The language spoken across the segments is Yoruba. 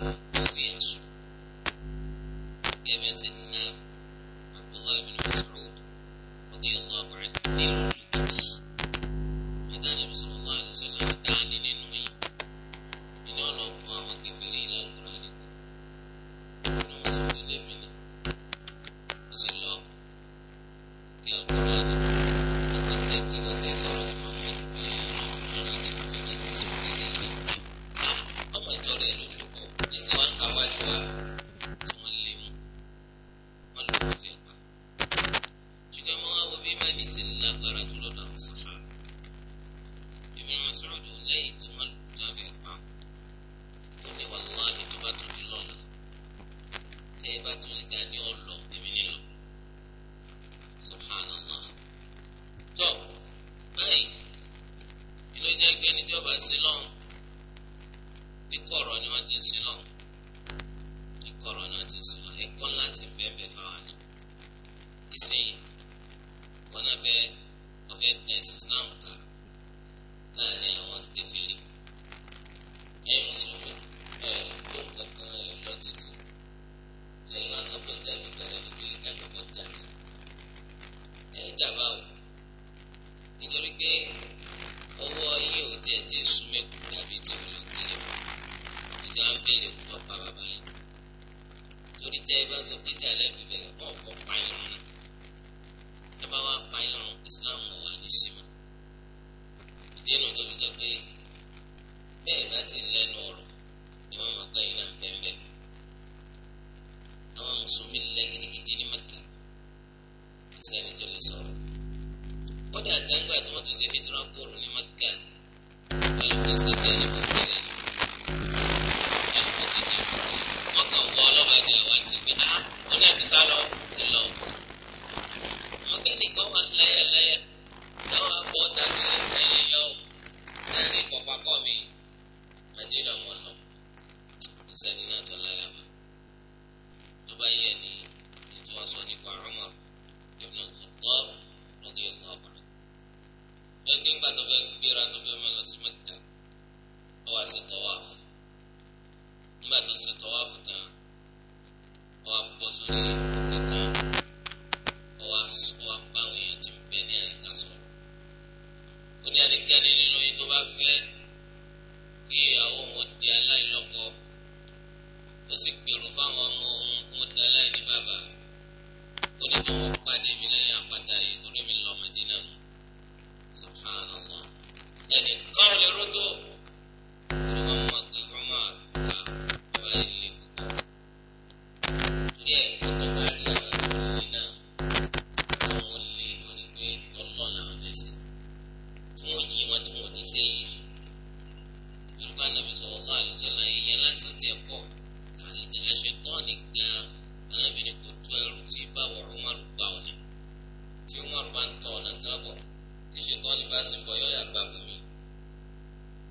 Uh-huh.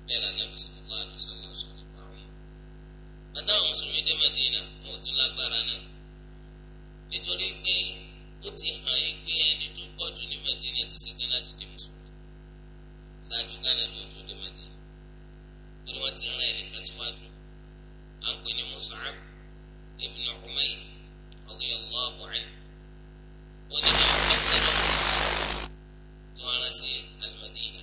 bẹ́ẹ̀ la nàbì sallallahu alaihi wasallam sọ nípa wọn. bàtà àwọn mùsùlùmí dé Madina wọn ò tún lágbára náà nítorí pé ó ti hàn é pé ẹni tó pọ̀ jù ní Madina ti ṣetán láti di mùsùlùmí ṣáájú gánà ni ó tó dé Madina torí wọn ti rán ẹnìkan síwájú à ń pè ní Mus'ab ibn Umayr radiyallahu anhu ó ní àwọn ẹsẹ̀ lọ́wọ́ sí tí wọ́n rán sí al-Madina.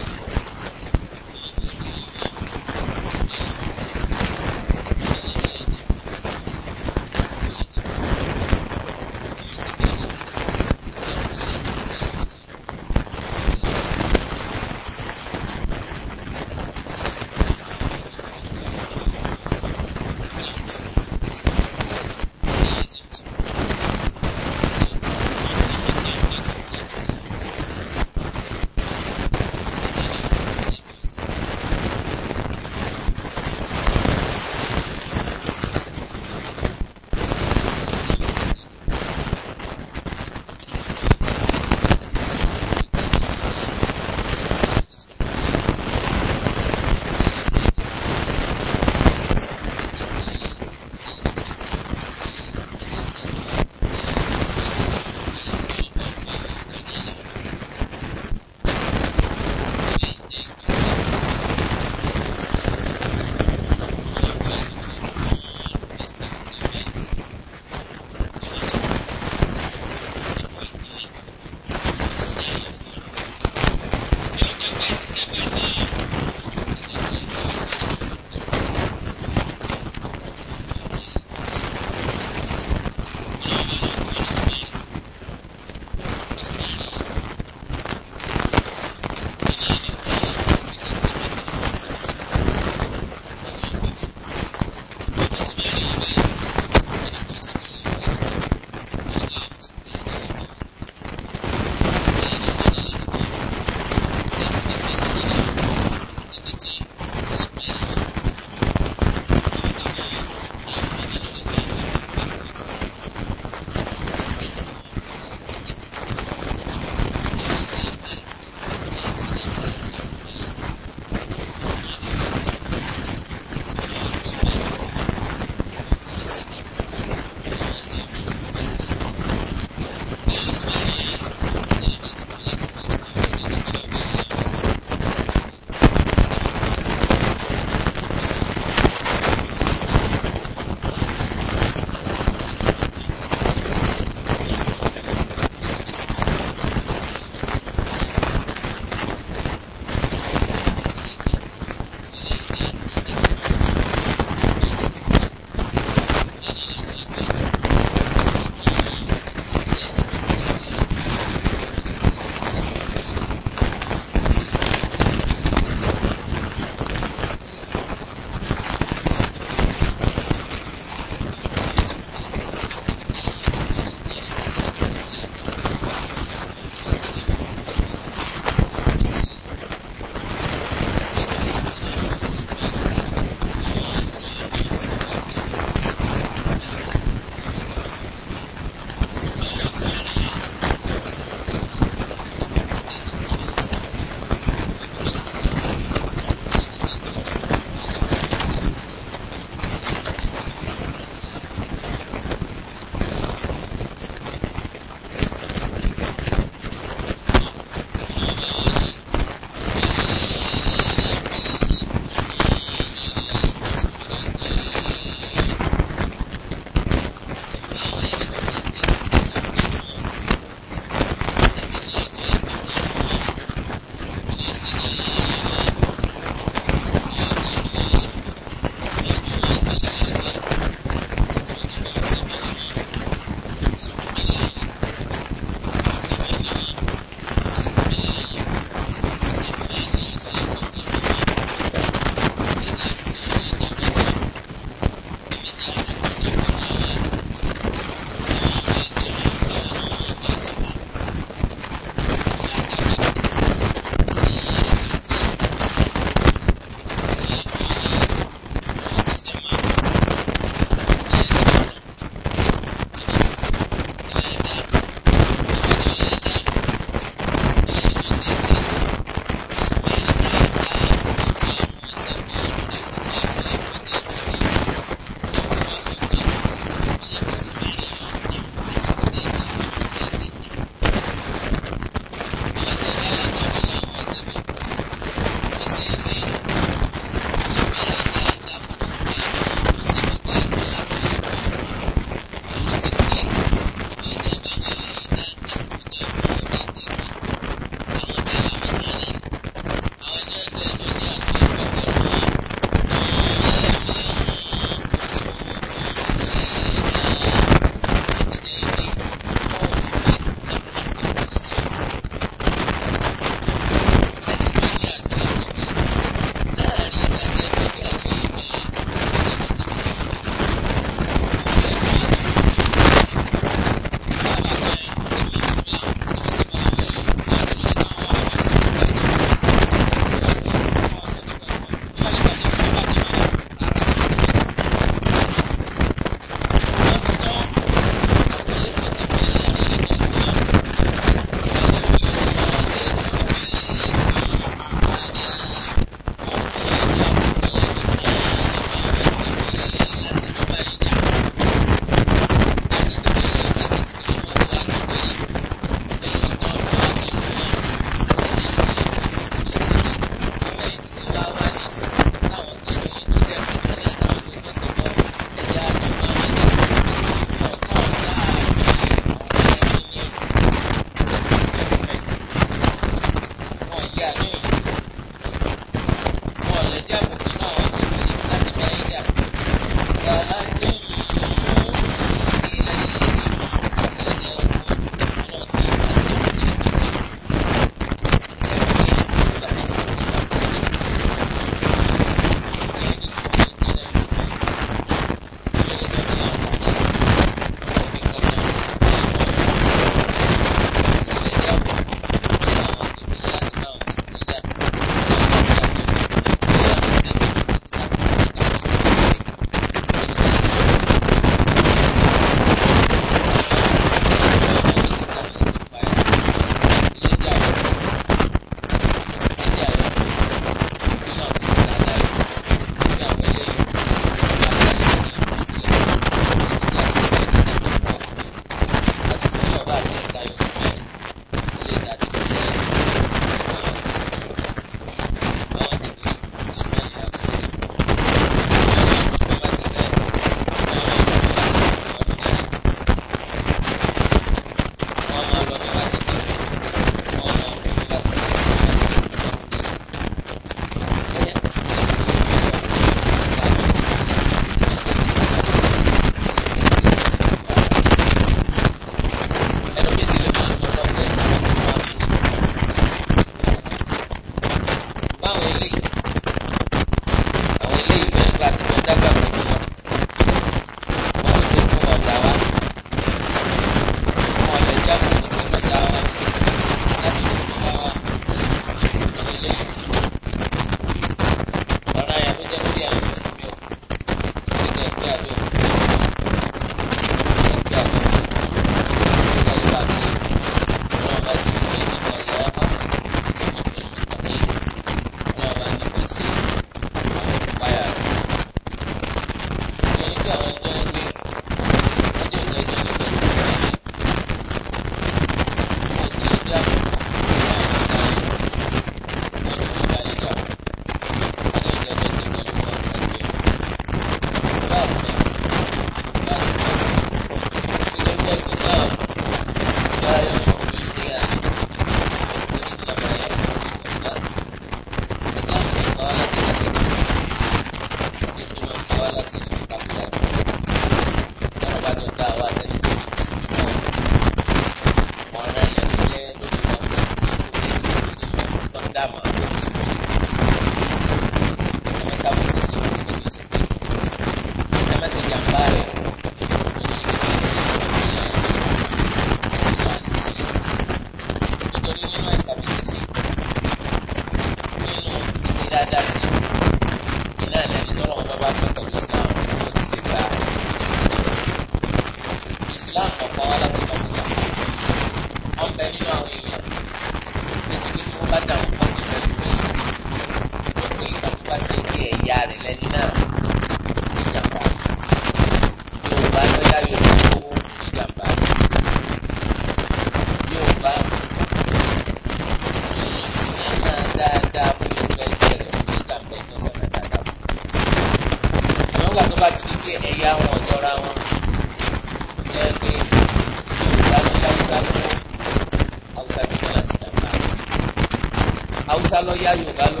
ayudarlo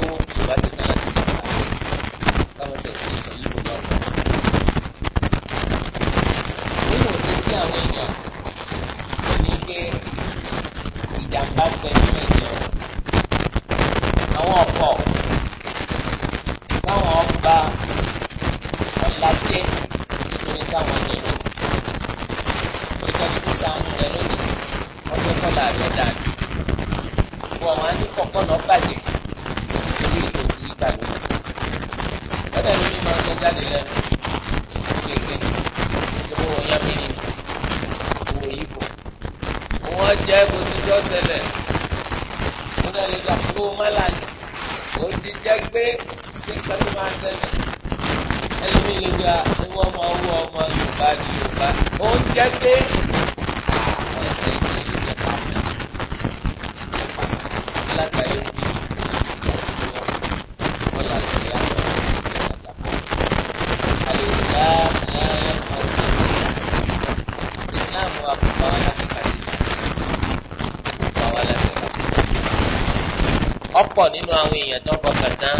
pọ̀ nínú àwọn èèyàn tó ń fọkàn tán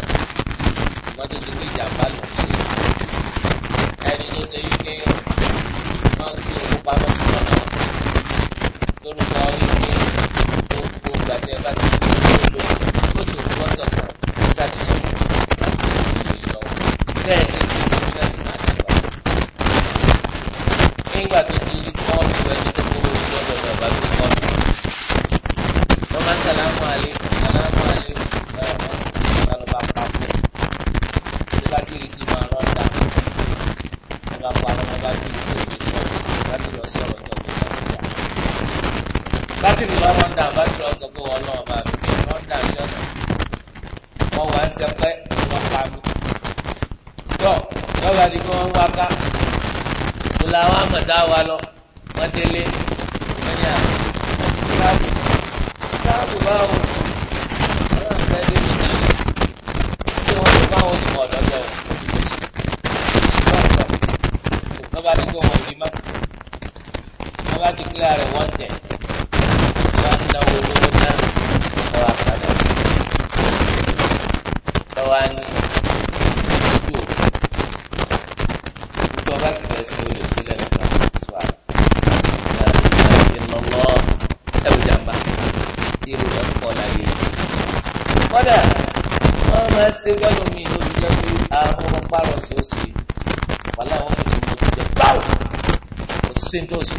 sí ní tó sí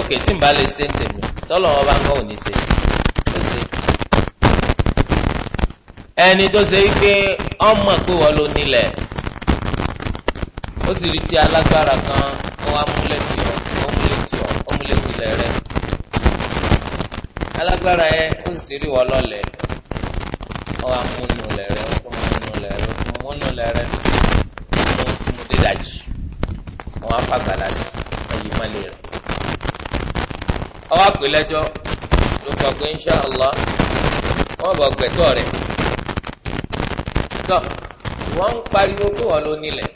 ok tí n bá lè ṣe ń tèmi sọlọ wọn bá ń gbọ́ òní ṣe ó ṣe ẹni tó ṣe wípé ọmọ pé wọn ló nílẹ̀ ó sì rí ti alágbára kan ó wá múlẹ̀ tì ọ́ ó múlẹ̀ tì ọ́ ó múlẹ̀ tì lẹ̀ rẹ̀ alágbára yẹn ó sì rí wọn lọ́lẹ̀ fa gbalasi ẹyí má lè rìn. ọwọ́ àpèlẹ́jọ́ ló kọ pé insha Allah wọ́n bọ̀ gbẹ̀tọ́ rẹ̀ tọ́ wọ́n ń pariwo pé wọ́n ló nílẹ̀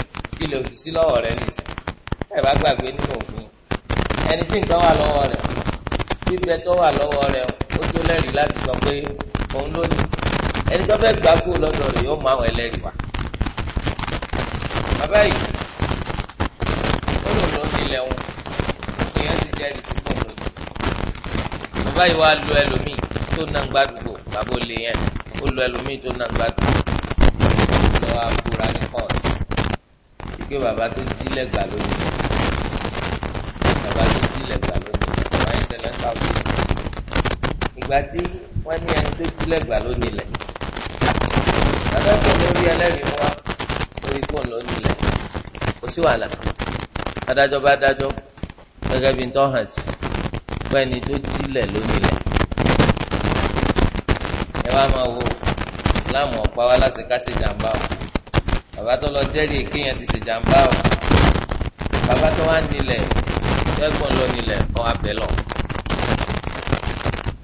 ilẹ̀ òṣìṣẹ́ lọ́wọ́ rẹ̀ lè sùn ẹ̀ bá gbàgbé nínú òfin ẹni tí nǹkan wà lọ́wọ́ rẹ̀ bíbẹ tó wà lọ́wọ́ rẹ̀ ó tó lẹ́rìí láti sọ pé òun ló ní ẹni tó fẹ́ gbàgbó lọ́dọ̀ rẹ̀ yóò mú àwọn ẹlẹ́rìí wá. bàbá yìí bàbá yìí wá lu ẹlòmíì tó nà ń gbàdúgbò bàbá olè yẹn ó lu ẹlòmíì tó nà ń gbàdúgbò lọ abúra ní court ike bàbá tó jílẹ̀ gbà lónìí bàbá tó jílẹ̀ gbà lónìí bàbá yẹn ṣẹlẹ̀ sáwùjọ ìgbà tí wọ́n ní ẹni tó jílẹ̀ gbà lónìí lẹ̀ bàbá tó lórí ẹlẹ́rìí mú wa lórí lónìí lẹ̀ kò sí wàhálà adájọ́ bá dájọ́ gẹ́gẹ́ bí n tọ́ hàn sí i pẹ́ni tó tilẹ̀ lónìlẹ̀ ẹ wá máa wo islam ọ̀pá wa láti ká ṣe jàǹbá o bàbá tó lọ jẹ́rìí kéèyàn ti ṣe jàǹbá o bàbá tó wá nílẹ̀ ẹ̀gbọ́n lọ nílẹ̀ kọ́ abẹ́ lọ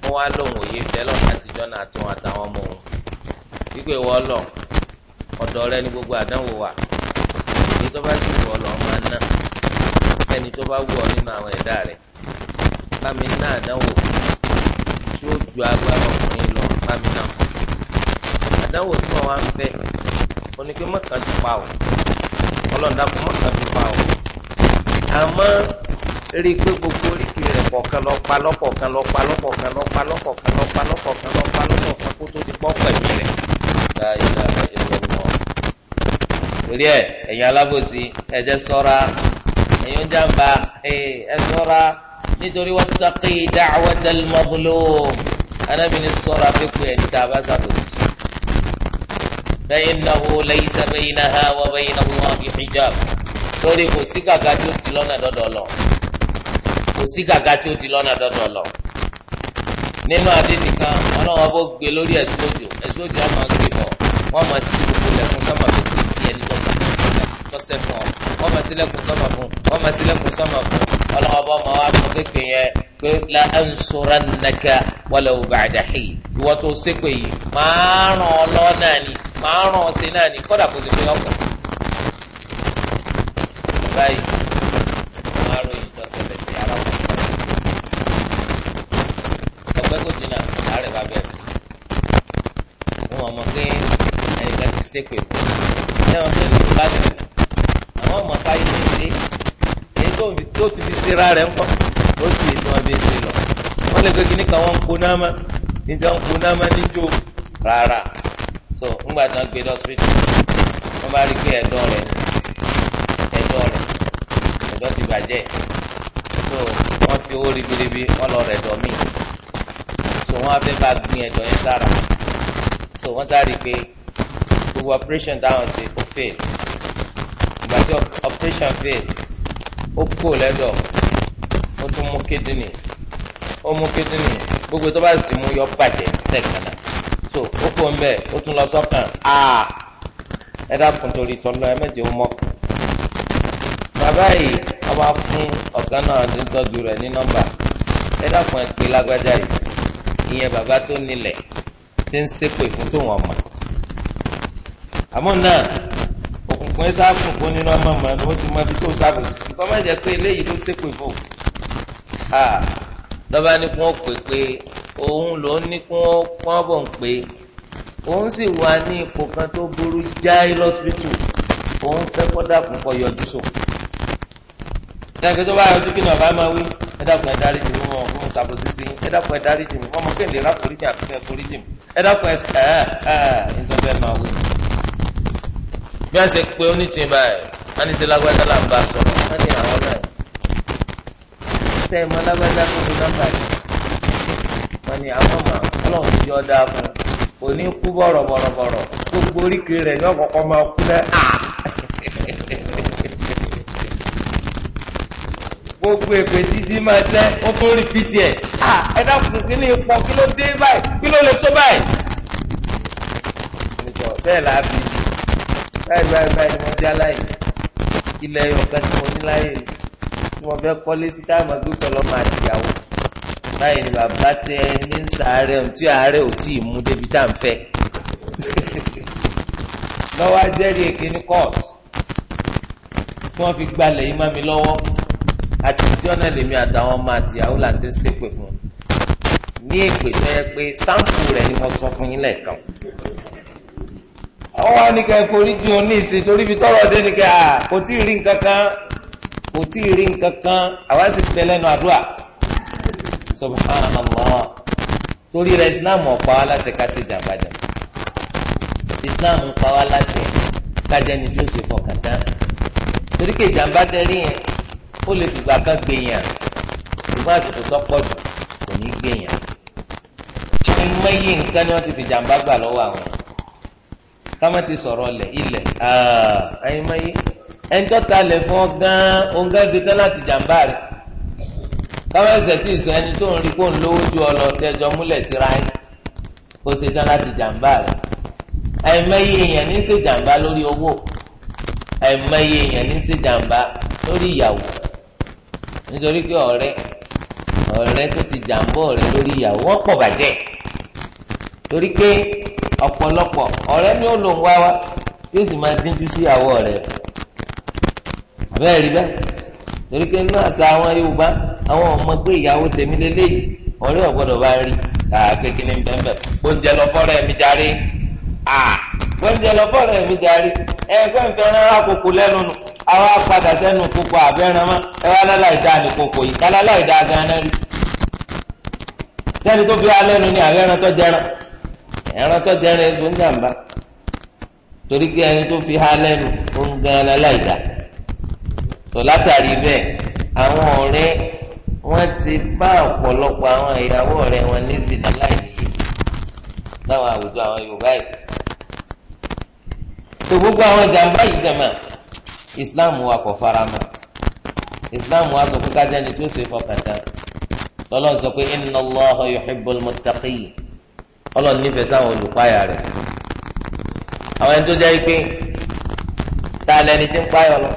wọ́n wá lóhùn òye fẹ́ lọ́nà àtijọ́ náà tún àtàwọn ọmọ òun wípé wọ́n lọ ọ̀dọ̀ rẹ ní gbogbo àdánwò wà èyí tó bá sì wọ̀ lọ́ máa ná ẹni tó bá wù ọ nínú àwọn ẹ̀dá rẹ̀ bá mi ná àdánwò tí ó ju agbára ọkùnrin lọ bá mi ná àdánwò tí wọn wá ń fẹ́ oníke mọkànjú pa ọ ọlọ́ọ̀dàpọ̀ mọkànjú pa ọ àmọ́ rí i pé gbogbo oríkèé rẹ̀ kọ̀ọ̀kan lọ pa lọ́kọ̀ọ̀kan lọ pa lọ́kọ̀ọ̀kan lọ pa lọ́kọ̀ọ̀kan lọ pa lọ́kọ̀ọ̀kan lọ pa lọ́kọ̀ọ̀kan kó tó di pọ́ pẹ̀lú rẹ̀ dáadáa torí ẹ ẹ̀yin alábòsí ẹ jẹ́ ṣọ́ra ẹ̀yin oúnjẹ àǹbá ẹ ṣọ́ra nítorí wattaqi da'watal mazlum anábìnrin sọ̀rọ̀ afẹ́kọ̀ọ́ ẹni tá a bá sàbòsí. fa innahu laysa baynaha wa bayna Allahi hijab torí kò sí gàgà tí ó ti lọ́nà dọ́dọ̀ lọ kò sí gàgà tí ó ti lọ́nà dọ́dọ̀ lọ. nínú àdéhùn kan ọlọ́wọ́ bó gbé lórí ẹ̀sìn òjò ẹ̀sìn òjò á máa gbé bọ̀ wọ́n máa sí gbogbo lẹ́kùn sọ́mọ́ tó kù tọ́sẹ̀ fún ọ wọ́n máa sílẹ̀kùn sọ́mà fún wọ́n máa sílẹ̀kùn sọ́mà fún ọlọ́wọ́ bá máa wá sọ pé yẹn pé la ansurannaka walau ba'da hi ìwọ́ tó ṣépè yìí máa ràn ọ́ lọ́ náà ni máa ràn ọ́ sí náà ni kódà kò ti fi ọkọ̀. báyìí máa ròyìn tọ́sẹ̀lẹ̀ sí ara wọn. ọgbẹ́ kò jìnnà àárẹ̀ bá bẹ̀rẹ̀ wọn mọ̀ pé ẹnìkan ti ṣépè fún un. ṣé wọn fẹ́ẹ́ lè bá tẹ̀lé? àwọn ọmọ fáyé lè ṣe èyí tó ti fi ṣera rẹ̀ ńkọ́ ó ju èyí tí wọ́n fi ṣe lọ wọ́n lè gbé kíní kan wọ́n ń poná mọ́ ní tí wọ́n ń poná mọ́ níjó rárá so ńgbà tí wọ́n gbé lọ́sítì wọ́n bá rí pé ẹ̀dọ̀ rẹ̀ ẹ̀dọ̀ rẹ̀ ẹ̀dọ̀ ti bàjẹ́ so wọ́n fi owó ribiribi wọ́n lọ rẹ̀ dọ̀ míì so wọ́n á fẹ́ bá gbin ẹ̀dọ̀ yẹn sára so wọ́n sáré pé gbogbo operation táwọn ṣe ó fail ìgbà tí operation fail ó kó lẹ́dọ̀ ó tún mú kídìní ó mú kídìní gbogbo tó bá sì ti mú yọ bàjẹ́ tẹ̀kànnà so ó kó ń bẹ̀ ó tún lọ sọ́kàn á ẹ dákun torí tọ́lọ́ ẹ mẹ́jẹ̀ ó mọ́kù bàbá yìí wọ́n bá fún ọ̀gá náà tó ń tọ́jú rẹ̀ ní nọ́mbà ẹ dákun ẹ pé lágbájá yìí ìyẹn bàbá tó nílẹ̀ ti ń ṣépè fún tòun ọmọ àmọ́ náà wọn sá fún kó nínú ọmọ mọ ni wọn ti mọ ibi tó sábòsí sí kọ́ má jẹ́ pé eléyìí ló ṣépè fò lọ́ba ní kí wọ́n pè pé òun ló ní kí wọ́n bọ̀ ń pè òun sì wà ní ipò kan tó burú jáì lọ́sibítù òun fẹ́ kọ́ dàkún kọ́ yọjú sò kẹ́kẹ́ tó bá yọjú kí ni ọba máa wí ẹ dákun ẹ dárí jìmí wọn fún ṣàbòsí sí ẹ dákun ẹ dárí jìmí wọn mọ kéde rákòrí jìmí àfikún ẹ forí jìmí ẹ dákun ẹ ẹ ẹ ǹjọba ẹ máa wí bí wọ́n ṣe pé onítìyìn báyìí wọ́n ní ṣe lágbájá là ń bá sọ wọ́n ní àwọn náà ṣe é mọ lágbájá tó ní nọ́mbà yìí wọ́n ní àwọn ọmọ ọlọ́run ti yọ dáa fún un òní kú bọ̀rọ̀ bọ̀rọ̀ bọ̀rọ̀ gbogbo oríkèé rẹ̀ ní ọ̀kọ̀ọ̀kọ̀ máa kú náà ah! gbogbo èpè títí máa ṣe ó tún rí pt ẹ ah! ẹ dákun kí ni ipò kí ló dé báyìí kí ló lè tó báyìí. bẹ́ẹ̀ la bí báyìí báyìí báyìí ni mo já láyè ilẹ̀ ọ̀kan tí mo ní láyè tí mo fẹ́ kọ́lé sí táwọn àgbẹ̀ pẹ̀lú ọmọ àtìyàwó báyìí ni bàbá tẹ ní sàárẹ̀ tí àárẹ̀ ò tí ì mú débi tá à ń fẹ́ lọ́wọ́ ajẹ́rìí èké ní kóòtù tí wọ́n fi gbalẹ̀ yìí má mi lọ́wọ́ àti jọ́nà lèmi àtàwọn ọmọ àtìyàwó là ń ti ń ṣépè fún ní èpè tó yẹ pé sáǹpù rẹ̀ ni mo sọ fún yín lẹ́ẹ̀kan àwọn wa ní ká ẹ forí jìn òní ìsìn torí ibi tọrọ dé ní ká kò tí ì rí nǹkan kan kò tí ì rí nǹkan kan àwa sì tẹ lẹ́nu àdúrà subhanallah torí rẹ̀ islam ọ̀pá wa láṣẹ ká ṣe jàǹbàjà islam ń wa láṣẹ kájẹ ni tí ó ṣe fọkàn tán torí pé ìjàǹbá tẹ rí yẹn ó lè fìgbà kan gbèyàn ṣùgbọ́n àsìkò tó pọ̀ jù kò ní gbèyàn ṣé mẹ́yìn nǹkan ni wọ́n ti fi jàǹbá gbà lọ́wọ́ àwọn yẹn. Kama ti sọ̀rọ̀ lẹ̀ ilẹ̀ ah, àyìnmáyé ẹni tó ta lẹ̀ fún ọ gan òun gan ṣe tán láti jàǹbá rẹ̀ kámá ẹsẹ̀ tí ì sọ tó ń rí kó ń lówó ju ọlọ tẹjọ múlẹ̀ tira yín kó ṣe tán láti jàǹbá rẹ̀ àyìnmáyé èèyàn ní ṣe jàǹbá lórí owó àyìnmáyé èèyàn ní ṣe jàǹbá lórí ìyàwó nítorí pé ọ̀rẹ́ ọ̀rẹ́ tó ti jàǹbá ọ̀rẹ́ lórí ìyàwó wọ́n pọ̀ torí pé ọ̀pọ̀lọpọ̀ ọ̀rẹ́ mi ò lò ń wá wá yóò sì máa díjú sí ìyàwó rẹ̀ bẹ́ẹ̀ rí bẹ́ẹ̀ torí pé nínú àṣà àwọn Yorùbá àwọn ọmọ pé ìyàwó tèmi lélẹ́yìí ọ̀rẹ́ ọ̀gbọ́dọ̀ bá rí kékeré bẹ́ẹ̀ oúnjẹ lọ fọ́rẹ́ mi darí oúnjẹ lọ fọ́rẹ́ mi darí ẹgbẹ́ nfẹ́ rárá koko lẹ́nu nù àwọn apàdà sẹ́nu koko àbẹ́rẹ́ mọ́ ẹ wá láláì dáa ní koko yìí tá láláì dáa gan-an rí sẹ́ni tó fi wá lẹ́nu ní àbẹ́rẹ́ tó jẹran ẹran tó jẹrin èso ń jàǹbá torí pé ẹni tó fi há lẹ́nu ó ń gan aláìdá tó látàrí bẹ́ẹ̀ àwọn ọ̀rẹ́ wọ́n ti bá ọ̀pọ̀lọpọ̀ àwọn ìyàwó ọ̀rẹ́ wọn ní zina láìníye láwọn àwùjọ àwọn Yorùbá yìí tó gbogbo àwọn jàǹbá yìí jẹ̀mọ́ Islam wa kò fara Islam wa sọ pé kájẹ́ni tó ṣe fọkàn tán sọ pé inna Allaha yuhibbul muttaqin ọlọ́run nífẹ̀ẹ́ sáwọn olùpáyà rẹ̀ àwọn ẹni tó jẹ́ pé tá a lẹni tí ń páyọ̀ lọ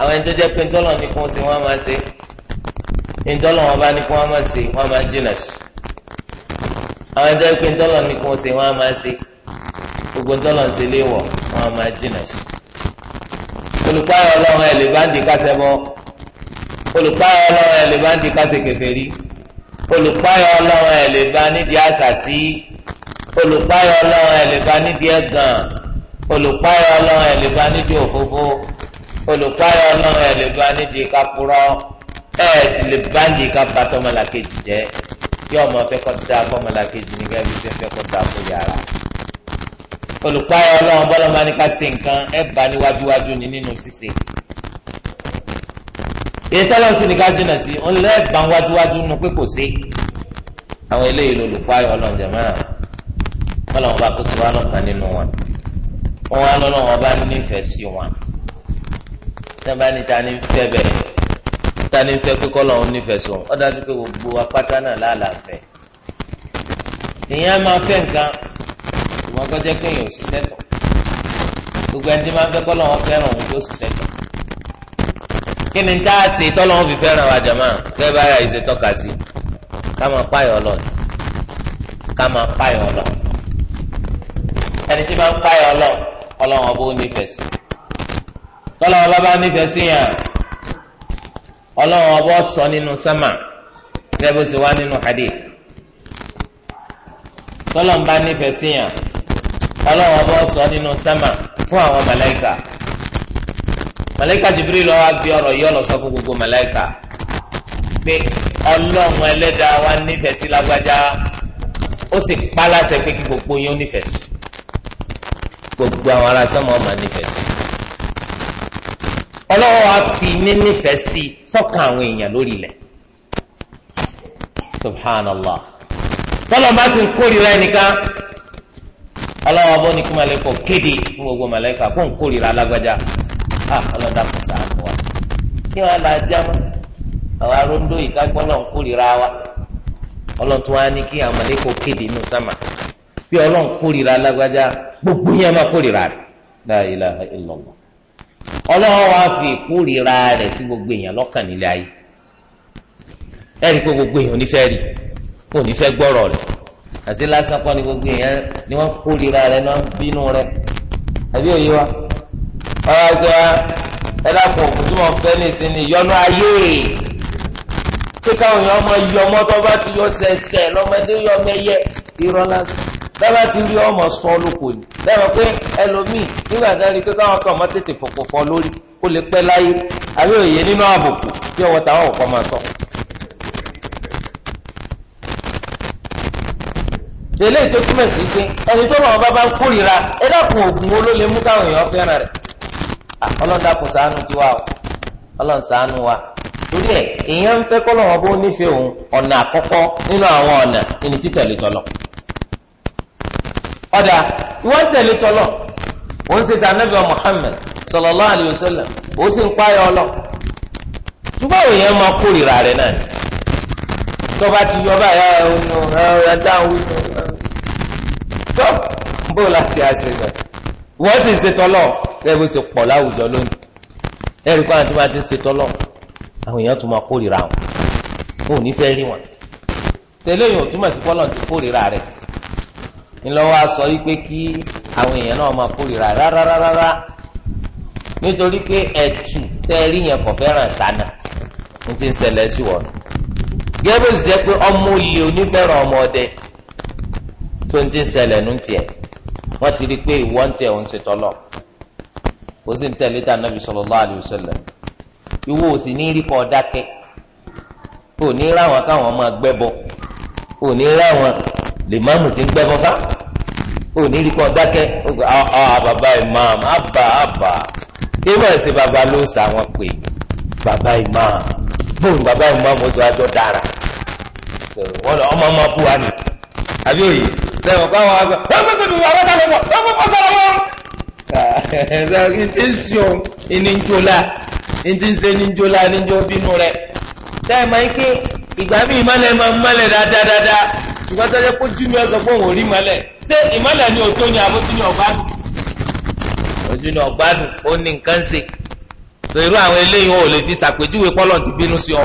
àwọn ẹni tó jẹ́ pé ntọ́lọ̀ ní kí wọ́n ṣe wọ́n máa ṣe ntọ́lọ̀ wọn bá ní kí wọ́n máa ṣe wọ́n máa jìnà sí àwọn ẹni tó jẹ́ pé ntọ́lọ̀ ní kí wọ́n ṣe máa ṣe gbogbo ntọ́lọ̀ ń ṣe léwọ̀ wọ́n máa jìnà sí olùpáyọ̀ ọlọ́run ẹ̀ lè bá ń di kásẹ̀ bọ́ olùpáyọ̀ ọlọ́run ẹ̀ lè bá ń di kásẹ̀ kẹfẹ́ rí olùpáyọ Ọlọ́run ẹ lè ba nídìí àṣàṣì olùpáyọ Ọlọ́run ẹ lè ba nídìí ẹ̀gàn olùpáyọ Ọlọ́run ẹ lè ba nídìí òfófó olùpáyọ Ọlọ́run ẹ lè ba nídìí kápúrọ ẹ sì lè bá nídìí kápátọ ọmọlàkejì jẹ kí ọmọ fẹ́ kọ da fún ọmọlàkejì nígbà bí ṣe fẹ́ kọ da fún yàrá olùpáyọ Ọlọ́run bọlọ máa ní nǹkan ẹ bá níwájúwájú ní nínú ṣíṣe ìtọ́lọ́ sí ni ká jìnnà sí òun lè bá wájúwájú nu pé kò sí àwọn eléyìí lolùkọ́ ayọ̀ ọlọ́njà máa ọlọ́run bá kó sí wa lọ́kàn nínú wọn wọn wá lọ́lọ́run bá nífẹ̀ẹ́ sí wọn tẹ́nba ní ta ni fẹ́ bẹ́ẹ̀ ta ni ń fẹ́ pé kọ́lọ́run nífẹ̀ẹ́ sùn ó dájú pé gbogbo apáta náà láàlàfẹ́ èèyàn máa fẹ́ nǹkan ìwọ́n kọjá pé èèyàn ò ṣiṣẹ́ kí ni tá a ṣe tọ́lọ́wọ́n fi fẹ́ràn wa jàmá kẹ́ báyà ìṣe tọ́ka sí ká máa páyọ̀ lọ ká máa páyọ̀ lọ ẹni tí máa ń páyọ̀ lọ ọlọ́wọ́n ọba ó nífẹ̀ẹ́ sí tọ́lọ́wọ́n bá bá nífẹ̀ẹ́ sí yàn ọlọ́wọ́n ọba sọ nínú sámà gẹ́gẹ́ bó ṣe wá nínú hadith tọ́lọ́wọ́n bá nífẹ̀ẹ́ sí yàn ọlọ́wọ́n ọba sọ nínú sámà fún àwọn màláíkà. màláíkà jibril ló wa bi ọ̀rọ̀ yìí ọ̀lọ́ sọ fún gbogbo màláíkà pé ọlọ́run ẹlẹ́dàá wa nífẹ̀ẹ́ sí lágbájá ó sì pa pé kí gbogbo yín ó sí gbogbo àwọn ará ọmọ wa fi nínífẹ̀ẹ́ sí sọ́kàn àwọn èèyàn lórí subhanallah tọlọ bá sì ń kórìíra ẹnìkan ọlọ́run ọbọ̀ ní kí kéde fún gbogbo kó ń Ah, ọlọ́dà kò sànù wa kí wọn là jẹun àwọn aróńdó yìí ká gbọ́dọ̀ ń kórìíra wa ọlọ́tún wa ní kí àwọn mọ̀lẹ́kọ̀ kéde inú sámà bí ọlọ́run kórìíra alágbájá gbogbo yẹn máa kórìíra rẹ̀ la ilaha illallah ọlọ́run wa fi kórìíra rẹ̀ sí gbogbo èèyàn lọ́kàn nílé ayé ẹ̀rí pé gbogbo èèyàn onífẹ́ rí kò nífẹ́ gbọ́rọ̀ rẹ̀ àti lásán kọ́ ni gbogbo èèyàn ni wọ́n kórìíra rẹ̀ náà bínú rẹ̀ àbí òye wa ọ̀rọ̀ àgbẹ̀ ẹ dàpọ̀ ni ìyọnu ayé kí ọmọ yọ ọmọ tó bá ti yọ sẹsẹ lọmọdé yọ mẹyẹ irọ́ lásán dábà ti rí ọmọ sọ lóko ni pé ẹlòmíì nígbà tá a ọmọ tètè fọ̀pọ̀fọ̀ lórí ó lè láyé àbí òye ọlọ́dà kò sànù tiwa o ọlọ́n sànù wa torí ẹ èèyàn ń fẹ́ kọ́lọ́ wọn bó òun ọ̀nà àkọ́kọ́ nínú àwọn ọ̀nà ẹni títẹ̀lé tọ́lọ̀ ọ̀dà ìwọ́n ń tẹ̀lé tọ́lọ̀ òun ṣe ta sallallahu alayhi wa sallam òun sì ń páyọ ọlọ́ ṣùgbọ́n èèyàn máa kórìíra rẹ̀ náà ti yọ báyà ẹ̀ ẹ̀ ẹ̀ ẹ̀ dáhùn wọ́n sì ń ṣe tọ́lọ̀ bẹ́ẹ̀ bó ṣe pọ̀ láwùjọ lónìí ẹ̀rí kó àwọn tí wọ́n ti ń ṣe tọ́lọ̀ àwọn èèyàn tún máa kórìíra wọn wọn ò ní fẹ́ rí wọn tẹ́lẹ̀ yìí ò túmọ̀ sí pọ́lọ̀ ti kórìíra rẹ̀ ńlọ́wọ́ a sọ yí pé kí àwọn èèyàn náà máa kórìíra rárárárá nítorí pé ẹ̀tù tẹ́ẹ̀rí yẹn kò fẹ́ràn sànà ní ti ń ṣẹlẹ̀ sí wọn gẹ́gẹ́ bó ti jẹ́ pé ọmọ olè onífẹ́ràn ọmọ ọdẹ tó ń ti ń wọ́n ti rí i pé ìwọ ń tẹ̀ òun ṣe tọ́lọ̀ ó sì ń tẹ̀lé tà nàbì sallallahu alaihi wasallam ìwọ ò sì ní rí kọ́ dákẹ́ ò ní ráwọn káwọn máa gbẹ́bọ ò ní ráwọn lèmọ́mù ti ń gbẹ́bọ bá ò ní rí kọ́ dákẹ́ àà ah, ah, bàbá imam àbà àbà ìmọ̀ ẹ̀sìn bàbá ló ń sàwọn pè bàbá imam bóun bàbá imam ó sọ àjọ dára wọ́n lọ ọmọ ọmọ bú àbí òye sẹ́wọ̀n kọ́ àwọn àgbà wọ́n gbẹ́gbẹ́ mi àwọn ọ̀dà lọ́wọ́ wọ́n gbẹ́gbẹ́ sọ̀rọ̀ wọn. ẹ ti ń sùn ní njola ní ti ń ṣe ní njola ní njó bínú rẹ sẹ́yìn máa ń ké ìgbà mi ìmọ̀lẹ̀ máa ń mọ̀lẹ̀ dáadáa ṣùgbọ́n sọ́jà kó jú mi ọ̀sán fún òrí mọ̀lẹ̀ ṣé ìmọ̀lẹ̀ ni òtó ni àbójú ni ọ̀gbádùn ojú ni ọ̀gbádùn ó ní nǹkan ṣe tó irú àwọn eléyìí wọn ò lè fi ṣàpèjúwe pọ́lọ̀ ti bínú sí ọ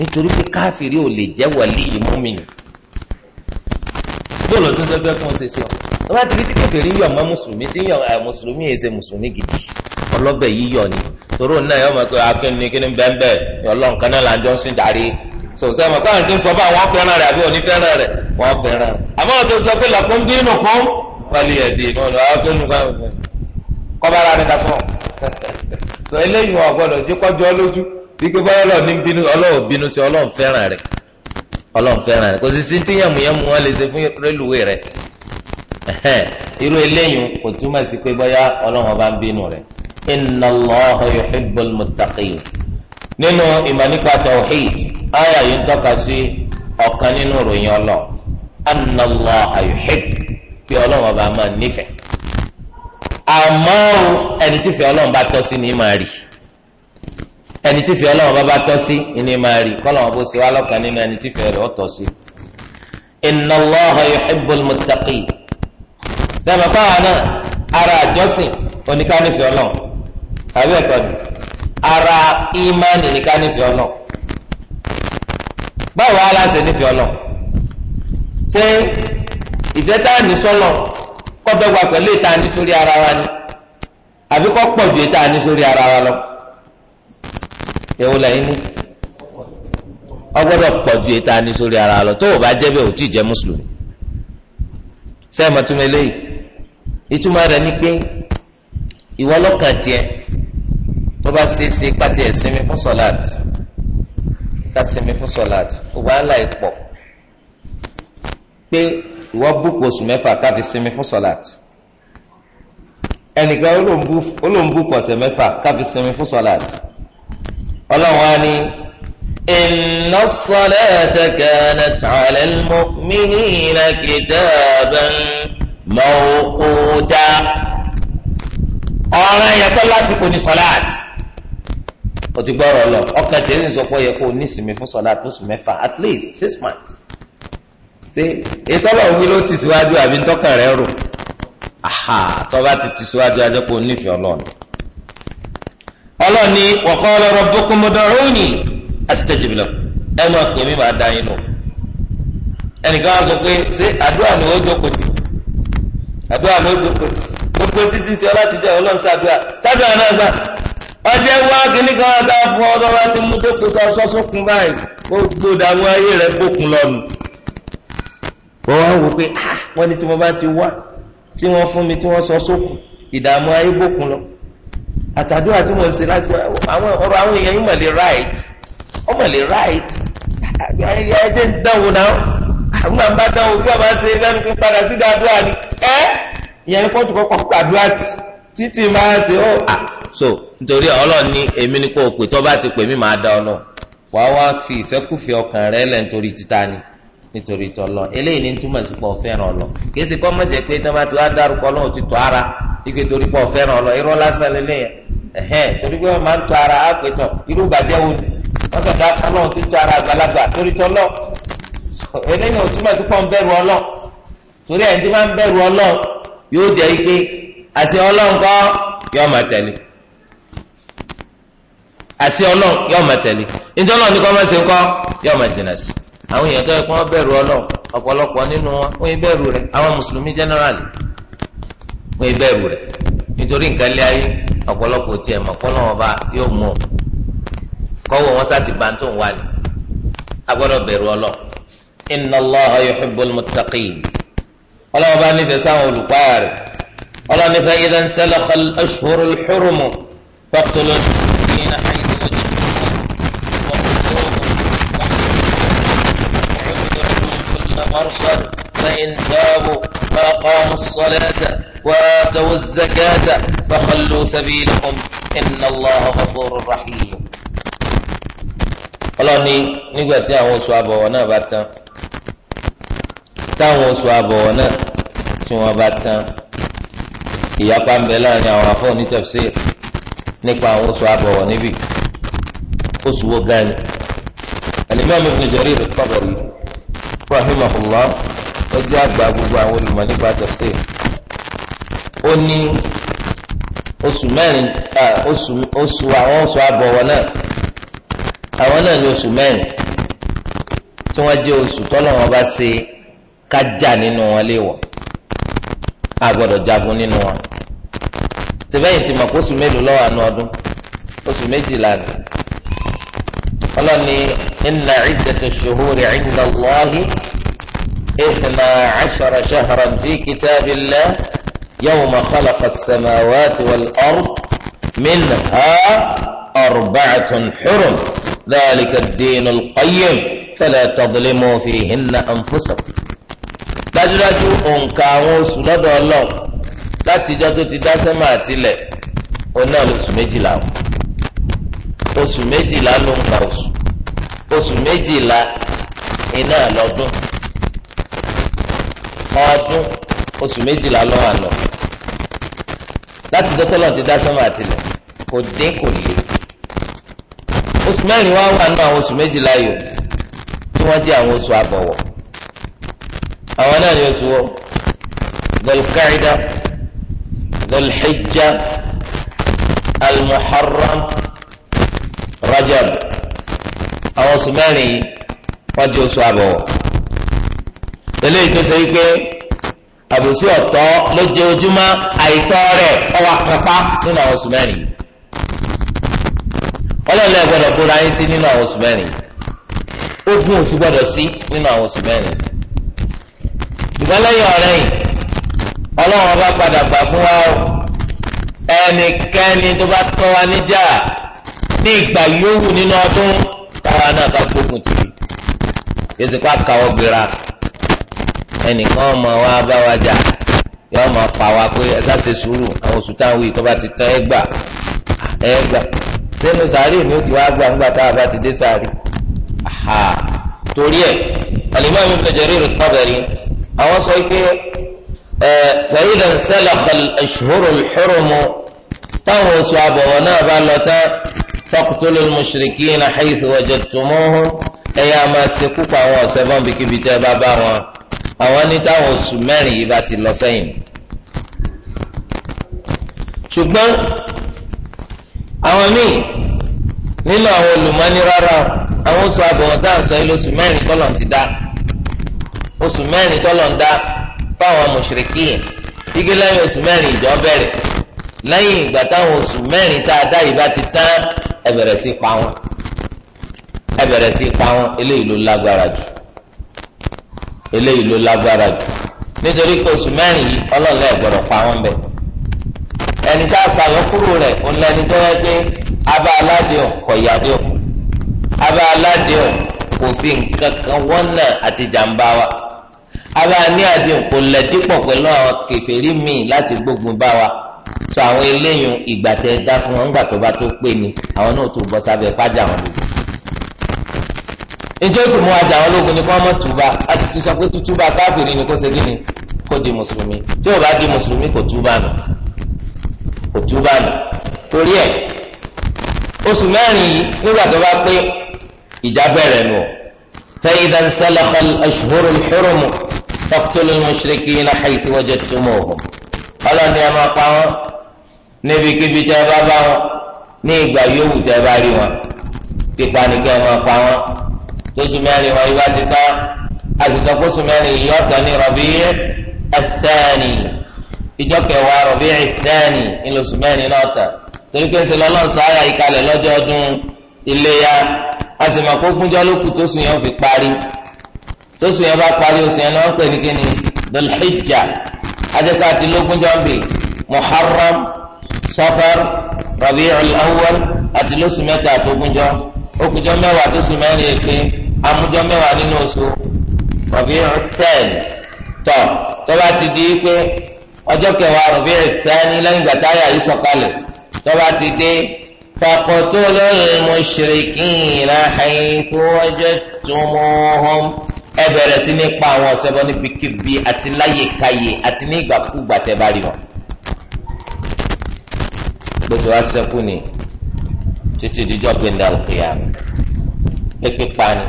nítorí pé káfíìrì ò lè jẹ́ wàlí ìmúmìnì bóòlù ọdún tó fẹ́ kún un ṣe ṣe ọ wọn ti rí tí kẹfẹ́ rí yọ ọmọ mùsùlùmí tí yọ mùsùlùmí èsè mùsùlùmí gidi ọlọ́bẹ̀ yíyọ ni torí òun náà yọ ọmọ pé akínní ah, kíní bẹ́ẹ̀ ọlọ́run kan náà là ń jọ sìn darí so sọ ma káwọn ti ń sọ bá wọn fẹ́ràn rẹ̀ àbí òní fẹ́ràn rẹ̀ wọn fẹ́ràn rẹ̀ àmọ́ ọ̀dọ́ sọ pé lọ́kùn dínú kún wálé ẹ̀dí kọ́bára ni ká fún wípé báyọ̀ lọ ní bínú ọlọ́run bínú sí ọlọ́run fẹ́ràn rẹ̀ ọlọ́run fẹ́ràn rẹ̀ kò sì sí tí yàmùyàmù wọn lè ṣe fún rélùwé rẹ̀ irú eléyìí kò túmọ̀ sí pé báyà ọlọ́run ọba ń bínú rẹ̀ inna Allaha yuhibbul muttaqin nínú ìmọ̀ nípa tawhid ayà yìí ń tọ́ka sí ọ̀kan nínú ìròyìn ọlọ́run anna Allaha yuhibb pé ọlọ́run máa nífẹ̀ẹ́ àmọ́ ẹni tí fẹ́ ọlọ́run bá tọ́ sí ni máa rí i ẹni tí fẹ́ Ọlọ́run bá bá tọ́ sí ìní máa rí kọ́lọ́run bó ṣe wá lọ́kàn nínú ẹni tí fẹ́ rẹ̀ ó tọ́ sí. inna Allaha yuhibbul muttaqin sẹ́mi fáwọn náà ara àjọsìn oníkánífẹ́ Ọlọ́run àbí ẹ̀kọ́ ni ara ìmánì oníkánífẹ́ Ọlọ́run báwo aláṣẹ nífẹ̀ẹ́ Ọlọ́run ṣé ìfẹ́ tá à ní sọ́lọ̀ kọ́ pẹ̀lú ìta ní sórí ara wa ni àbí kọ́ pọ̀ ju ìta ní sórí ara wa lọ èwo lẹ́yìn mú ọgbọ́dọ̀ pọ̀ ju ètò àní sórí ara lọ tó o bá jẹ́ bẹ́ẹ̀ ò tí ì jẹ́ mùsùlùmí sẹ́yìn mọ́túnmọ́ eléyìí ìtumọ̀ rẹ̀ ni pé ìwọ lọ́kàn tiẹ̀ tó bá ṣe é ṣe pàtí ẹ̀ sinmi fún sọ́láàtì ká sinmi fún sọ́láàtì ògbà ńlá pé ìwọ búkú oṣù mẹ́fà ká fi fún sọ́láàtì ẹnìkan olóńbù olóńbù kọ̀ọ̀sẹ̀ mẹ́fà ká fi fún sọ́láàtì ọlọ́run á ní inna as-salata kanat 'ala al-mu'minina kitaban mawquta ọ̀ràn yẹn tó lásìkò ní sọ́láàtì o ti gbọ́rọ̀ lọ ọkàn tí èyí sọ pé ó kó o fún sọ́láàtì fún sùn mẹ́fà at least six months ṣe ìtọ́lọ̀ wí ló ti síwájú àbí ntọ́kàn rẹ̀ rò aha tọ́ba ti ti síwájú ajẹ́pọ̀ onífẹ̀ẹ́ ọlọ́run ọlọ́ni wa qala rabbukum ud'uni astajib lakum ẹ máa pè mí màá dá yín nù ẹnìkan á sọ pé ṣé àdúrà ni ó jókòó tì àdúrà ni ó jókòó tì gbogbo títí sí ọlá ọlọ́run ṣàdúrà ṣàdúrà náà gbà ọjọ́ wa kìíní kan ká fún ọ lọ́wọ́ ti mú jókòó tó sọ́sọ́kùn báyìí gbogbo dààmú ayé rẹ̀ gbókun lọ́nu wọ́n wá wò pé ah, wọ́n ní tí mo bá ti wá tí wọ́n fún mi tí wọ́n sọ sókùn ìdààmú ayé gbókun lọ́nu àtàdúrà tí mo ṣe láti àwọn ọrọ àwọn èèyàn yìí mọ̀lẹ́ right ọmọlẹ́ right ẹ̀yẹ ẹ̀jẹ̀ ń dánwò náà àwọn máa ń bá dánwò bí wọ́n bá ṣe lẹ́nu pé padà sí dáadúrà ni ẹ́ ìyẹn kó tó kọ́kọ́ títí máa ṣe so nítorí ni kò pè tó bá ti pè mí máa dá ọ náà wàá wá fi ìfẹ́kùfẹ́ ọkàn rẹ títa ni. nítorí tọlọ eléyìí ní túmọ̀ sí pé ọ̀fẹ́ràn ọlọ kìí ṣe kọ́ mọ̀jẹ̀ pé tí wọ́n bá ti wá dárúkọ ọlọ́run ti tọ́ ara ike torí pé ọ̀fẹ́ràn ọlọ irọ́ lásán lélẹ́yìn ẹ̀hẹ́n torí pé wọ́n máa ń tọ́ ara á tán irú bàjẹ́ wo ni wọ́n kàn dá ọlọ́run ti tọ́ ara àgbàlagbà torí tọlọ eléyìí ò túmọ̀ sí pé ń bẹ̀rù ọlọ torí ẹni tí máa ń bẹ̀rù ọlọ yóò jẹ́ pé àṣẹ ọlọ́run kọ́ yọ àṣẹ ọlọ́run yọ máa ní kọ́ máa ṣe sí àwọn èèyàn tó yẹ kó wọ́n bẹ̀rù ọlọ́run ọ̀pọ̀lọpọ̀ nínú wọn wọ́n yẹ bẹ̀rù rẹ̀ àwọn mùsùlùmí generally wọ́n yẹ bẹ̀rù rẹ̀ nítorí nǹkan lé ayé ọ̀pọ̀lọpọ̀ tiẹ̀ mọ̀ kọ́ lọ́wọ́ bá yóò mú un kọ́wọ́ wọn sáti bá ń tó ń wá ni a gbọ́dọ̀ bẹ̀rù ọlọ́run inna Allaha yuhibbul muttaqin ọlọ́wọ́ bá nífẹ̀ẹ́ sáwọn olùpáyà rẹ̀ ọlọ́nífẹ̀ẹ́ idha salakha al-ashhurul والمرسل فإن تابوا فأقاموا الصلاة وآتوا الزكاة فخلوا سبيلهم إن الله غفور رحيم ọlọ́ni nígbà tí àwọn oṣù àbọ̀wọ̀ náà bá tán táwọn oṣù àbọ̀wọ̀ náà tí wọ́n bá tán ìyapa ń bẹ láàrin àwọn afọ́ onítẹ̀fṣẹ́ nípa àwọn oṣù àbọ̀wọ̀ níbí oṣù wo gan ni Al-Imam Ibn Jarir al-Tabari yìí rahimahullah ó jẹ́ àgbà gbogbo àwọn olùmọ̀ nípa tafsir ó ní oṣù mẹ́rin oṣù àwọn oṣù àbọ̀wọ̀ náà àwọn náà ní oṣù mẹ́rin tí wọ́n jẹ́ oṣù tọ́lọ̀ wọn bá ṣe kájà nínú wọn léwọ̀ a jagun nínú wọn tìbẹ́yìn tí mọ̀ kó oṣù mélòó lọ́wọ́ àánú ọdún oṣù méjìlá ni ọlọ́ni inna iddata shuhuri inda Allahi ithna ashara shahran fi kitabillah yawma khalaqa as-samawati wal ard minha arba'atun hurum dhalika ad-din al-qayyim fala tadlimu fihinna anfusakum dájúdájú òǹkà àwọn oṣù lọ́dọ̀ ọlọ́run láti ijọ́ tó ti dá sẹ́mà àtìlẹ̀ onáà lóṣù méjìlá wọn oṣù méjìlá ló ń ka oṣù oṣù méjìlá iná lọ́dún ọdún oṣù méjìlá ló wà lọ láti dọ́kọ́ lọ́n ti dá sọ́mà àtìlẹ̀ kò dín kò lé oṣù mẹ́rin wá wà náà àwọn oṣù méjìlá yòó tí wọ́n jẹ́ àwọn oṣù àbọ̀wọ̀ àwọn náà ni oṣù wọ́n dọ̀lùkáìdá dọ̀lùhíjà almuharram. Rajab àwọn oṣù mẹ́rin yìí oṣù àbọ̀wọ̀ eléyìí tó ṣe wípé àbòsí ọ̀tọ̀ lójoojúmọ́ àìtọ́ rẹ̀ ọwọ́ kápá nínú àwọn oṣù mẹ́rin yìí gbọ́dọ̀ kóra yín sí nínú àwọn oṣù mẹ́rin ogun oṣù gbọ́dọ̀ sí nínú àwọn oṣù mẹ́rin ìgbàlẹ́yìn ọ̀rẹ́ yìí ọlọ́run padà gbà fún wa ẹnikẹ́ni tó bá tọ́ wa níjà ní ìgbà yòówù nínú ọdún táwa náà bá gbógun tì í yéésì pa káwọ́ gbéra ẹnìkan ọmọ wa bá wa jà yọọ máa pa wa pé ẹ sáṣe sùúrù àwọn oṣù táwọn yìí tó bá ti tán ẹ gbà ẹ gbà sínú sàárè ni ó ti wá gbà ńgbà táwa bá ti dé sàárè torí ẹ Al-Imam Ibn Jarir al-Tabari àwọn sọ pé fẹ̀yìdà ń sẹ́lẹ̀ ashhurul hurum táwọn oṣù àbọ̀wọ̀ náà bá lọ tán faqtulu al-mushrikina haythu wajadtumuhum ẹ yá máa ṣekú pa àwọn ọ̀sẹ̀ bọ́n bíkíbi tẹ́ ẹ bá bá wọn àwọn ní táwọn oṣù mẹ́rin yìí bá ti lọ sẹ́yìn. ṣùgbọ́n àwọn míì nínú àwọn olùmọ́ni rárá àwọn oṣù àbọ̀wọ̀n tá à ń sọ yìí lóṣù mẹ́rin tọ́lọ̀ ti dá oṣù mẹ́rin tọ́lọ̀ ń dá fáwọn mùṣírikí yìí igi lẹ́yìn oṣù mẹ́rin ìjọ bẹ̀rẹ̀ lẹ́yìn ìgbà táwọn oṣù mẹ́rin tá a dá yìí bá ti tán ẹ bẹ̀rẹ̀ sí pa wọn ẹ bẹ̀rẹ̀ sí pa wọn eléyìí ló lágbára jù eléyìí ló lágbára jù nítorí pé oṣù mẹ́rin yìí ọlọ́ọ̀lẹ́ ẹ̀gbọ́dọ̀ pa wọn bẹ̀ ẹni tá a ṣàyọkúrò rẹ̀ òun lẹni tó yẹ pé abá aládìọ kọ̀ yàdìọ abá aládìọ kò fi nǹkan kan wọ́n náà àti jàǹbá wa abá ní àdìọ kò lẹ̀ dípọ̀ pẹ̀lú àwọn kèfèrí míì láti gbógun bá wa sọ àwọn eléyìn ìgbà tẹ dá fún wọn ńgbà tó bá tó pé ni àwọn náà tó bọ́ sábẹ́ pàjá wọn lógun nítorí fún mu àjà àwọn ológun ni kó ọmọ túba a sì tún sọ pé tútúba káfíìrì ni kó ṣe kíni kó di mùsùlùmí tí ò bá di mùsùlùmí kò túbà nù kò túbà nù torí ẹ̀ oṣù mẹ́rin yìí nígbà tó bá pé ìjà bẹ̀rẹ̀ nù fẹ́yìdà ń sẹ́lẹ̀ ìṣòro mu faqtulul mushrikina haythu wajadtumuhum ọlọ́ni ẹ máa pa wọn níbikíbi tẹ ẹ bá bá wọn ní ìgbà yòówù tẹ ẹ bá rí wọn pípa ni kẹ ẹ máa pa wọn lóṣù mẹ́rin wọn ibà ti tán àṣìṣàkóso mẹ́rin yìí ọ̀tọ̀ ní rọ̀bì ẹ̀tẹ́ẹ̀nì ìjọ kẹwàá rọ̀bì ẹ̀tẹ́ẹ̀nì ńlọṣù mẹ́rin náà tà torí pé ń ṣe lọ́lọ́ sáyà ìkalẹ̀ lọ́jọ́ ọdún iléyà a sì máa kó gúnjọ́ lókù tó yẹn fi parí tó yẹn bá parí oṣù yẹn náà ń pè ní kíni dọ̀lẹ́jà adẹ́pẹ́ àti lógún jọ́ǹbì muharram safar rabi'ul awwal àti lóṣù mẹ́ta àtògúnjọ́ okùnjọ́ mẹ́wàá tó sùn mẹ́rin èké amújọ́ mẹ́wàá nínú oṣù rabi'ul thani tọ́ tọ́ba ti di pé ọjọ́ kẹwàá rabi'ul thani lẹ́yìn gbàtáyà yìí sọ̀kalẹ̀ tọ́ba ti dé faqtulul mushrikina haythu wajadtumuhum ẹ bẹ̀rẹ̀ sí ní pa àwọn ọ̀sẹ̀ bọ́ níbikíbi àti láyèkáyè àti ní ìgbàkúgbà tẹ́ bá rí wọn. gbèsè wá sẹ́kù ni títí ìdíjọ́ gbẹ̀ndà òkè yà ní pípa ni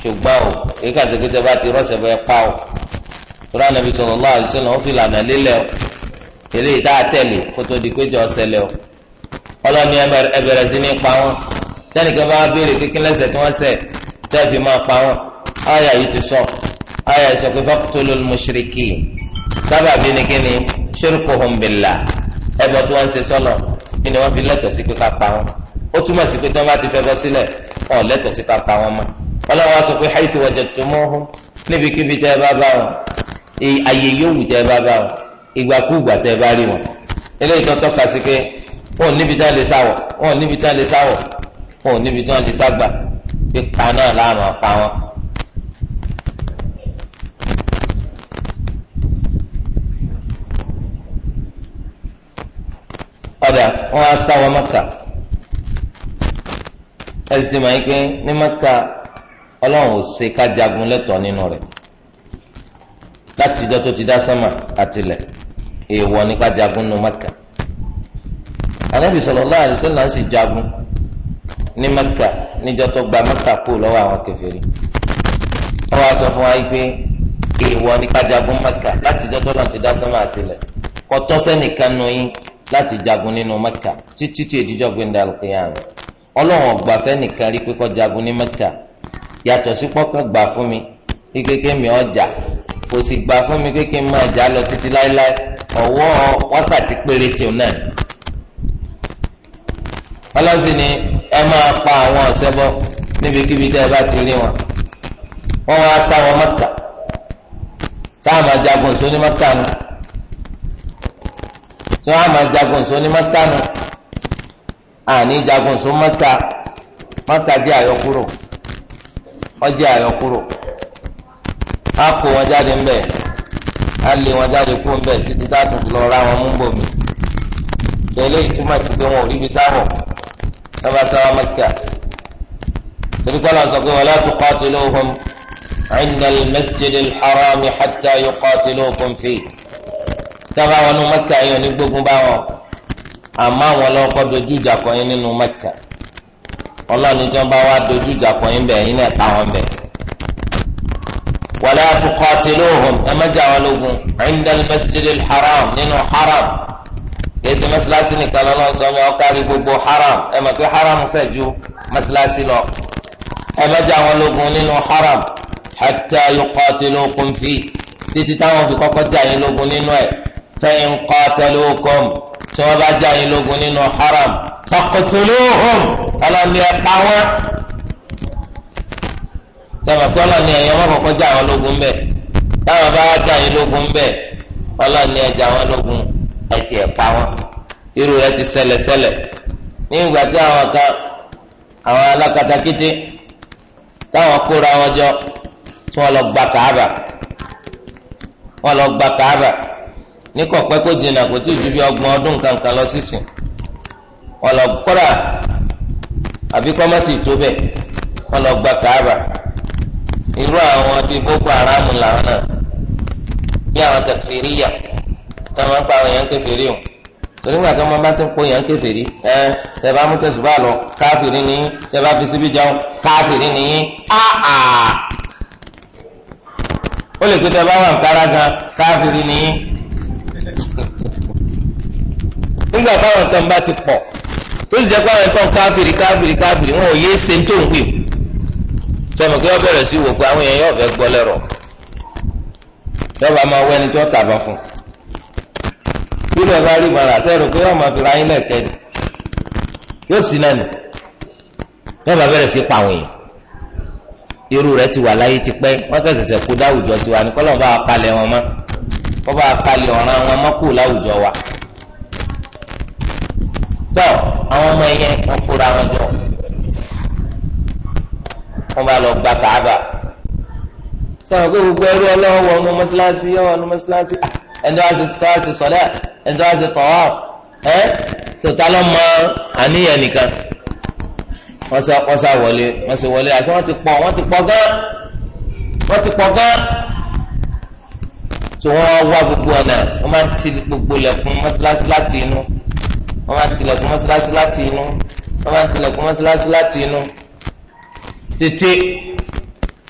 ṣùgbọ́n o èyí kà sí pé tẹ́ bá ti rọ́ọ̀sẹ̀ bọ́ ẹ pa o tura nàbí sallallahu alaihi wasallam fi lànà lélẹ̀ o tẹ̀lé ìta àtẹ̀lé kó tó di pé jọ ọ̀sẹ̀lẹ̀ o ọlọ́ni ẹ bẹ̀rẹ̀ sí ní pa wọn tẹ́nìkan bá béèrè kékeré ẹsẹ̀ tí wọ́n sẹ̀ tẹ́ẹ̀ fi máa pa wọn aya yìí ti sọ aya yìí sọ pé faqtulul mushrikin sábàbí ni kí ni shirkuhum billah ẹbọ tí wọ́n ń ṣe sọ́lọ̀ kí ni wọ́n fi lẹ́tọ̀ sí pé ká pa wọn ó túmọ̀ sí pé tí wọ́n bá ti fẹ́ bọ́ sílẹ̀ wọn ò lẹ́tọ̀ sí ká pa wọn mọ́ ọlọ́wọ́ sọ pé haythu wajadtumuhum níbikíbi tẹ́ ẹ bá bá wọn àyè yòówù tẹ́ ẹ bá bá wọn ìgbàkúùgbà tẹ́ ẹ bá rí wọn eléyìí tó tọ́ka sí pé wọn ò níbi tí wọn lè sáwọ̀ wọn ò níbi tí wọn lè sáwọ̀ wọn ò níbi tí wọn lè ságbà ọ̀dà wọn á sá wọn maka ẹsìn máa ń pín ní maka ọlọ́run ò ṣe ká jagun lẹ́tọ̀ọ́ nínú rẹ̀ láti ìjọ tó ti dá sánmà àtìlẹ̀ èèwọ̀ ní ká jagun nínú maka anabi sallallahu alaihi wasallam sì jagun ní maka níjọ tó gba maka kú lọ́wọ́ àwọn kèfèrí wọn wá sọ fún wa pé èèwọ̀ ní jagun maka láti ìjọ tó lọ́n ti dá sánmà àtìlẹ̀ kọ́tọ́sẹ́nìkan nù yín láti jagun nínú mẹ́kà títí tí èdíjọ́ gbẹ̀ndà alùpùpù ọlọ́run ọ̀gbà fẹ́nìkan rí pé kó jagun ní mẹ́kà yàtọ̀ sí pọ́kọ́ gbà fún mi ní kékeré mi ọjà kò sì gbà fún mi kékeré mi ọjà lọ títí láéláé ọ̀wọ́ wákàtí péréte náà ọlọ́sì ni ẹ máa pa àwọn ọ̀ṣẹbọ níbikíbi tẹ́ ẹ bá ti rí wọn wọ́n wá sá wọn mẹ́kà táwọn ajagun tó ní náà tí wọ́n á máa jagun nsọ ní mọ́tà nù àní jagun nsọ mọ́tà mọ́tà jẹ́ àyọkúrò ọjẹ́ àyọkúrò á kó wọn jáde ńbẹ̀ á lé wọn jáde kó ńbẹ̀ títí táàtù lọ ra wọn mú bòmí tẹ̀lé ìtumọ̀ sí pé wọn ò ríbi sáwọ̀ lọ́ba sáwọ́ mẹ́kà torí kọ́lá sọ pé wala tuqatiluhum 'inda al-masjid al-haram hatta yuqatilukum fihi sábà wọn nu mẹ́kà yẹn ní gbógun bá wọn àmọ́ àwọn ọlọ́kọ́ dojú ìjà kọ yín nínú mẹ́kà ọlọ́ni tí wọ́n bá wá dojú ìjà kọ yín bẹ̀ yín náà ta wọn bẹ̀. wala tuqatiluhum ẹ má jà wọn lógun indal haram nínú haram kèsì mọ́sálásí nìkan lọ́nà sọ mi ọ̀kárí gbogbo haram ẹ mọ̀ pé haram fẹ̀ ju mọ́sálásí lọ ẹ má jà wọn nínú haram hatta yuqatilukum fi títí táwọn fi kọ́kọ́ jà yín lógun nínú ẹ̀ fẹ́yìn qatalukum tí wọ́n bá já yín lógun nínú haram faqtuluhum ọlọ́ni ẹ̀ pa wọ́n. pé ọlọ́ni ẹ̀yẹ wọ́n kọ́kọ́ já wọn lógun bẹ́ẹ̀ bá já yín lógun bẹ́ẹ̀ ọlọ́ni ẹ̀ lógun ẹ̀ irú ti ní ìgbà tí àwọn kan àwọn alákatakítí táwọn kóra wọn jọ tí lọ gba wọ́n lọ gba ní kọ̀pẹ́ kó jìnnà kò tí ì ju bí ọgbọ̀n ọdún kankan lọ sísìn wọn lọ kọ́ra àbí kọ́mọ́tì tó bẹ̀ wọn lọ gba kàába irú àwọn bíi boko haram làwọn náà bí àwọn tẹfìrí yà tí wọn pa àwọn yẹn kèfèrí o torí wọn àti wọn bá ti ń kó yẹn kèfèrí ẹ tẹ bá mú tẹsùbà lọ káfìrí ni yín tẹ bá fi síbi jẹun káfìrí ni yín áà ó lè pé tẹ bá wà ń kára gan káfìrí ni nígbà táwọn nǹkan bá ti pọ̀ tó sì jẹ́ pé àwọn nǹkan káfìrí káfìrí káfìrí wọn ò yéé ṣe tó ń wí sọmọ kí wọ́n bẹ̀rẹ̀ sí wò pé àwọn èèyàn yóò fẹ́ gbọ́ lẹ́rọ̀ yọba máa wọ ẹni tó tàbá fún bí lọ́ba rí màrà sẹ́rù pé wọ́n máa fi ra yín lẹ́kẹ́ ni yóò sí náà nì yọba bẹ̀rẹ̀ sí pa àwọn èèyàn irú rẹ̀ ti wà láyé ti pẹ́ wọ́n kẹsẹsẹ kó dáwùjọ tiwa ní kọlọmọba apalẹ wọn mọ kọba apalẹ ọ̀ràn wọn mọ kó láwùjọ wa tọ́ àwọn ọmọ yẹn wọ́n kóra wọn jọ wọ́n bá lọ gba kàába sọ̀rọ̀ pé gbogbo ẹrú ọlọ́wọ́ wọnú mọ́sálásí ọ̀nù mọ́sálásí ẹ̀ńdọ́ àti tọ́ àti sọ̀lẹ́ ẹ̀ńdọ́ àti tọ́wọ́ ẹ̀ tòtá lọ mọ àníyàn nìkan wọ́n sá wọ́n sá wọlé wọ́n sì wọlé àti wọ́n ti pọ̀ wọ́n ti pọ̀ gán wọ́n ti pọ̀ gán tó wọ́n wá gbogbo ọ̀nà wọ́n máa ti gbogbo lẹ̀kùn mọ́sálásí láti inú wọ́n máa tilẹ̀kùn mọ́ṣáláṣí láti inú wọ́n máa tilẹ̀kùn mọ́ṣáláṣí láti inú tètè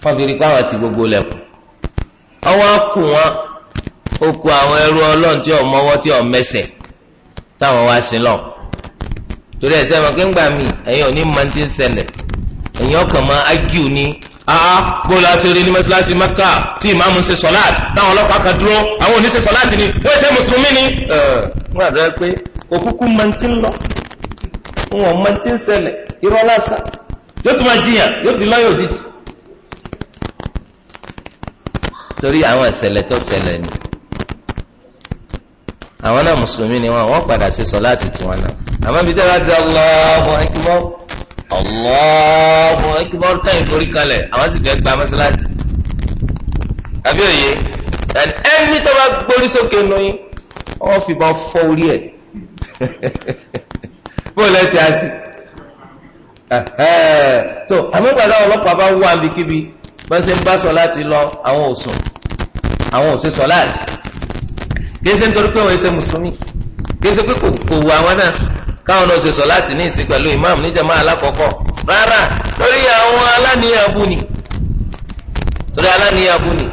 wọ́n fi rí pé àwọn ti gbogbo lẹ̀kùn ọwọ́ kù wọn ó kù àwọn ẹrú ọlọ́run tí ọmọ ọwọ́ tí ọmọ ẹsẹ̀ táwọn wá sí lọ torí ẹsẹ̀ wọn kéńgbà mí ẹ̀yin ò ní mọ ti ń ṣẹlẹ̀ ẹ̀yin ọkàn máa ágìw ní aa bó la ti rí ní mọ́ṣáláṣí mẹ́kà tí ìmáàmù ṣe sọ́láàtì táwọn ọlọ́pàá òkúkú máa ti ń lọ wọn máa ti ń ṣẹlẹ̀ irọ́ lásà yóò tún máa jiyàn yóò di lọ́yọ̀ òjijì torí àwọn ìṣẹ̀lẹ̀ tó ṣẹlẹ̀ ni àwọn náà mùsùlùmí ni wọn wọn padà ṣe sọ̀láàtì tiwọn náà àmọ́ ibi tẹ́lá ti Allahu Akbar Allahu Akbar tẹ́yìn forí kalẹ̀ àwọn sì fẹ́ gba mọ́sálásì àbí òye ẹni tó bá gbórí sókè nù yín wọ́n fi bá orí ẹ̀. bó lẹ́ ti a sí tó àmúgbàdá ọlọ́pàá bá wà níbikíbi bá ṣe ń bá sọ láti lọ àwọn òsùn àwọn òsè sọ láti kìí nítorí pé wọ́n ṣe mùsùlùmí ose pé kò wù àwọn náà káwọn náà ṣe sọ láti ní ìsìn pẹ̀lú ìmáàmù níjàmá alákọ̀ọ́kọ́ rárá torí àwọn aláníyàbù ni torí aláníyàbù ni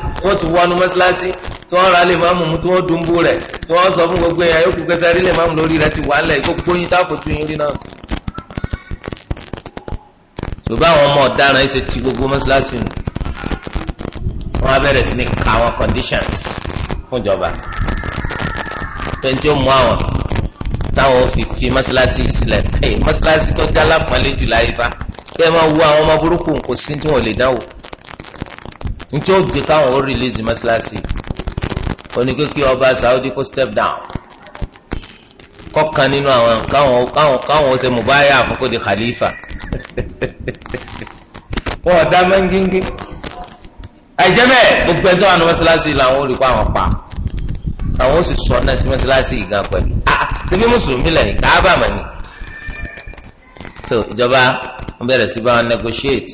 tí wọ́n ra lè máa mú mu tí wọ́n dùn bú rẹ̀ tí wọ́n sọ fún gbogbo yẹn yóò kú pẹ́sẹ́ rí lè máa mú lórí rẹ̀ ti wà lẹ̀ gbogbo yín táàfò yín rí náà. ṣùgbọ́n àwọn ọmọ ọ̀daràn ṣe ti gbogbo mọ́ṣáláṣí nù wọ́n á bẹ̀rẹ̀ sí ní ka àwọn conditions fún ìjọba pẹ̀ntì ó mú àwọn táwọn ò fi fi mọ́ṣáláṣí sílẹ̀ ẹ̀ mọ́ṣáláṣí tó já lápọ̀nlé jù láyé fa kẹ́ ẹ máa wo àwọn ọmọ burúkú oníkékè ọba Saudi kó step down kọkàn nínú àwọn káwọn káwọn káwọn ṣe mubaya àkókò di khalifa wọn ọ̀dà mẹ́ngíngí àìjẹ́ bẹ́ẹ̀ gbogbo ẹjọ́ àwọn mọ́sálásí làwọn olùkọ́ àwọn pa àwọn ó sì sọ náà sí mọ́sálásí yìí gan pẹ̀lú ah, ah ṣebí mùsùlùmí lẹ́yìn káábà mọ̀ ni so ìjọba wọn bẹ̀rẹ̀ sí bá negotiate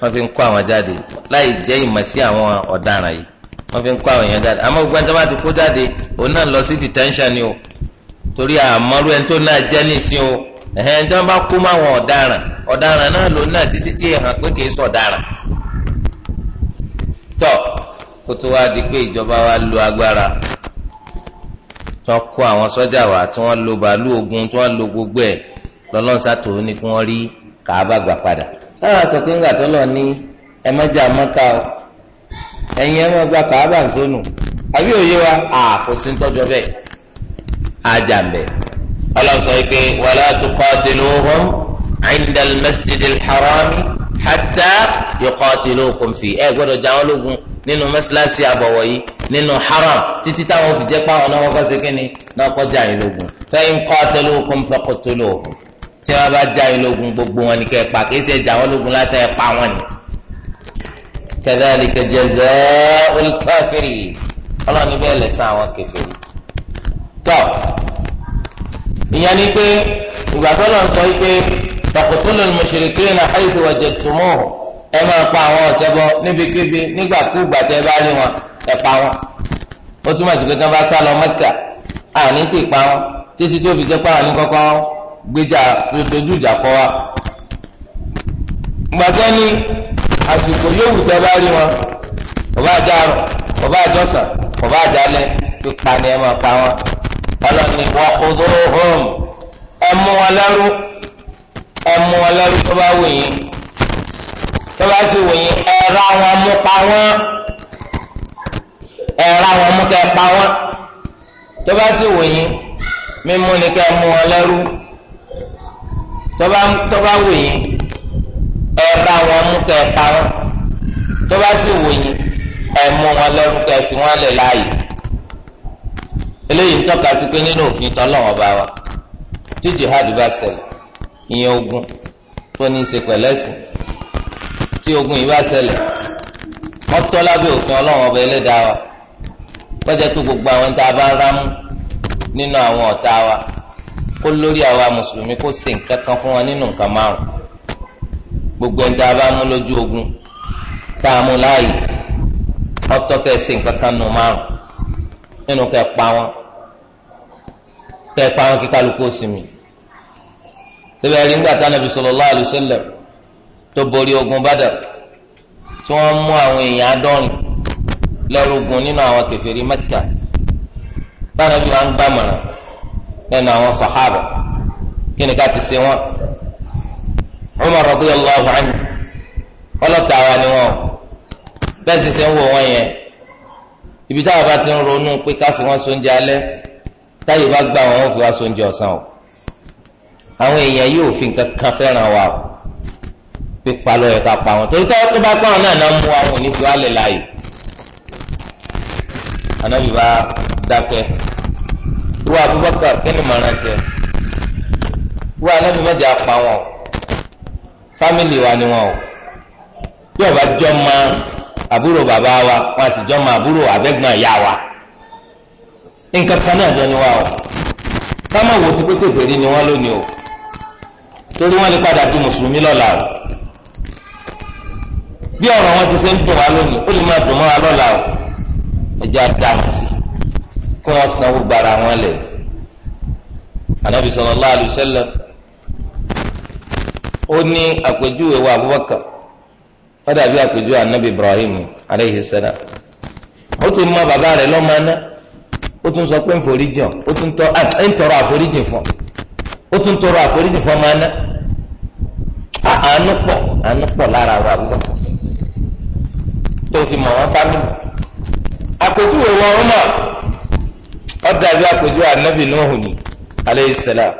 wọ́n fi ń kó àwọn jáde láì jẹ́ ìmọ̀ sí àwọn ọ̀daràn yìí wọ́n fi ń kó àwọn èèyàn jáde àmọ́ gbogbo ẹni tó bá ti kó jáde òun náà lọ sí detention ni o torí àmọ́rú ẹni tó náà jẹ́ nísìn o ẹ̀hẹ́n tí wọ́n bá kó mọ́ àwọn ọ̀daràn ọ̀daràn náà lòun náà títí tí èèyàn pé kì í sọ ọ̀daràn. tọ́ kó tó wá di pé ìjọba wa lo agbára tí wọ́n kó àwọn sọ́jà wá tí wọ́n lo bàálù ogun tí wọ́n lo gbogbo ẹ̀ lọ́lọ́nsá tòun ni kí wọ́n rí kàá bàgbà padà sáà sọ pé ńgbà tó lọ ní ẹ mọ́jà mọ́ká o ẹ̀yin ẹ̀ mọ́ gba kàábà sónù àbí òye wa àkó sí ń tọ́jọ́ bẹ́ẹ̀ ajá ń bẹ̀. ọlọ́run sọ pé wàlá tuqatiluhum inda al-masjid al-haram hatta yuqatilukum fi ẹ gbọ́dọ̀ jà wọ́n lógun nínú mọ́sálásí àbọ̀wọ̀ yìí nínú haram títí táwọn fi jẹ́ pàwọn náà wọ́n sí kínní náà kọjá yìí lógun fa in qatilukum faqtuluhum tí wọn bá já yín lógun gbogbo wọn ni kẹ pa kì í ṣe já wọn lógun lásán ẹ pa wọn ni. kadhalika jazaa'ul kafirin ọlọ́run ní bẹ́ẹ̀ lẹ́sàn àwọn kèfèrí. tọ́ ìyẹn ni pé ìgbà tó lọ sọ pé taqtulul mushrikina haythu wajadtumuhum ẹ máa pa àwọn ọ̀ṣẹbọ níbikíbi nígbàkúùgbà tẹ́ bá rí wọn ẹ pa wọn. ó túmọ̀ sí pé tí wọ́n bá sá lọ Mẹ́kà àní ti pa wọn títí tó fi jẹ́ pàrọ̀ ní kọ́kọ́ gbéjà dojú ìjà kọ wa gbàtọ́ ní àsìkò yòówù tẹ́ bá rí wọn ọba àjàrò ọba àjọsàn ọba àjálẹ pípa ni ẹ máa pa wọn ọlọ́ni wọ́n kó tó hóm ẹ mú wọn lẹ́rú ẹ wọn lẹ́rú tó bá wù yín tó bá sì wù yín ẹ ra mú pa wọn ẹ ra mú kẹ pa wọn tó bá sì wù yín mímú ni kẹ mú wọn lẹ́rú tọ́ba tọ́ba wò yín ẹ bá wọn mú kẹ́ ẹ pa wọn tọ́ba sì wò yín ẹ mú wọn lẹ́rú kẹ́ ẹ fi wọn lẹ̀ láàyè eléyìí ń tọ́ka sí pé nínú òfin tọ́lọ́wọ́n bá wa tí jihad bá ṣẹlẹ̀ ìyẹn ogun tó ní í ṣe pẹ̀lẹ́sìn tí ogun yìí bá ṣẹlẹ̀ ọtọ́ lábẹ́ òfin ọlọ́wọ́n ọba ẹlẹ́dàá wa wọ́n jẹ́ pé gbogbo àwọn tá a bá rámú nínú àwọn ọ̀tá wa kó lórí àwa mùsùlùmí kó ṣe nǹkan kan fún wa nínú nǹkan márùn gbogbo ẹni tá a bá mú lójú ogun tá a mú láàyè ọ̀tọ̀ kẹ́ ṣe nǹkan kan nù márùn nínú kẹ́ pa wọn kẹ́ pa wọn kí kálukú ó sinmi rí nígbà tá nàbì sallallahu alaihi wasallam tó borí ogun Badr tí wọ́n mú àwọn èèyàn àádọ́rin lẹ́rú ogun nínú àwọn kèfèrí Mẹ́kà bá nàbì wọn gbàmọ̀ràn lẹ́nu àwọn sàhábà kí ni ká ti ṣe wọn Umar radiyallahu anhu ọlọ́ta wa ni wọn bẹ́ẹ̀ sì ṣe ń wò wọ́n yẹn ibi táwa bá ti ń ronú pé ká fi wọ́n sóúnjẹ alẹ́ táyé bá gbà wọ́n ó fi wá sóúnjẹ ọ̀sán o àwọn èèyàn yóò fi nǹkan kan fẹ́ràn wa pípa lọ́yẹ̀ ká pa wọn torí táwọn tó bá pa wọn náà náà mú àwọn oníṣòwò alẹ́ láàyè ànábì dákẹ́ wọ Abubakar kí ni màrán tiẹ̀ wọ anabi mẹjọ apá wọn o fámìlì wa ni wọn o bí ọba jọ ma àbúrò bàbá wa wọn a sì jọ ma àbúrò abẹ́gbọ̀n ìyá wa nǹkan kan náà jọ ni wa o kámá wo ti pépè fèrè ni wọn lónìí o torí wọn lè padà di mùsùlùmí lọ́la o bí ọ̀rọ̀ wọn ti ṣe ń dùn wá lónìí ó lè má dùn mọ́ wa lọ́la o ẹ̀jẹ̀ á dáhùn sí i kó wọn sanwó gbara wọn lẹ anabi sallallahu alaihi wasallam ó ní àpèjúwe wa abubakar ó dàbí àpèjúwe anabi ibrahim aleyhi salam ó ti mọ bàbá rẹ̀ lọ́mọ aná ó tún sọ pé ń foríjìn ó tún tọrọ àforíjìn fún ó tún tọrọ àforíjìn fún ọmọ aná àánú pọ̀ àánú pọ̀ lára wa abubakar tó fi mọ̀ wọn fámìlì àpèjúwe wọn ọmọ ọ̀dà bí àpèjú ànábì Nuhu ni aleyhi salam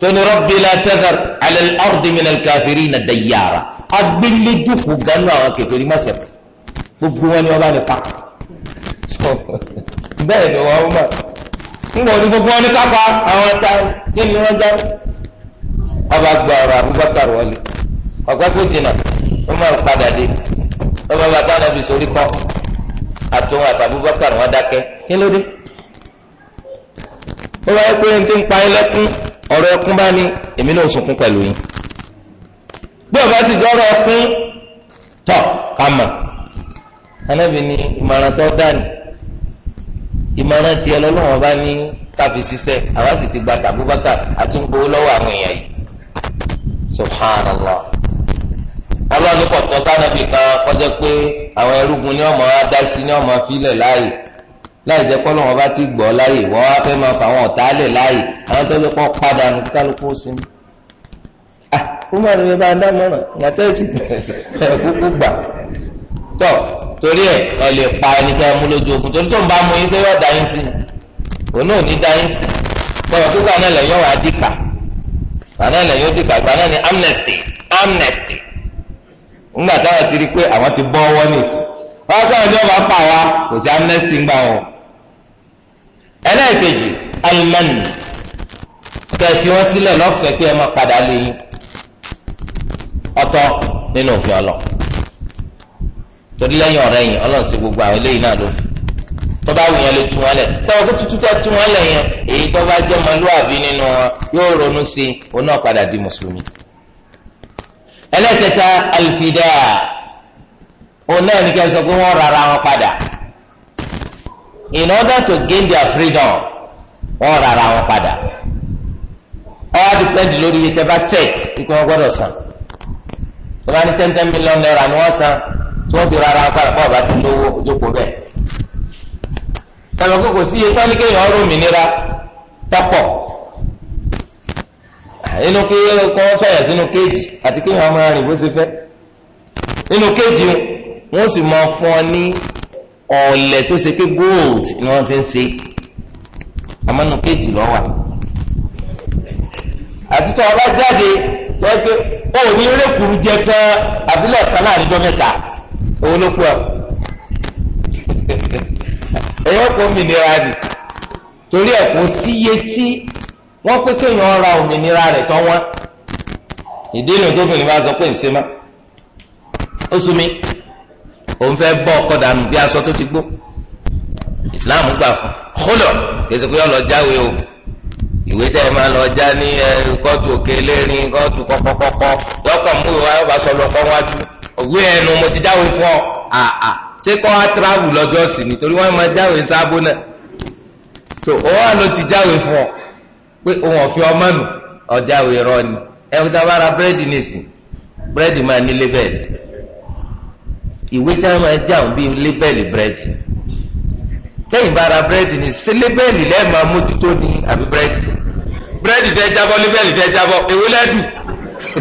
tóní rabbi la tadhar ala al-ardi min al-kafirina dayyara agbélẹ́dùkú ganu àwọn kèfèrí mọ́sẹ̀ gbogbo wọn ni wọn bá ní pa bẹ́ẹ̀ ni wọ́n mọ̀ ńgbọ̀n ní gbogbo wọn ní kápá àwọn ọ̀tá kí ni wọ́n jáwé ọba gba ọ̀rọ̀ Abubakar wọlé ọ̀pẹ́ kò jìnnà wọ́n máa padà dé ọba bàtà nàbì sórí kọ́ àtúnwò àtàbúbakar wọn dákẹ́ kí ló dé. bó bá yẹ pé ẹni tí ń pa yín lẹ́kún ọ̀rọ̀ ẹkún bá ní èmi náà sunkún pẹ̀lú yín bí ọba sì dọ́rọ̀ ẹkún tọ̀ ká mọ̀ ni ìmọ̀ràn tó ìmọ̀ràn tiẹ̀ lọ́lọ́wọ́n bá ní káfí ṣiṣẹ́ àwa sì ti gba àtúngbò lọ́wọ́ àwọn èèyàn yìí ọlọ́run kan kọjá pé àwọn ẹrúgun láì jẹ́ kọ́lọ́ bá ti gbọ́ láyè wọ́n wá fẹ́ máa fà wọn ọ̀tá lè láyè àwọn tó ń kọ́ padà nù kálukú sí mi. kúmọ̀ ni mi bá dámọ̀ràn kúkú gbà. tọ́ torí ẹ̀ ọ lè pa ẹni mú lójú ogun torí tó ń bá yín sí i òun náà ní sí amnesty amnesty. ńgbà táwọn ti ti bọ́ wọ́n á ẹlẹ́ẹ̀kejì alimẹ́nu kẹfì wọn sílẹ̀ lọ́fẹ̀ẹ́ pé ẹ máa padà lé yín ọ̀tọ̀ nínú òfin ọlọ torí lẹ́yìn ọ̀rẹ́ yìí Ọlọ́run ṣe gbogbo àwọn eléyìí náà ló fi tó bá wùyàn lè tú wọn lẹ̀ sẹwọn kó tuntun tẹ tú wọn lẹ̀ yẹn èyí tó bá jẹ́ ọmọlúwàbí nínú wọn yóò ronú sí òun náà padà di mùsùlùmí ẹlẹ́ẹ̀kẹta alifida òun náà ní kẹ́ sọ pé wọ́n rárá wọn padà in order to gain their freedom wọ́n rárá wọn padà all depend lórí iye tẹ́ bá set ikú wọn gbọ́dọ̀ san tó bá ní ten ten million naira ni wọ́n san tí wọ́n fi rárá wọn padà bọ́ọ̀ bá ti lówó ojókòó bẹ́ẹ̀ tàbí kò sí iye tó ní kéèyàn ọrùn mi nira tọ́pọ̀ inú kí kọ́ sọ̀yà sínú kéèjì àti kéèyàn ọmọ rìn bó ṣe fẹ́ inú kéèjì wọn sì máa fún ọ ní ọ̀ọ̀lẹ̀ tó ṣe pé gold ni wọ́n fi ń ṣe àmọ́nù kéèjì lọ́wọ́ àti tó ọba jáde wọ́n pé ó ní rékùrú jẹ tán àbílẹ̀ kan láàrin ọjọ́ mẹ́ta òun ló kú ọ ẹ̀yọ́ kò mìnira nì torí ẹ̀ kò síye tí wọ́n pé kéèyàn ra òmìnira rẹ̀ tán wọ́n ìdí ìlú tóbi ni wọ́n á sọ pé ń ṣe má ó sumi òun fẹ́ bọ́ ọkọ dànù bí aṣọ tó ti gbó islam gbà fún kólọ kèsì pé ọlọ jáwé o ìwé tẹ ẹ máa lọ já ní ẹ kóòtù òkè lẹ́rìn kóòtù kọ́kọ́kọ́kọ́ yọkọ̀ mú ìwà yọba sọ lọ kọ́ wájú òwe ẹnu mo ti jáwé fún ọ àà ṣé kọ́ wá tíráàvù lọ́jọ́ sí ni torí wọ́n máa jáwé sábó náà so òun wà ló ti jáwé fún ọ pé òun ọ̀fin ọmọ nù ọjáwé rọ ni ẹ kúta bára búrẹ́dì nìsín búrẹ́dì máa nílé bẹ́ẹ̀ ìwé tí wọ́n máa jáwọn bíi lébẹ́lì búrẹ́dì tẹ́yìn bá ra búrẹ́dì ní sí lébẹ́lì lẹ́ẹ̀ máa mójútó ní àbí búrẹ́dì búrẹ́dì fẹ́ jábọ́ lébẹ́lì fẹ́ jábọ́ èwo lẹ́dù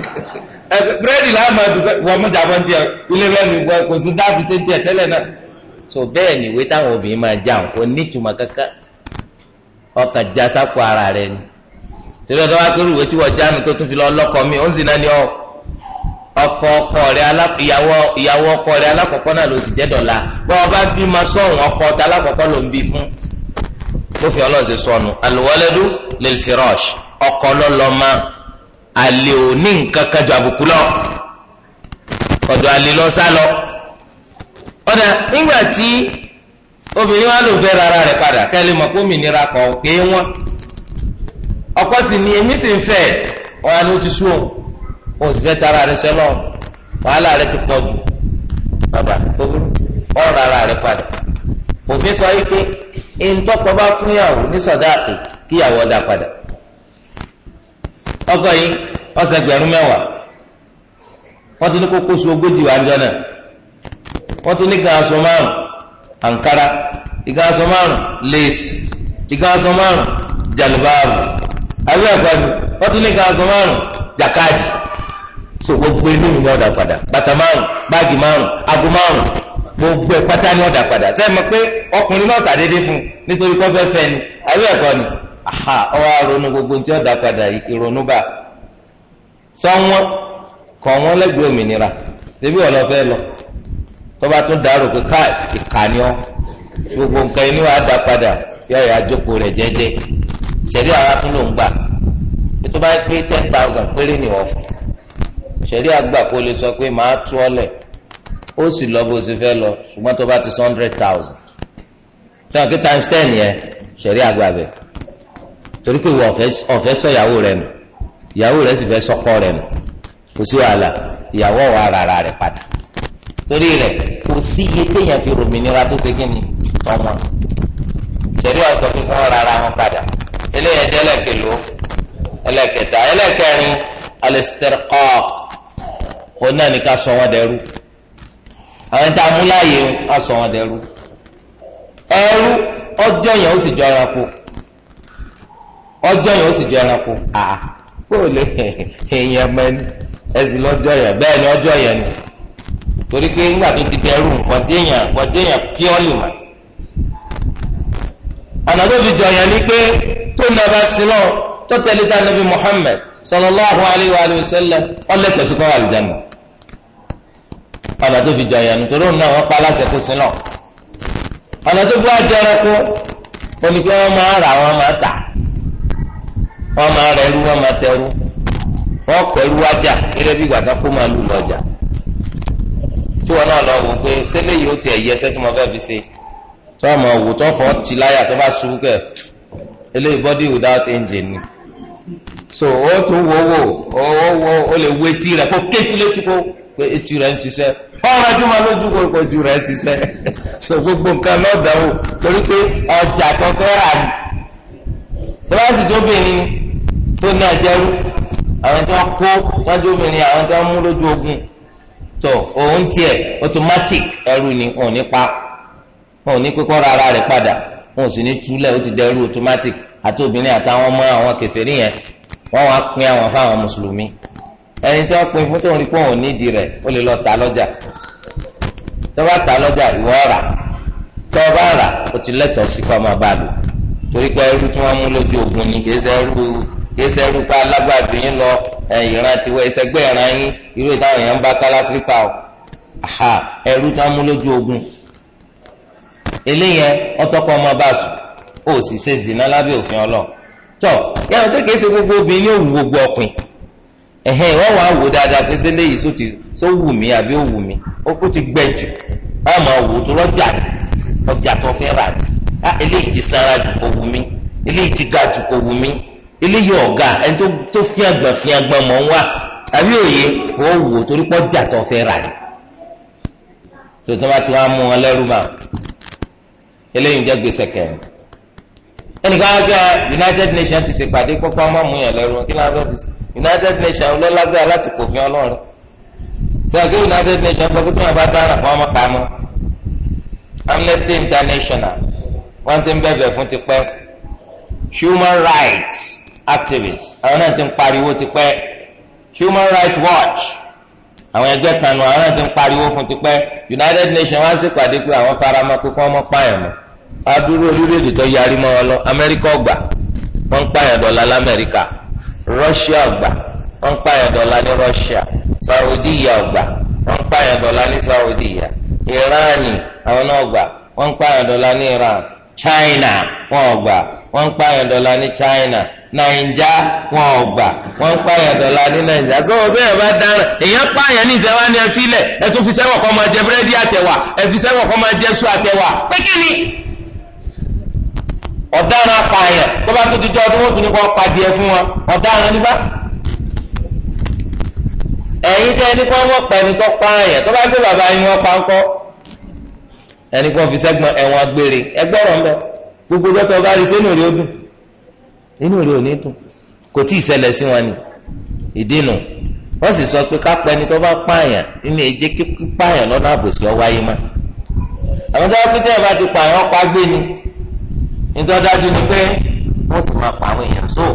búrẹ́dì láà máa dùn wọ́n mú jábọ́ ní tiẹ̀ ilé kò sí dáàbì sí tiẹ̀ tẹ́lẹ̀ náà so bẹ́ẹ̀ ni ìwé táwọn obìnrin máa jáwọn kò ní ìtumọ̀ kankan ọkàn já sápò ara rẹ ni torí ọ̀dọ́ wa pé ìwé tí wọ́n já ni ọ́ ọkọ ọkọ rẹ ìyàwó ìyàwó ọkọ rẹ alákọ̀ọ́kọ́ náà ló sì jẹ́ dọ̀la bọ́ ọba bí ma sọ̀hún ọkọ ta alákọ̀ọ́kọ́ ló ń bí fún lófin ọlọ́run ṣe sọnù alwaladu lil firash ọkọ lọ́lọ́mọ àlè òní nǹkan kan ju àbùkù lọ ọ̀dọ̀ àlè lọ sá lọ. ọ̀dà nígbà tí obìnrin wa lò bẹ́ẹ̀ rárá rẹ̀ padà kẹ́lẹ́ mọ̀ kó mìnira kọ̀ kéé wọn ọkọ sì ni èmi sì ń fẹ́ ọ̀hánú ti sú òun wọn tara rẹ sẹ́lọ̀ wàhálà rẹ ti pọ̀ jù bàbá ọ̀rọ̀ ara rẹ padà òfin sọ yìí pé ìǹtọ́pọ̀ bá fún yàwó ní sọ̀dáàkì kí yàwó ọ̀dà padà ọkọ yìí ọ̀sẹ̀ gbẹ̀rún mẹ́wàá wọ́n ti ní kókó su ogójì wà jọ náà ti ní márùn márùn so gbogbo inú mi ni ọ̀dà padà bàtà márùn báàgì márùn aago márùn gbogbo ẹ̀ pátá ni ọ̀dà padà sẹ́yìn mọ̀ pé ọkùnrin náà sàdédé fún nítorí kó fẹ́ fẹ́ ni àbí ẹ̀kọ́ ni aha ọwọ́ ronú gbogbo tí ọ̀dà padà ìrònú bá sọ́wọ́n kọ̀ wọ́n lẹ́gbẹ̀ẹ́ òmìnira tẹ́bí ọ̀lọ́fẹ́ lọ tọ́ba tún dàrú pé ká ìkànnì ọ gbogbo nǹkan inú wa dá padà yóò yà àjókòó rẹ̀ jẹ́jẹ́ ṣẹ̀rí ara tún ló ń gbà ètò bá pé ten thousand péré ni wọ́n fún un ṣẹ̀rí àgbà kó lè sọ pé màá tú ọ lẹ̀ ó sì lọ bó ṣe fẹ́ lọ ṣùgbọ́n tó bá ti sọ hundred thousand ṣé wọn kí times ten yẹn ṣẹ̀rí àgbà bẹ̀ torí pé ìwọ ọ̀fẹ́ sọ ìyàwó rẹ nù ìyàwó rẹ sì fẹ́ sọkọ rẹ nù kò sí wàhálà ìyàwó wa rárá rẹ padà torí rẹ kò sí iye téèyàn fi ròmìnira tó ṣe kí ni ọmọ ṣẹ̀rí wọn sọ pé kí rárá wọn padà eléyẹn jẹ́ ẹlẹ́kẹta ẹlẹ́kẹrin. al-istirqaq òun náà ní ká sọ wọn dẹrú àwọn ẹni tá a mú láàyè ká sọ wọn dẹrú ẹrú ọjọ́ yẹn ó sì jọ ẹranko ọjọ́ yẹn ó sì jọ ẹranko àá kó o lè èèyàn mẹ́ni ẹ̀sìn lọ́jọ́ yẹn ni ọjọ́ yẹn ni torí pé nígbà tó ti dẹrú sallallahu alayhi wa sallam ọlẹ́tọ̀ sí kọ́wà àlùjáná ọ̀nà tó fi jọ ìyànnú torí òun náà wọ́n pa aláṣẹ kó sí náà ọ̀nà tó bá jẹ ẹranko oní pé wọ́n máa rà wọ́n máa tà wọ́n máa rẹ̀ ẹrú wọ́n máa tẹrú wọ́n kọ ẹrú wájà eré bí gbàgbá kó máa lù lọ́jà tí wọn náà lọ wò pé sẹ́lẹ̀ yìí ó tiẹ̀ yẹ ẹsẹ́ tí mo fẹ́ fi ṣe tí wọ́n máa wò tó fọ́ ti láyà tó bá ṣubú kẹ̀ eléyìí body without engine ni so ó tún wò wò ó wò ó lè wo etí rẹ̀ kó ké sí létí kó pé etí rẹ̀ ń ṣiṣẹ́ ọ̀rọ̀ ẹdínwó lójú kó kó ju rẹ̀ ṣiṣẹ́ so gbogbo nǹkan lọ́dọ̀ o torí pé ọjà kọ́kọ́ rà ní tọ́lásì tó bìnrin tó ní àjẹrú àwọn tó kó tọ́jú obìnrin àwọn tó mú lójú ogun tó òun tiẹ̀ automatic ẹrú ni òun ní pa òun ní kókó rárá rẹ̀ padà òun sì ní túlẹ̀ ó ti dẹrú automatic àti obìnrin àtàwọn ọmọ àwọn kẹfẹ́ nìyẹn wọ́n wá pín àwọn fáwọn mùsùlùmí ẹni tí wọ́n pín fún tóun rí pé òun nídìí rẹ̀ ó lè lọ ta lọ́jà tó bá ta lọ́jà ìwọ rà tó bá rà ó ti lẹ́tọ̀ọ́ sí kọ́ máa bá lò torí pé ẹrú tí wọ́n mú lójú ogun ni kì í ṣe ẹrú kì í ṣe ẹrú pa alágbàdo yín lọ ìran tiwọ́ ìṣẹ́gbẹ́ ìran yín irú ìtàn èèyàn ń bá kálá áfíríkà o ẹrú tí wọ́n mú lójú ogun eléyẹn ọtọ́kọ ọmọ bá sùn ó sì ṣe zìnnà lábẹ́ òfin ọlọ́run tọ yàrá pé kìí ṣe gbogbo obìnrin yóò wù gbogbo ọkùn ẹ̀hẹ́n wọ́n wàá wò dáadáa pé sílé yìí sóti só wù mí àbí ó wù mí ti gbẹ jù báyà máa wò tó rọ́jà ọjà tó ti jù kò wù mí eléyìí ti ga jù kò wù mí eléyìí ọ̀gá ẹni tó fi àgbọ̀n fi àgbọ̀n mọ̀ ń wá àbí òye wò torí jà ẹnìkan wá United Nations ti ṣèpàdé pọ́pọ́ ọmọ mu yẹn lẹ́rú kí lábẹ́ fi United Nations ló lágbára láti kòfin ọlọ́run tí a gbé United Nations sọ pé tí wọ́n bá dára fún ọmọ pamọ́ Amnesty International wọ́n ti ń bẹ̀bẹ̀ fún tipẹ́ human rights activists àwọn náà ti ń pariwo tipẹ́ human rights watch àwọn ẹgbẹ́ kanu àwọn náà ti ń pariwo fún tipẹ́ United Nations wọ́n á ṣèpàdé pé àwọn faramọ́ pé kí pààyàn mọ́ adúrú orílẹ̀-èdè tó yarí mọ́ wọn lọ amẹ́ríkà ọgbà wọ́n ń pààyàn dọ́là lamẹ́ríkà rọ́ṣíà ọgbà wọ́n ń pààyàn ní rọ́ṣíà ọgbà wọ́n ń pààyàn ní ìránì ọgbà wọ́n ń pààyàn iran china wọ́n ọgbà wọ́n ń pààyàn ní china wọn ò gbà ń pààyàn ní sọ bẹ́ẹ̀ bá dára èèyàn pààyàn ní ìṣẹ́wá ẹ tún fi kọ́ máa jẹ búrẹ́dì ọ̀daràn apààyàn tó bá tó ti jọ ọdún wọn tún ní kó padìẹ fún wọn ọ̀daràn níbà ẹ̀yin tẹ́ ẹni kó wọ́n pa ẹni tó pààyàn tó bá gbé bàbá yín wọ́n pa ńkọ́ ẹni kó fi sẹ́gbọ̀n ẹ̀wọ̀n gbére ẹgbẹ́rọ̀ ńbẹ gbogbo dọ́tọ̀ bá rí sínú rí ó dùn inú rí ò ní dùn kò tí ì ṣẹlẹ̀ sí wọn ni ìdínú wọ́n sì sọ pé kápẹ́ ẹni tó bá pààyàn nínú èjé nítorí dájú ni pé wọ́n sì máa pa àwọn èèyàn so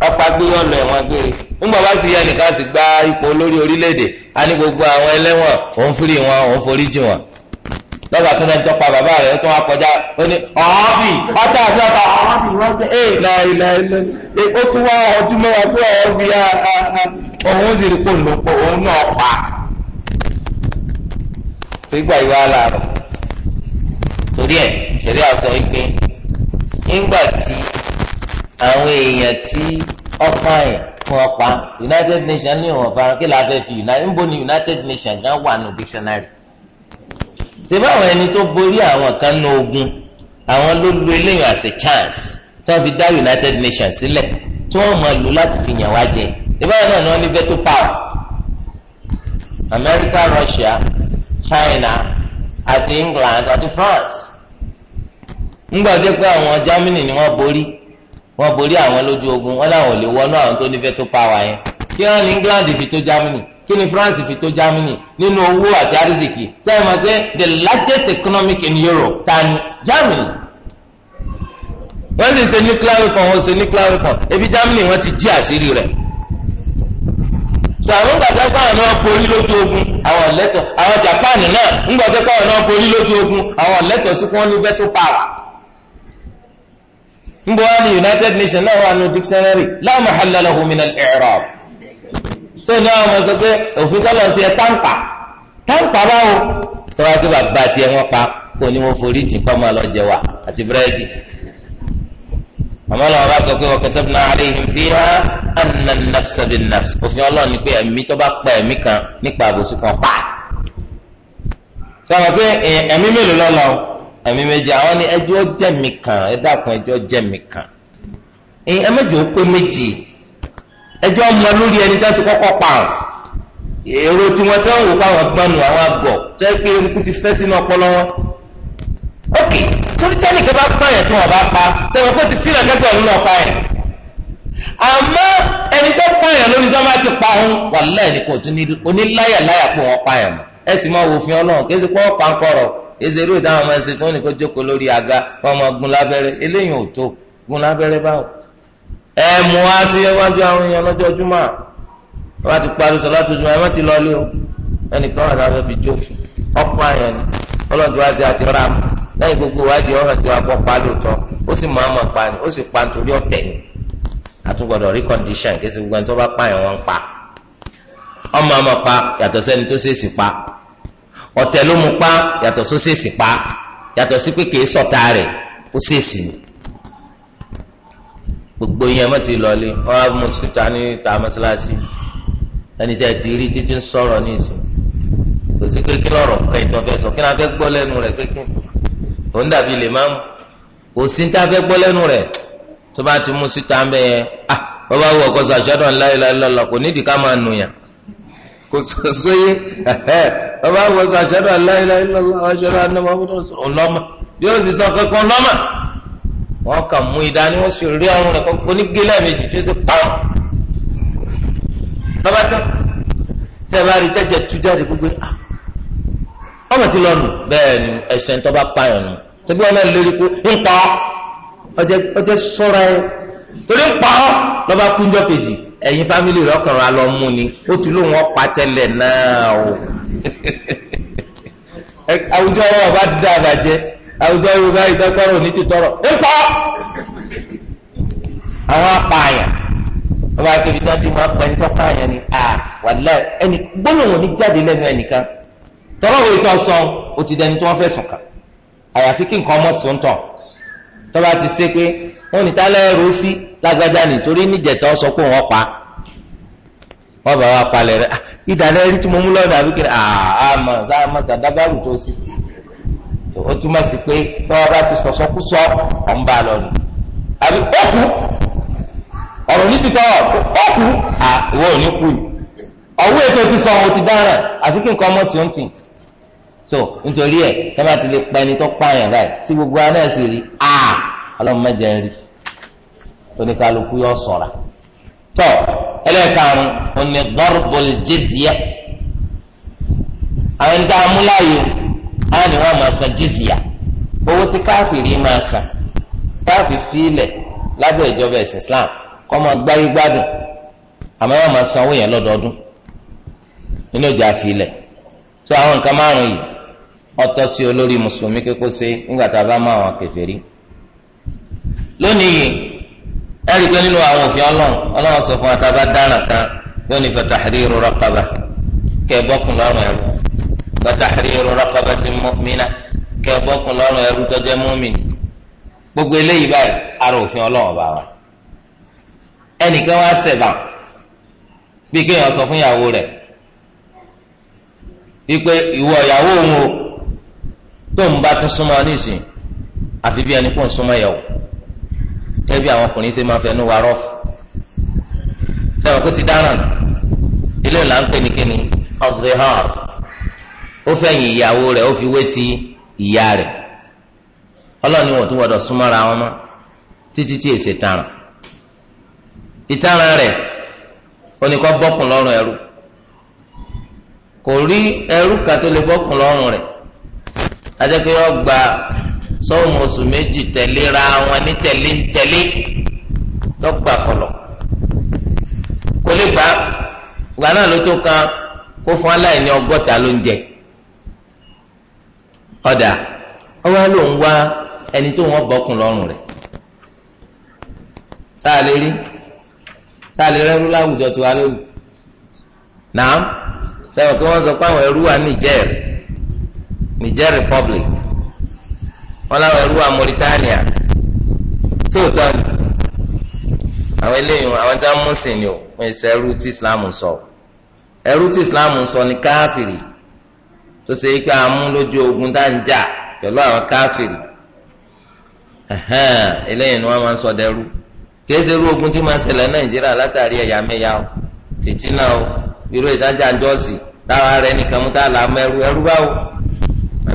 pápá gbé yọ lọ ẹ̀wọ̀n gbére nígbà bá sì yẹ sì gba ipò olórí orílẹ̀-èdè á ní gbogbo àwọn ẹlẹ́wọ̀n òun fúri wọn òun foríjì wọn lọ́gbà tó náà ń bàbá rẹ̀ tó wá kọjá ó ní wọ́n ẹ̀ torí ẹ̀ ṣẹ̀rí àṣọ ìpè ńgbà tí àwọn èèyàn tí ọ̀pá ẹ̀ fún ọ̀pá United Nations ní ìwọ̀n fara kí la fi United níbo ni United Nations gan wà nù dictionary ṣe báwọn ẹni tó borí àwọn kan ní ogun àwọn ló lu eléyìí as a chance tí wọ́n fi dá United Nations sílẹ̀ tí wọ́n máa lò láti fi yàn wá jẹ ṣe báwọn náà ni wọ́n ní veto power America, Russia, China àti England àti France ńgbà tó pé àwọn Germany ni wọ́n borí wọ́n borí àwọn lójú ogun wọ́n láwọn ò lè wọnú àwọn tó ní veto power yẹn kí wọ́n ní England fi tó Germany kí ni France fi tó Germany nínú owó àti àrísìkì sẹ́yìn mọ̀ pé the largest economic in Europe tani Germany wọ́n sì ṣe nuclear weapon wọ́n ṣe nuclear weapon ebi Germany wọ́n ti jí àṣírí rẹ̀ so àwọn gbàgbọ́ pé àwọn náà borí lójú ogun àwọn ọ̀lẹ́tọ̀ àwọn Japan náà ń gbàgbọ́ pé àwọn náà borí lójú ogun àwọn ọ̀lẹ́tọ̀ sí kí wọ́n ní veto power nbọ wa ni united nations náà wà nù dictionary la mahalla lahu min al-i'rab so ní àwọn ọmọ sọ pé òfin tọ́lọ̀ sí ẹ táǹpà táǹpà báwo tọ́wọ́ pé bàbá tiẹ̀ wọ́n pa kò ní wọ́n forí jìn kọ́ máa lọ jẹ wà àti búrẹ́dì àmọ́ làwọn bá sọ pé wa katabna alayhim fiha anna an-nafsa bin-nafs òfin ọlọ́run ni pé ẹ̀mí tó bá pa ẹ̀mí kan nípa àbòsí kan pa sọ ma pé ẹ̀mí mélòó lọ́lọ́run ẹ̀mí méjì àwọn ni ẹjọ́ jẹ́ mi kàn ẹ dákun ẹjọ́ jẹ́ mi kàn ẹ mẹ́jọ pé méjì ẹjọ́ mọ lórí ẹni tí wọ́n ti kọ́kọ́ pa ọ́n èrò tí wọ́n ti ń wò pa àwọn gbọ́nù àwọn àgọ̀ tẹ́ pé eku ti fẹ́ sínú ọpọlọ wọn. ok torí tẹ́lẹ̀ kí wọ́n bá pààyàn tí wọ́n bá pa sẹ́wọ́n kó ti sílẹ̀ kẹ́kọ̀ọ́ nínú ọ̀pá yẹn àmọ́ ẹni tó pààyàn lórí tó bá ti pa òun wàlẹ́ ẹni kò tún ní oníláyà pé wọ́n pààyàn ẹ sì máa wò fún ọ náà kí ẹ sì pọ́ pàǹkọ̀rọ̀ ezerú ìdáhùn máa ń ṣe tí wọ́n ní kó jókòó lórí àga wọ́n máa gun lábẹ́rẹ́ eléyìí ò tó gun lábẹ́rẹ́ báwo. ẹ mú wá sí iwájú àwọn èèyàn lọ́jọ́ júmọ́ wọ́n bá ti parí sọ láti ojúmọ́ ẹ má ti lọ ilé o ẹnìkan wà lábẹ́ fi jó ọ̀pọ̀ àyàn ni ọlọ́dún wá sí àti rà mú lẹ́yìn gbogbo ìwádìí ọ̀hún sí wa pọ̀ pa lóòótọ́ ó sì mọ̀ ọmọ pa ni ó sì pa nítorí ọ̀tẹ̀ ni àtúgbọ̀dọ̀ rí condition kí ẹ sì gbogbo ẹni tó bá pààyàn wọn pa ọmọ ọmọ pa yàtọ̀ sẹ́ni tó ṣèèṣì pa ọ̀tẹ̀ ló mu pa yàtọ̀ só ṣèṣì pa yàtọ̀ sí pé kì í sọ̀tà rẹ̀ ó ṣèṣì ni gbogbo yẹn mọ̀ ti lọ́ọ́lé ọ̀rọ̀ mùsùlùmí ní ta mọ́ṣáláṣí ẹni tẹ́ ti rí títí ń sọ̀rọ̀ ní ìsìn kò sí pé kí lọ́rọ̀ kẹ́ ìtọ́ fẹ́ sọ kí ni a fẹ́ gbọ́ lẹ́nu rẹ̀ kékin òun dàbí lè máa mú kò sí ní ta fẹ́ gbọ́ lẹ́nu rẹ̀ tó bá ti mú síta ń bẹ́ yẹn ah bàbá wù ọkọ̀ sọ àṣọ kò sọ sóyè bàbá àwọn sọ àṣàdọ aláìláì lọlọ àṣàdọ anamọ ọmọdé sọ ọlọmọ bí ó sì sọ kankan ọlọmọ wọn kà mú ìdání wọn sì rí ọrùn rẹ kó ní gé lẹ́ẹ̀mejì tó sì pa ọ bàbá tán tẹ bá rí jẹjẹ tu jáde gbogbo ah ọmọ ti lọ nù bẹ́ẹ̀ ni ẹsẹ ń tọba pààyàn nù tẹbi ọmọ ẹ lórí kó ń pa ọ ọjẹ sọra ẹ torí ń pa ọ lọba kúnjọ kejì ẹ̀yin fámìlì rẹ̀ ọkàn ra lọ mú ni ó ti lóun ọ̀pá tẹ́lẹ̀ náà o àwùjọ ọ̀rọ̀ ọba dídá àbàjẹ́ àwùjọ yorùbá ìtọ́kọ̀rọ̀ ní ti tọrọ nípa àwọn apààyàn ọba akébi tí wọ́n ti máa pẹ́ nítorí apààyàn ni à wàlẹ́ ẹni gbólóhùn ní jáde lẹ́nu ẹnìkan tọ́lọ́wọ́ ìtọ́ sọ ó ti dẹni tí wọ́n fẹ́ sùn kàn àyàfi kí nǹkan ọmọ sùn tán tọ́ba ti ṣe pé wọ́n ní tálẹ́ rò sí lágbájá nítorí níjẹta ọ sọ pé wọ́n pa wọ́n bá wa palẹ̀ rẹ̀ ah, ìdálẹ́ rí tí mo mú lọ́dọ̀ àbí kiri àmọ́ ah, sáàmọ́ sàdábàrù tó sí ó túmọ̀ sí pé tọ́wọ́ bá ti sọ̀sọ́kúsọ ọ̀n bá lọ nù àbí ọ̀kú ọ̀rùn ní tutọ́ ọ̀kú ìwọ ò ní kú ọ̀wọ́ ètò ti sọ ohun ti dára àfi kí nǹkan ọmọ sí ohun ti so nítorí ẹ̀ sábà ti lè pa ẹni tó pààyàn báyìí tí gbogbo aná ẹ̀ sì rí a ọlọ́run mẹ́jẹ ń rí oníkàlùkù yọ ṣọ́ra tọ ẹlẹ́ẹ̀karùn oní ọrụ jizya àwọn ẹni tá a mú láàyè á ní wọn máa san jizya owó tí káfíìrì máa san káfíì fílẹ̀ lábẹ́ ìjọba ẹ̀sìn Islam kọ́ máa gbáyé gbádùn àmọ́ wọn máa san owó yẹn lọ́dọọdún nínú ìjà fílẹ̀ tó àwọn nǹkan márùn-ún yìí ọtọ sí olórí mùsùlùmí nígbà tá a bá ẹ̀rí pé nínú àwọn òfin ọlọ́run ọlọ́run sọ fún ata bá dáràn kan yóò ní fatahriru raqaba kẹ eru lọ́rùn ẹ̀rú fatahriru raqabatin mu'mina kẹ lọ́rùn ẹ̀rú gbogbo eléyìí báyìí ara òfin ọlọ́run bá wa ẹnìkan wá sẹ̀bà bí kéèyàn sọ fún ìyàwó rẹ̀ wípé ìwọ ìyàwó òun o tó ń bá tún súnmọ́ nísìnyí àfi bí ẹni kò ń súnmọ́ gẹ́gẹ́ bí àwọn ọkùnrin ṣe máa fẹnu wa rọ́ọ̀fù sẹ́wọ̀n kó ti dáràn ilé ìlà ń pè ní kíni of the heart ó fẹ̀yìn ìyàwó rẹ̀ ó fi wé ti ìyá rẹ̀ ọlọ́ọ̀ni wọ́n tún gbọ́dọ̀ súnmọ́ra wọn mọ́ títí tí èsè sọ́wọ́n oṣù méjì tẹ̀léra wọn ní tẹ̀lé ń tẹ̀lé tọ́gbà kò lè gbà gbà náà ló tó kan kó fún aláìní ọgọ́ta ló ń jẹ ọ̀dà ọwọ́ ló ń wá ẹni tó wọ́n bọ́kùn lọ́rùn rẹ̀ sáà lè rí sáà lè rẹ́rú Niger Niger Republic wọn láwọn ẹrú wa Mauritania tóòtọ́ ni àwọn eléyìí àwọn tí wọn mú sí ni o wọn ṣe ẹrú tí Islam sọ ẹrú tí Islam sọ ni káfìrì tó ṣe é pé àmú lójú ogun tá ń jà pẹ̀lú àwọn káfìrì eléyìí ni wọn máa ń sọ dẹrú kìí ṣe irú ogun tí máa ń ṣẹlẹ̀ Nàìjíríà látàrí ẹ̀yà mẹ́yà o fìtínà o irú ìdájà ń jọ́sìn táwa rẹ nìkan mú tá a là mọ ẹrú ẹrú báwo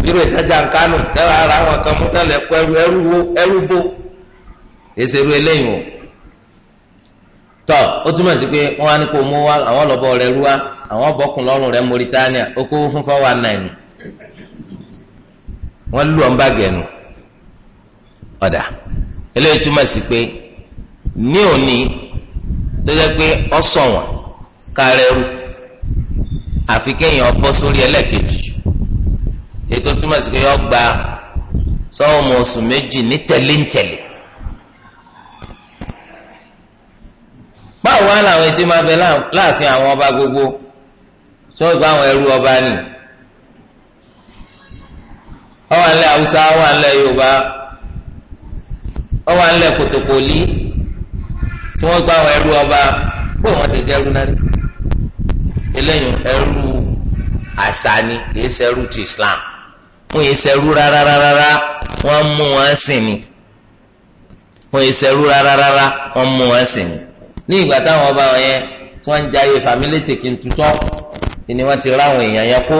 àbírò ìtajà nkánù tẹ́lẹ̀ ara àwọn kan mú tẹ́lẹ̀ kọ ẹrú ẹrú wo ẹrú bó èsè ru eléyìí o tọ ó túmọ̀ sí pé wọ́n á ní kó mú wa àwọn lọ́bọ̀ rẹ̀ rú wa àwọn bọ́kùn lọ́rùn rẹ̀ Mauritania ó kó fún fọ́ nàìmù wọ́n lù ọ́n bàgẹ́nu ọ̀dà eléyìí túmọ̀ sí pé ní òní tó jẹ́ pé ọ̀sọ̀wọ̀n kárẹ́rù àfi kéèyàn bọ́ sórí ẹlẹ́ẹ̀kejì ètò túmọ̀ sí pé yọ gba sọ́ọ̀mù oṣù méjì ní tẹ̀léńtẹ̀lé. báwo wá làwọn etí máa bẹ láàfin àwọn ọba gbogbo sọ́ọ̀ gba àwọn ẹrú ọba nì. ọwọ́ alẹ́ haúsá ọwọ́ alẹ́ yorùbá ọwọ́ alẹ́ kòtòkòlì tí wọ́n gba àwọn ẹrú ọba bó wọ́n ti jẹ́ ẹrú náà eléyìí ẹrú àṣà ni kì í ṣe ẹrú ti Islam. wọn yìí sẹ́rú rárá rárá wọ́n mú wọn sìn ni wọn sẹ́rú wọ́n mú wọn sìn ni. ní ìgbà táwọn ọba wọn yẹn tí wọ́n ń jayé fàmílì tèkì tutọ́ ni wọ́n ti ráwọn èèyàn yẹn kó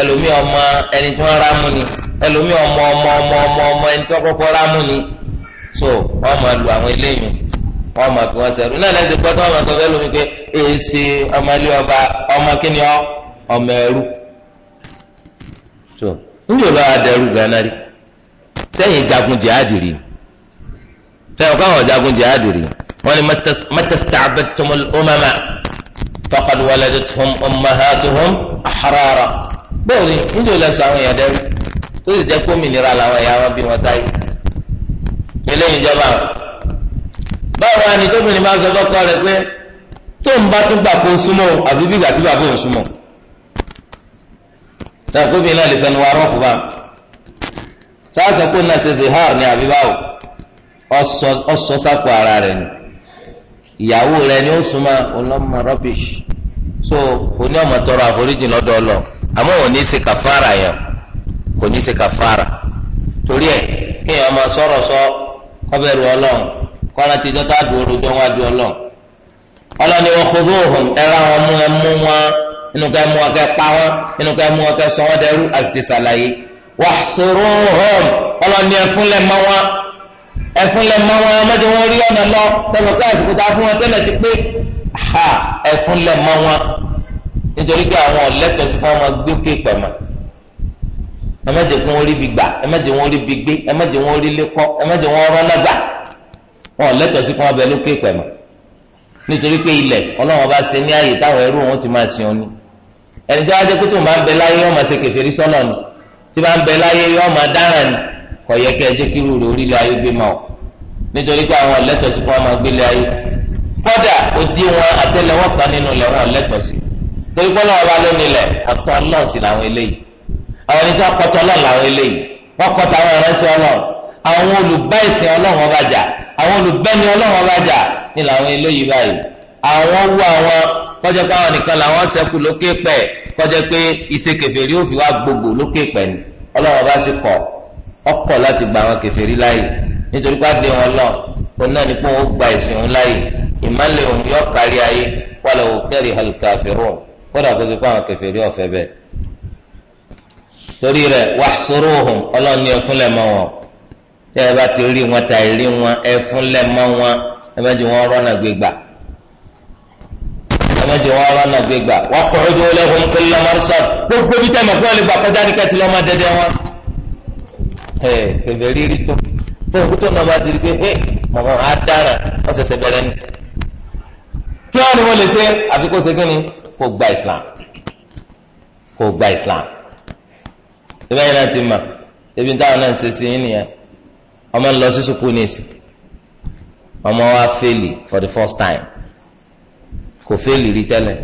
ẹlòmíì ọmọ ẹni tí wọ́n ni ẹlòmíì ọmọ ọmọ ọmọ ọmọ ọmọ ẹni tí wọ́n kọ́kọ́ ni so wọ́n àwọn níbi ò lọ́wọ́ adẹ́rù gánà rí sẹ́yìn jagun jihad rí sẹ́yìn káwọn jagun jihad rí wọ́n ní matastabadtumul umama faqad waladathum ummahatuhum ahrara bẹ́ẹ̀ ni níbi ò lọ́sọ àwọn èèyàn dẹ́rù tó sì jẹ́ kó mìnira làwọn èèyàn wọn bí wọn sáyé eléyìí jọba báwo wá ni tóbi ni máa sọ fọ́kọ rẹ pé tó ń bá tún gbà kó súnmọ́ àbí bí gbà bàbá òun súnmọ́ tàkóbi náà lè fẹnu wa rọ́ọ̀fù bá sáàsọ kó náà ṣe zihar ní àbíbáwò ọsọ sápò ara rẹ ni ìyàwó rẹ ni ó ọlọmọ oh, rubbish so oní ọmọ tọrọ àforíjì lọ́dọ̀ ọlọ àmọ́ ò ní ṣe kàfàrà yẹn kò ní ṣe kàfàrà torí ẹ kéèyàn máa sọrọ sọ kọbẹrù kọlá ti ni eh. wọn inú ká mú wọn ká pa wọn inú ká mú wọn ká sọ wọn dẹrú àti ti sàlàyé wàhásòrò hàn ọlọ́ni ẹ̀fúnlẹ̀ mọ́ wọn ẹ̀fúnlẹ̀ mọ́ wọn ọmọdé wọn rí ọ̀nà lọ sẹ́fọ̀ pé àsìkò tá a fún wọn tẹ́lẹ̀ ti pé ha ẹ̀fúnlẹ̀ mọ́ wọn nítorí pé àwọn ọ̀lẹ́tọ̀ sí fún wọn gbókè pẹ̀mọ́ ẹmẹdẹ kún orí bi gbà ẹmẹdẹ wọn orí bi gbé ẹmẹdẹ wọn orí lékọ ẹmẹdẹ wọn ọ̀rọ̀ lágbà wọn ọ̀lẹ́tọ̀ sí fún wọn lókè pẹ̀mọ́ nítorí pé ilẹ̀ Ọlọ́run bá ṣe ní ààyè táwọn ẹrú wọn ti máa sin ọ ẹni tí wọ́n ti kú tó máa ń bẹ láyé yóò máa ṣe kèfèrí sọ́nà ni tí máa ń bẹ láyé yóò máa dáràn ni kò yẹ kẹ́ ẹ jẹ́ kí rúurú orílẹ̀ ayé gbé ma o nítorí pé àwọn ọ̀lẹ́tọ̀sí kan máa gbélé ayé kódà òdi wọn àtẹlẹwọ́ kan nínú lẹ̀ wọn ọ̀lẹ́tọ̀sí torí pé ọlọ́wọ́ bá lónìí lẹ̀ àtọ́ náà sí làwọn eléyìí àwọn ẹni tí wọ́n kọ́tọ́ náà làwọn eléyìí wọ́n kọ́tọ́ àwọn ẹ̀rẹ́sìn ọlọ́run àwọn olùbá ìsìn kọjá pé àwọn nìkan làwọn ṣẹ́kù lókè pẹ̀ kọjá pé ìṣe kèfèrí ó fi wá gbogbo lókè pẹ̀ ni ọlọ́run bá ṣe kọ̀ ọkọ̀ láti gba àwọn kèfèrí láàyè nítorí pé àdé wọn lọ òun náà ní pé òun gba ìsìn òun láàyè ìmọ̀lẹ̀ òun yọ kárí ayé wàlẹ̀ òun kẹ́rì al-kafirun kódà kó ṣe pé àwọn kèfèrí ọ̀fẹ́ bẹ́ẹ̀ torí rẹ̀ wahsuruhum ọlọ́run ní ẹ̀fúnlẹ̀ mọ́ wọn tẹ́ ẹ bá ti rí wọn tà rí wọn ẹ̀fúnlẹ̀ mọ́ wọn ẹ bá jẹ́ wọn rọ́nà gbégbà ẹ̀mẹ́jọ wọn rán náà gbégbà wọn kọ́ ọdún ọlẹ́hùn kẹlẹ́ mọ́rúsán gbogbo bí tẹ́ mọ̀kú ọ̀lẹ́ gbàkọ́jà ní kẹ́tì lọ́mọ dẹ́dẹ́ wọn. ẹ kẹfẹ rírí tó fún òkú tó náà bá ti rí pé ẹ mọ̀mọ́ á dára wọ́n ṣẹ̀ṣẹ̀ bẹ̀rẹ̀ ni. kí wọ́n ní wọ́n lè ṣe àfikún ṣe ni kò gba Islam kò gba Islam ìbẹ́ yìí náà ti mọ̀ ebi táwọn náà ń ṣe sí yín nìyẹn ọmọ ń lọ sí sukuu ní ọmọ wa fẹ́lì for the first time kò fẹ́ẹ̀lì rí tẹ́lẹ̀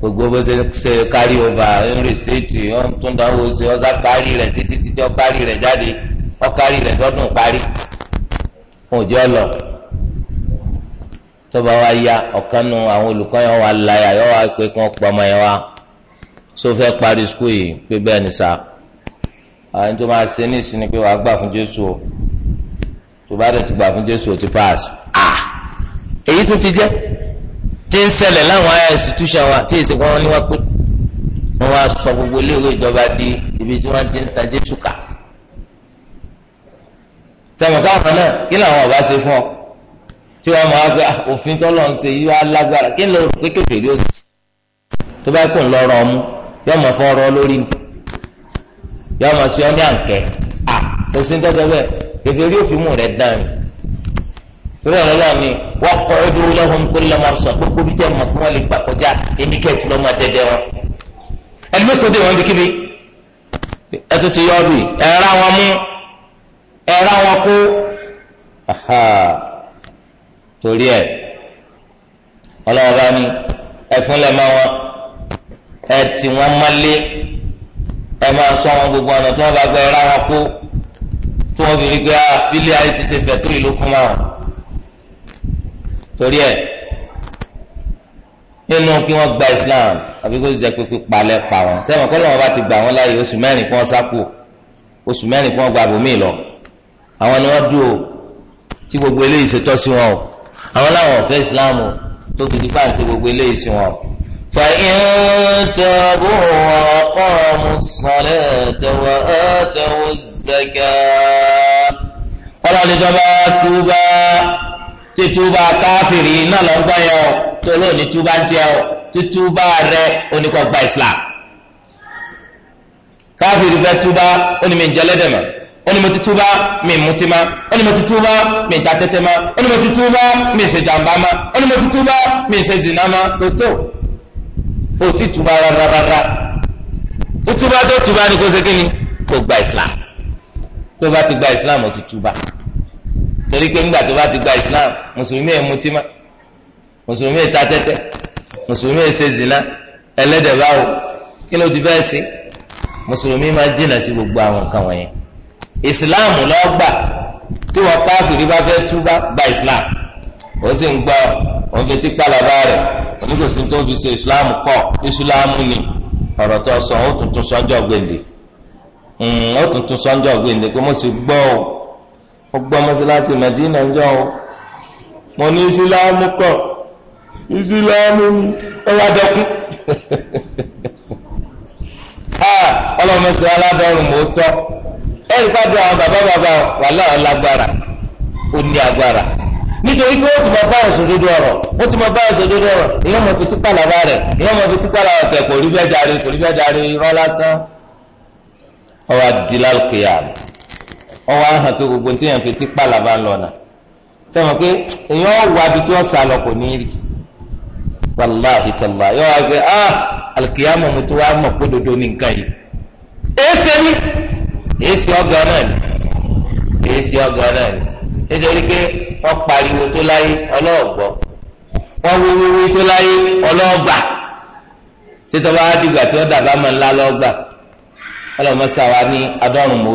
gbogbo bó ṣe ṣe kárí ova nri ṣètì ọ̀túndánwó ṣe ọ̀sá kárí rẹ̀ títí títí ọ̀kárí rẹ̀ jáde ọ̀kárí rẹ̀ dọ́dún parí wọn ò ọlọ tọ́ba wa ya ọ̀kan nu àwọn olùkọ́ yẹn wà láyà yọ wá pé kí wọ́n ọmọ yẹn wá so fẹ́ parí skul yìí pé bẹ́ẹ̀ ni sá àwọn tó máa ṣe ní ìsinmi pé wàá gbà fún Jésù tó bá dẹ̀ ti gbà fún Jésù ti pass ah èyí tún ti jẹ́ tí ń ṣẹlẹ̀ láwọn higher institution wa tí èsì wọn ní wọn pé wọn wá sọ gbogbo iléèwé ìjọba di ibi tí wọn ti ń ta jésù ká sẹ́wọ̀n káwọn náà kí làwọn ọba ṣe fún ọ tí wọn máa gbé òfin tọ́lọ̀ ń ṣe yí lágbára kí ló rò pé kékeré ó sì tó bá kún lọ́rọ̀ ọmú yóò mọ̀ fún ọrọ̀ lórí mi yóò mọ̀ sí ọ ní àǹkẹ́ à kò sí ń tọ́jọ́ bẹ́ẹ̀ kékeré òfin mú rẹ̀ dán torí àwọn ọlọ́ọ̀ni wọ́n kọ́ ọdún lọ́hùn kó lọ́mọ sọ gbogbo bí tẹ́ mọ̀ kí wọ́n lè gbà kọjá èmi kẹ́ẹ̀tì lọ́mọ dẹ́dẹ́ wọn. ẹlẹ́mẹ̀sọ̀dé wọn bíkíbi ẹ tún ti yọ ọdún yìí ẹ̀rá wọn mú ẹ̀rá wọn kú. torí ẹ ọlọ́wọ́ bá ní ẹ̀fúnlẹ̀ máa wọn ẹ tì wọ́n mọ́lé ẹ máa sọ wọn gbogbo ọ̀nà tí wọ́n bá gbẹ ẹ̀rá wọn kú tí wọ́n fi rí gbé torí ẹ nínú kí wọ́n gba islam àbí kó sì jẹ́ pé pípalẹ̀ pa wọn sẹ́wọ̀n kọ́ lọ́wọ́ bá ti gbà wọ́n láàyè oṣù mẹ́rin kí wọ́n sáku oṣù mẹ́rin kí wọ́n gba àbòmí lọ àwọn ni wọ́n dúró tí gbogbo eléyìí ṣe tọ́ sí wọn o àwọn làwọn ọ̀fẹ́ islam o tó fi dípà ṣe gbogbo eléyìí sí wọn o. فإن تابوا وأقاموا الصلاة وآتوا الزكاة ọlọ́run ìjọba ṣé túbà káfìrí náà lọ ń gbọ́ yẹn o tó lóò ní ń tiẹ̀ o títúbà rẹ oníkọ̀ gba Islam káfìrí fẹ́ túbà ó ní mi ń jẹlẹ́dẹ̀ mi ń mutí ma ó ní mi ń ta tẹ́tẹ́ ma ó ní mi ń jàmbá ma ó ní mo ti túbà mi ń ṣe ma tó o ti túbà rárá rárá tó túbà ni kò ṣe kí ni kò gba Islam tó bá ti gba Islam ó ti túbà torí pé ńgbà tó bá ti gba islam mùsùlùmí ẹ̀ mutí ma mùsùlùmí ẹ̀ ta tẹ́tẹ́ mùsùlùmí ẹ̀ ṣe zina ẹlẹ́dẹ̀ báwo kí ló ti fẹ́ ṣe mùsùlùmí máa jìnnà sí gbogbo àwọn nǹkan wọ̀nyẹn islam lọ́ọ́ gbà tí wọ́n káfìrí bá fẹ́ túbá gba islam ó sì ń gbọ́ òun fi tipa làbá rẹ̀ oníkòsí tó fi ṣe islam kọ́ islam ni ọ̀rọ̀ tó sọ ó tuntun sọ́jọ́ gbèǹde hmm, ó tuntun sọ́jọ́ gbèǹde pé mo sì gbọ́ ọ́ ọgbà mọ́sálásí Madina ńjọ́ o ní kọ ni ń ah, tọ́ ẹ̀rí pàdé àwọn bàbá bàbá wà láwọn lágbára ó ní agbára nítorí pé ó ti máa bá ọ̀sùn dúdú ó ti máa bá ọ̀sùn dúdú ọ̀rọ̀ ìyẹn fi tipa làbá rẹ̀ ìyẹn fi tipa kò rí jàre kò rí ọwọ ahàn pé gbogbo tí yẹn fi ti pàlàbà lọ́nà sẹ́wọ̀n pé èèyàn wà bí tí wọ́n sá kò ní rí wàláhi tàlá yọ wá pé ah alkiyama mo ti wá mọ̀ pé dodo ní nǹkan yìí èsè ni èsè ọgá náà ni ọgá náà ni nítorí pé pariwo tó láyé wíwíwí tó láyé máa ń lá ní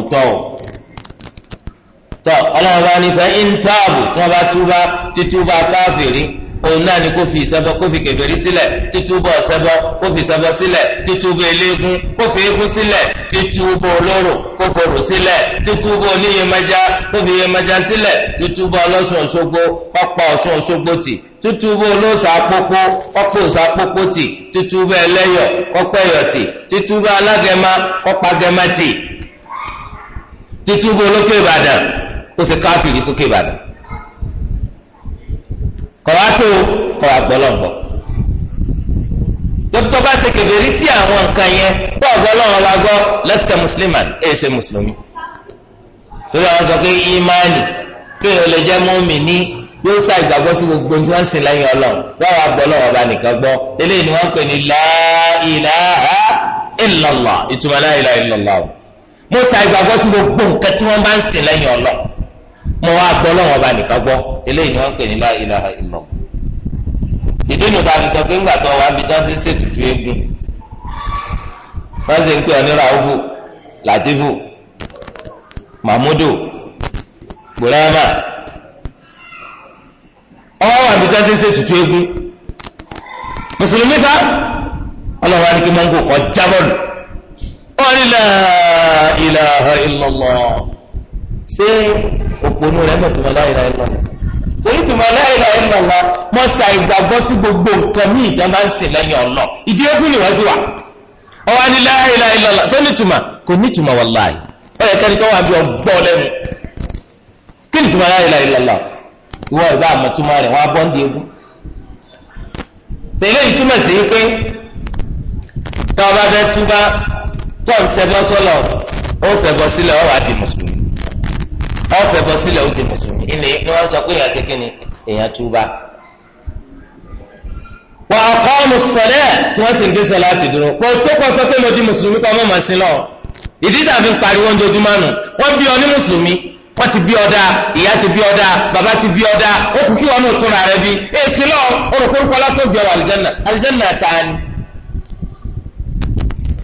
tọ́ ọlọ́run bá ní fẹ́ intaab tí wọ́n bá túbá títúbà káfìrí òun náà ni kó fi ìṣẹbọ kó fi kèfèrí sílẹ̀ títúbà ọ̀ṣẹbọ kó fi ìṣẹbọ sílẹ̀ títúbà eléégún kó fi eégún sílẹ̀ títúbà olóró kó forò sílẹ̀ títúbà oníyèméjá kó fi yèméjá sílẹ̀ títúbà ọlọ́sùn òṣogbo pápá ọ̀ṣun òṣogbo tì títúbà olóòṣà àpópó ọ̀pọ̀ òṣà àpópó tì títúbà ẹlẹ́yọ̀ kọ́pẹ́yọ̀ tì títúbà alágẹ̀má kọ́pàgẹ̀má tì títúbà olókè Ìbàdàn ó ṣe káfíìrì sókè ìbàdàn kọ̀wá tó kọ̀wá gbọ́lọ́gbọ́ dókítà bá ṣe kèfèrí sí àwọn nǹkan yẹn tó ọgbọ́lọ́wọ́ wa gbọ́ lẹ́sítẹ̀ mùsùlùmán ẹ̀ ṣe mùsùlùmí torí àwọn sọ pé ìmánì pé o lè jẹ́ mùmínì yóò sá ìgbàgbọ́ sí gbogbo tí wọ́n ń sìn lẹ́yìn ọlọ́run wọ́n wá gbọ́ lọ́wọ́ ọba nìkan gbọ́ eléyìí ni wọ́n pè ní la mo wá gbọ́ lọ́wọ́ ọba nìkan gbọ́ eléyìí ni wọ́n ń pè ní la ilaha illa ìdí nu tàbí sọ pé ńgbà tó wà níbi tó ti ń ṣètùtù eégún wọ́n sì ń pè ọ́ ní Raufu Latifu Mahmudu Burama ọwọ́ wà níbi tó ti ń ṣètùtù eégún mùsùlùmí ká ọlọ́wọ́ àdìgí mọ́ngò kọ́ jábọ́ọ̀lù ọ̀rí la ilaha illallah ṣé òpònú rẹ̀ mọ̀ tuma láìla ẹ̀lọ́ torí tuma láìla ẹ̀lọ́ wa mọ̀ sa ìgbàgbọ́ sí gbogbo nǹkan ní ìjọba ń sìn lẹ́yìn ọ̀lọ́ ìdí egun ni wọ́n sì wà ọwọ́ ni láìla ẹ̀lọ́ la sọ ní tuma kò ní tuma wàláì ó yẹ kẹ́ni tó wà bí ọgbọ́ lẹ́nu kí ni tuma láìla ẹ̀lọ́ la ìwọ ìbá àmọ́ tuma rẹ̀ wọ́n á bọ́ ń di egun tẹ̀lé ìtumọ̀ sí pé tọ́ ọ bá fẹ́ túbá tọ́ ń ṣẹbọ sọ́lọ̀ ó fẹ́ sílẹ̀ ó wà mùsùlùmí ọ̀fẹ́ bọ́ sílẹ̀ ó di mùsùlùmí ìní ni wọ́n sọ pé èèyàn ṣe kíni èèyàn túbà. wà á kọ́ ọ́nù sọ̀rẹ́ tí wọ́n sì ń gbé láti dúró kò tó kọ́ sọ pé mo di mùsùlùmí kọ́ mọ́ màá sí lọ. ìdí tàbí ń pariwo ojoojúmọ́ nù wọ́n bí ọ ní mùsùlùmí wọ́n ti bí ọ dáa ìyá ti bí ọ dáa bàbá ti bí ọ dáa ó kù kí wọn náà túnra rẹ bí èsì lọ orúkọ orúkọ lásán bí ọ àlìjánà àlìjánà tàà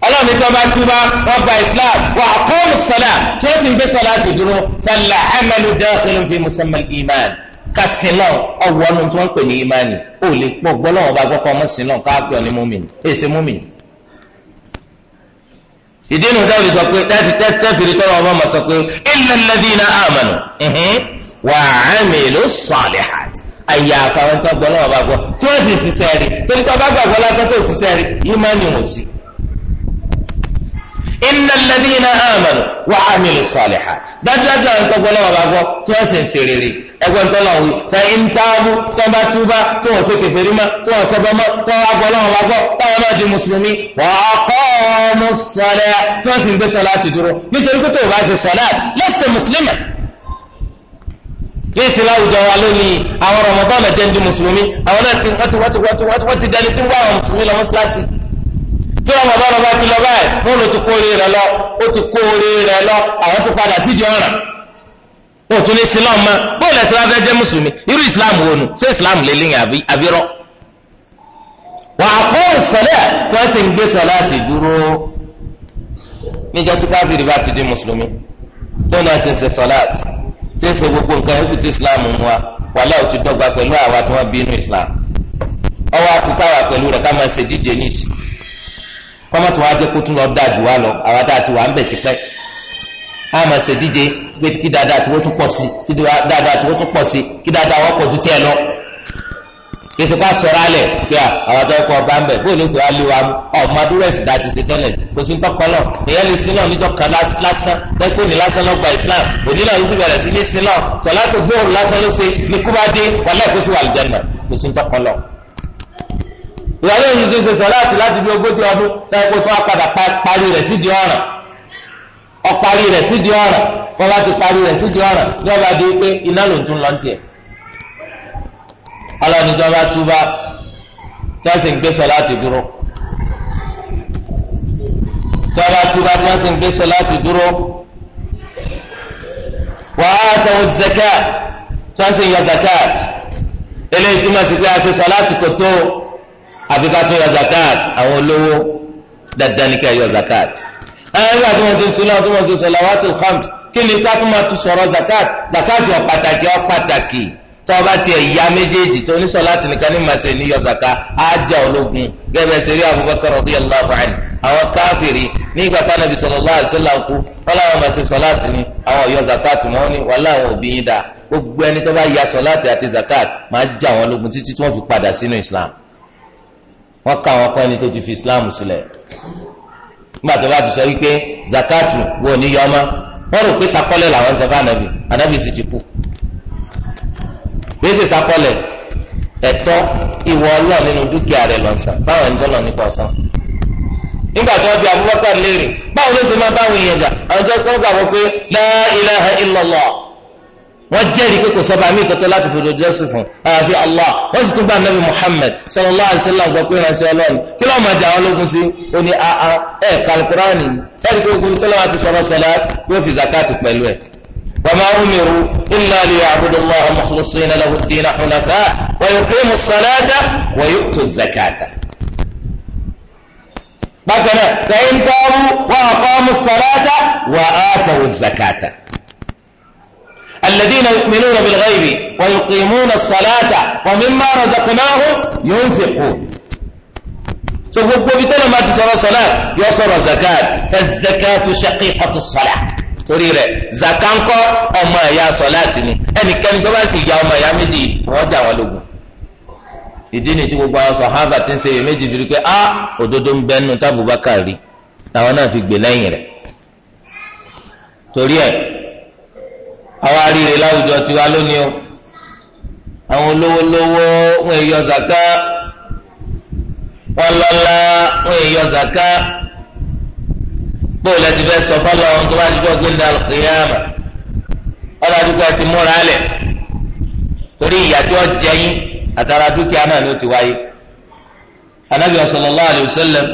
ọlọ́run ní tí wọ́n bá túbá wọ́n gba islam wọ́n àkóhùn sọ́lá tí wọ́n sì ń gbé sọ́lá ti dúró fẹ́lá ẹ̀mẹ́lú dáhùn fi musamman iman kásìlọ ọwọ́ ọdún tí wọ́n ń pè ní imani ó lè pọ̀ gbọ́lọ́wọ́ bá gbọ́kọ́ ọmọ sílọ̀ káàpẹ́ ọ̀ní múmìnì èyí ṣe múmìnì. ìdí inú dáwọ́ lè sọ pé tẹ́fìrí tọ́lọ́ ọmọ ọmọ sọ pé illa alladhina amanu wa amilu salihat àyà bá gbọ́ tí wọ́n sì ṣiṣẹ́ rí torí tó bá gbàgbọ́ lásán tó ṣiṣẹ́ rí imani wọ̀ sí iná lẹ́bíyìn àmàlù wà á nílùú sọ̀lẹ̀hà dájúdájú àwọn tó gbọ́dọ̀ wà gbọ́ tí wọ́n sì ń ṣe rere ẹgbẹ́ tó lọ́wọ́ yìí fẹ́ ń táàbù tó bá túbá tó wọ́n ṣe kẹfẹ́rí mọ́ tó wọ́n ṣẹbẹ́ mọ́ tó wọ́n gbọ́ lọ́wọ́ wà gbọ́ táwọn náà di mùsùlùmí wà á kọ́ ọmọ sọ̀lẹ̀ tí wọ́n sì ń gbé sọ̀lá ti dúró nítorí pé tó o bá ṣe sọ̀lá lẹ́sẹ̀ mùsùlùmí yéèsì láwùjọ wa lónìí àwọn rọmọdọ́ọ̀lù jẹ́ ń di mùsùlùmí àwọn náà ti wọ́n ti wọ́n ti tí wọn bàbá lọba ti lọ báyìí wọn ló ti kó orí rẹ lọ ó ti kó orí rẹ lọ àwọn ti padà sídìí ọ̀ràn wọn ò tún lè sin náà mọ bóyá lẹsẹ wá fẹ́ jẹ́ mùsùlùmí irú islam wo nu ṣé islam lè léyìn àbírọ. wà á kó sọlẹ tí wọn sì ń gbé sọlá ti dúró níjọ́ tí káfíìrì bá ti di mùsùlùmí tó náà sì ń ṣe sọlá tí ń ṣe gbogbo nǹkan ẹkú tí islam mú wa wàhálà ò ti dọ́gba pẹ̀lú àwa tí wọn bí inú islam ọwọ àkùkọ àwa pẹ̀lú rẹ ká máa ṣe díje níṣìí kọ́mọ́ tí wàá jẹ́ kó tún lọ dáa jù wá lọ àwa tá a ti wà ń bẹ̀ tipẹ́ á máa ṣe díje pé kí dáadáa tí wọ́n tún pọ̀ sí kí dáadáa tí wọ́n tún pọ̀ sí kí dáadáa wọ́n pọ̀ ju tiẹ̀ lọ kí sèpá sọ̀rọ̀ alẹ̀ pé àwọn tó kọ́ ọba ń bẹ̀ bóyá lóṣù aliwa ọmọ adúrò ẹ̀sìn dá ti ṣe tẹ́lẹ̀ kò sí tọkọ náà èèyàn lè sin náà níjọ kan lásán lẹ́kọ́ ní lásán lọ́gbà Islam òní náà ló sì bẹ̀rẹ̀ sí ní sin náà sọ̀lá tó gbóòrò lásán ló ṣe ní kúbádé wàlẹ́ kó sí wà náà kò sí tọkọ náà ìyàwó èyí ṣe ṣe sọláàtì láti bí ogójì ọdún táyìpọ̀ tó wá padà parí rẹ̀ sídìí ọ̀ràn ọ̀parí rẹ̀ sídìí ọ̀ràn kọ́ bá ti parí rẹ̀ sídìí ọ̀ràn ní ọba di pé iná ló ń tún lọ́ntì ẹ̀ ọlọ́ni tí wọ́n bá túbá tí wọ́n sì ń gbé sọláàtì dúró tí wọ́n bá túbá tí wọ́n sì ń gbé sọláàtì dúró wàá tẹ̀wọ́ zakat tí wọ́n sì yọ zakat eléyìí túmọ̀ sí pé a ṣe sọláàtì kò tó àfi ká tún yọ zakat àwọn olówó dandan ní ká yọ zakat ẹ̀rọ ìgbà tí wọ́n ti sùn náà tí wọ́n ti sọ lawatul khams kí ni ká tún máa tún sọ̀rọ̀ zakat zakat ọ̀ pàtàkì ọ̀ pàtàkì tó o bá tiẹ̀ ya méjèèjì tó oníṣọ láti nìkan ní màṣẹ ní yọ zaka á jà ológun gẹ́gẹ́ sẹ́rí Abubakar radiyallahu anhu àwọn káfìrí ní ìgbà tá nàbì sallallahu alaihi wasallam kú wọn làwọn màṣẹ sọ láti ní àwọn yọ zakat mọ́ ni wọn làwọn òbí yín dá gbogbo ẹni tó bá ya sọ láti àti zakat máa jà wọn lógun títí tí wọ́n fi padà sínú Islam. wọ́n ká wọn pẹ́ ni tó ti fi islam sílẹ̀ nígbà tó bá ti zakatu wo ni yọmọ wọ́n rò pé sakọ́lẹ̀ làwọn sọ anabi anabi sì ti kú gbèsè sakọ́lẹ̀ ẹ̀tọ́ ìwọ ọlọ́ nínú dúkìá fáwọn lọ nípa nígbà tó báwo ló ṣe máa èèyàn jà àwọn wọ́n jẹ́rìí pé kò sọ́ba mi tọ́tọ́ láti fòdò jẹ́sìn fún àyàfi allah wọ́n sì tún bá nabi muhammed sallallahu alayhi wa sallam gbọ́ pé ìrànṣẹ́ ọlọ́run kí ló máa jà wọn lógun sí ó ní aa ẹ̀ kàlùkùránì ẹ̀rí tó gbogbo tó lọ́wọ́ àti sọ̀rọ̀ sọ̀láàtì yóò fi zakati pẹ̀lú ẹ̀. وما أمروا إلا ليعبدوا الله مخلصين له الدين حنفاء ويقيموا الصلاة ويؤتوا الزكاة بكنا فإن تابوا وأقاموا الصلاة وآتوا الزكاة الذين يؤمنون بالغيب ويقيمون الصلاة ومما رزقناهم ينفقون so gbogbo bi tọ́lọ̀ máa ti sọ̀rọ̀ sọ̀lá yọ sọ̀rọ̀ zakat fazakatu shaqiqatu sọ̀lá torí rẹ̀ zakankọ́ ọmọ ẹ̀yà sọ̀lá ti ni ẹnikẹ́ni tó bá sì ya ọmọ ẹ̀yà méjì wọ́n jà wọ́n lógun ìdí ni tí gbogbo àwọn sàhábà ti ń ṣe èyí méjì torí pé a ah, òdodo ń bẹ nínú tábùbákà rí làwọn náà fi gbè lẹ́yìn rẹ̀ torí ẹ̀ àwa rírè láwùjọ tiwa lónìí o àwọn olówó lówó wọn èyí ọ̀zàká wọn lọ́lá wọn èyí ọ̀zàká bóòlù ẹtì fẹ́ sọ fọlọ́ ọ̀hún tó bá ti gbọ́ gbẹ́ndà kìyàmà ọ̀là dúkìá ti múra lẹ̀ torí ìyà tí wọ́n jẹ yín àtàrà dúkìá náà ni ó ti wáyé anabi sallallahu alayhi wa sallam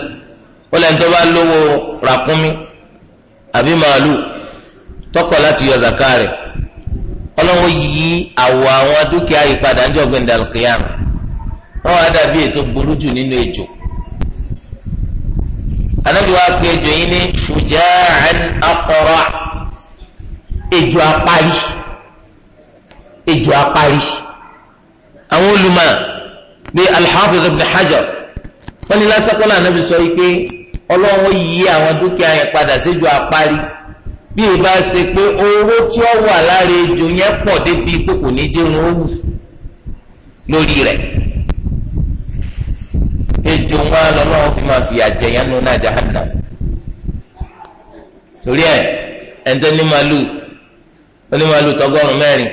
ó lẹ́ni tó bá lówó ràkúnmí àbí màálù tọkọ̀ láti yọ zakari ọlọ́wọ́ yí àwọ̀ àwọn dúkìá yìí padà ń jọ gbẹ̀ndà kìyàm wọ́n wá dàbí ètò burú jù nínú ejò anabi wa pe ejò yìí ní shuja'an aqra ejò apárí ejò apárí àwọn olùmọ̀ bí al-Hafiz ibn Hajar wọ́n ní lásán kọ́lá anabi sọ yìí pé ọlọ́wọ́ yí àwọn dúkìá yẹn padà séjò apárí bí ìbá ṣe pé owó tí ó wà lára ejò yẹn pọ̀ débi pé kò ní jẹ́ wọn ó wù lórí rẹ̀ ejò ńlá lọ́lọ́run fi máa fìyà jẹ yẹn nínú náà jahannam torí ẹ ẹnjẹ ní màlúù ní màlúù tọgọ́rùn mẹ́rin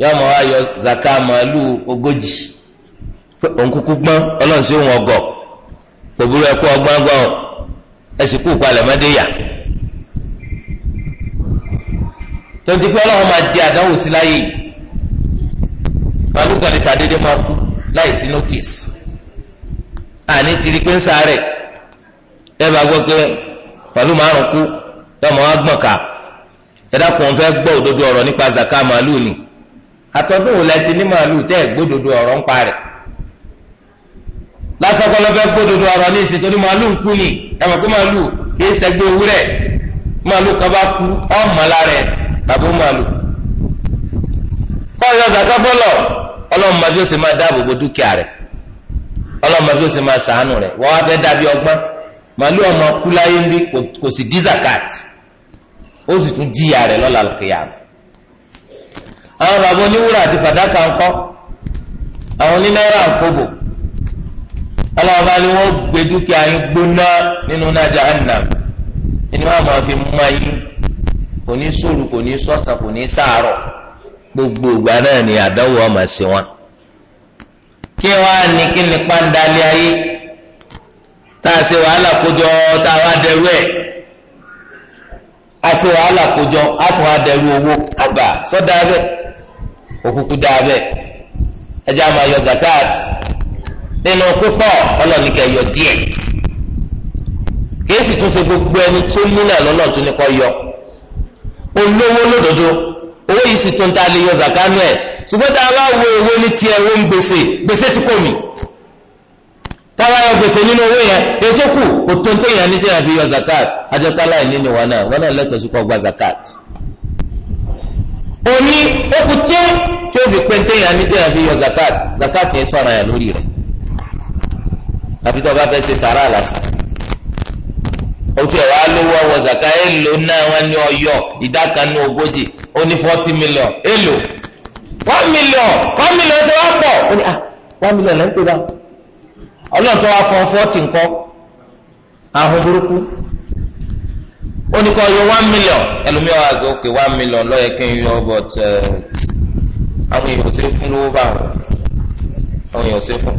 yóò mọ ayọ zaka màlúù ogójì òun kúkú ọlọ́run sí òun ọgọ́ kò burú ẹ kú ọgbọ́n gbọ́n ẹ sì kú palẹ̀ mọ́dé yà tonti pé ọlọ́run máa di àdánwò sí láyé yìí màlúù kan lè sàdédé máa kú láì sí notice àní tiri pé ń sáré ẹ bá gbọ́ pé màlúù márùn wa gbọ̀n ká ẹ dákun fẹ́ gbọ́ òdodo ọ̀rọ̀ nípa zaka màlúù ni àtọ́dún wò lẹ́tí ní màlúù tẹ́ ẹ̀ gbódodo ọ̀rọ̀ ń parẹ́ lásìkò lọ́fẹ́ gbódodo ọ̀rọ̀ ní ìsìn torí màlúù kú ni ẹ mọ̀ pé màlúù kì í sẹ́gbẹ́ owúrẹ́ màlúù kan bá kú ọ̀ mọ́ lára bàbá màlù kọ́ ọ̀yọ́ zaka fọlọ̀ ọlọ́run ma bí ó sì máa dáàbò bo dúkìá rẹ̀ ọlọ́run ma bí ó sì máa sàánù rẹ̀ wọ́n wá fẹ́ ọgbọ́n ọmọ ń bí kò sì dí zakat ó sì tún rẹ̀ lọ́la kìyà àwọn bàbá àti fàdákà ń kò ní sóru kò ní sọ́sàn kò ní sàárọ̀ gbogbo ìgbà náà ni àdánwò ọmọ sí wọn. kí wàá ní kí ni pàǹdálẹ̀ ayé tá a ṣe wàhálà kójọ tá a wá dẹrú ẹ̀ a ṣe wàhálà kójọ a tún wá dẹrú owó àgbà sọ́dà bẹ́ẹ̀ òkùnkù dà bẹ́ẹ̀ ẹ jẹ́ àmọ́ ayọ̀ zakat nínú púpọ̀ ọlọ́ọ̀ni kẹ́ díẹ̀ kí èsì tún ṣe gbogbo ẹni tó nílẹ̀ lọ́nà tó ní kọ́ yọ olówó lódodo owó yìí sì tó ń ta lè yọ zakanu ẹ̀ ṣùgbọ́n tá a bá wo owó ní tiẹ̀ owó ń gbèsè gbèsè ti kò mí táwa yọ gbèsè nínú owó yẹn ètò kù kò tó ń téèyàn ní téèyàn fi yọ zakat ajẹpálá yìí nínú wọn náà wọn náà lẹ́tọ̀ọ́ sí kó gba zakat òní okùté tí ó fi pé téèyàn ní téèyàn fi yọ zakat zakat yẹn sọ̀rọ̀ yẹn lórí rẹ̀ àbí tó o bá fẹ́ ṣe sàrà àlàsì otu ẹ̀wá lówó ọwọ́ zaka èlò náà wọn ní ọyọ ìdá ogójì ó ní million èlò one million one million ṣe wá pọ̀ ó ní ah, million lẹ́yìn pé bá ọlọ́run tó wá fọ forty nǹkan àhùn burúkú ó ní kọ́ yọ one million ẹlòmíràn wà gbé òkè million lọ́yẹ̀ kí n yọ but eh, àwọn èèyàn ṣe fún lówó báwọn àwọn èèyàn ṣe fún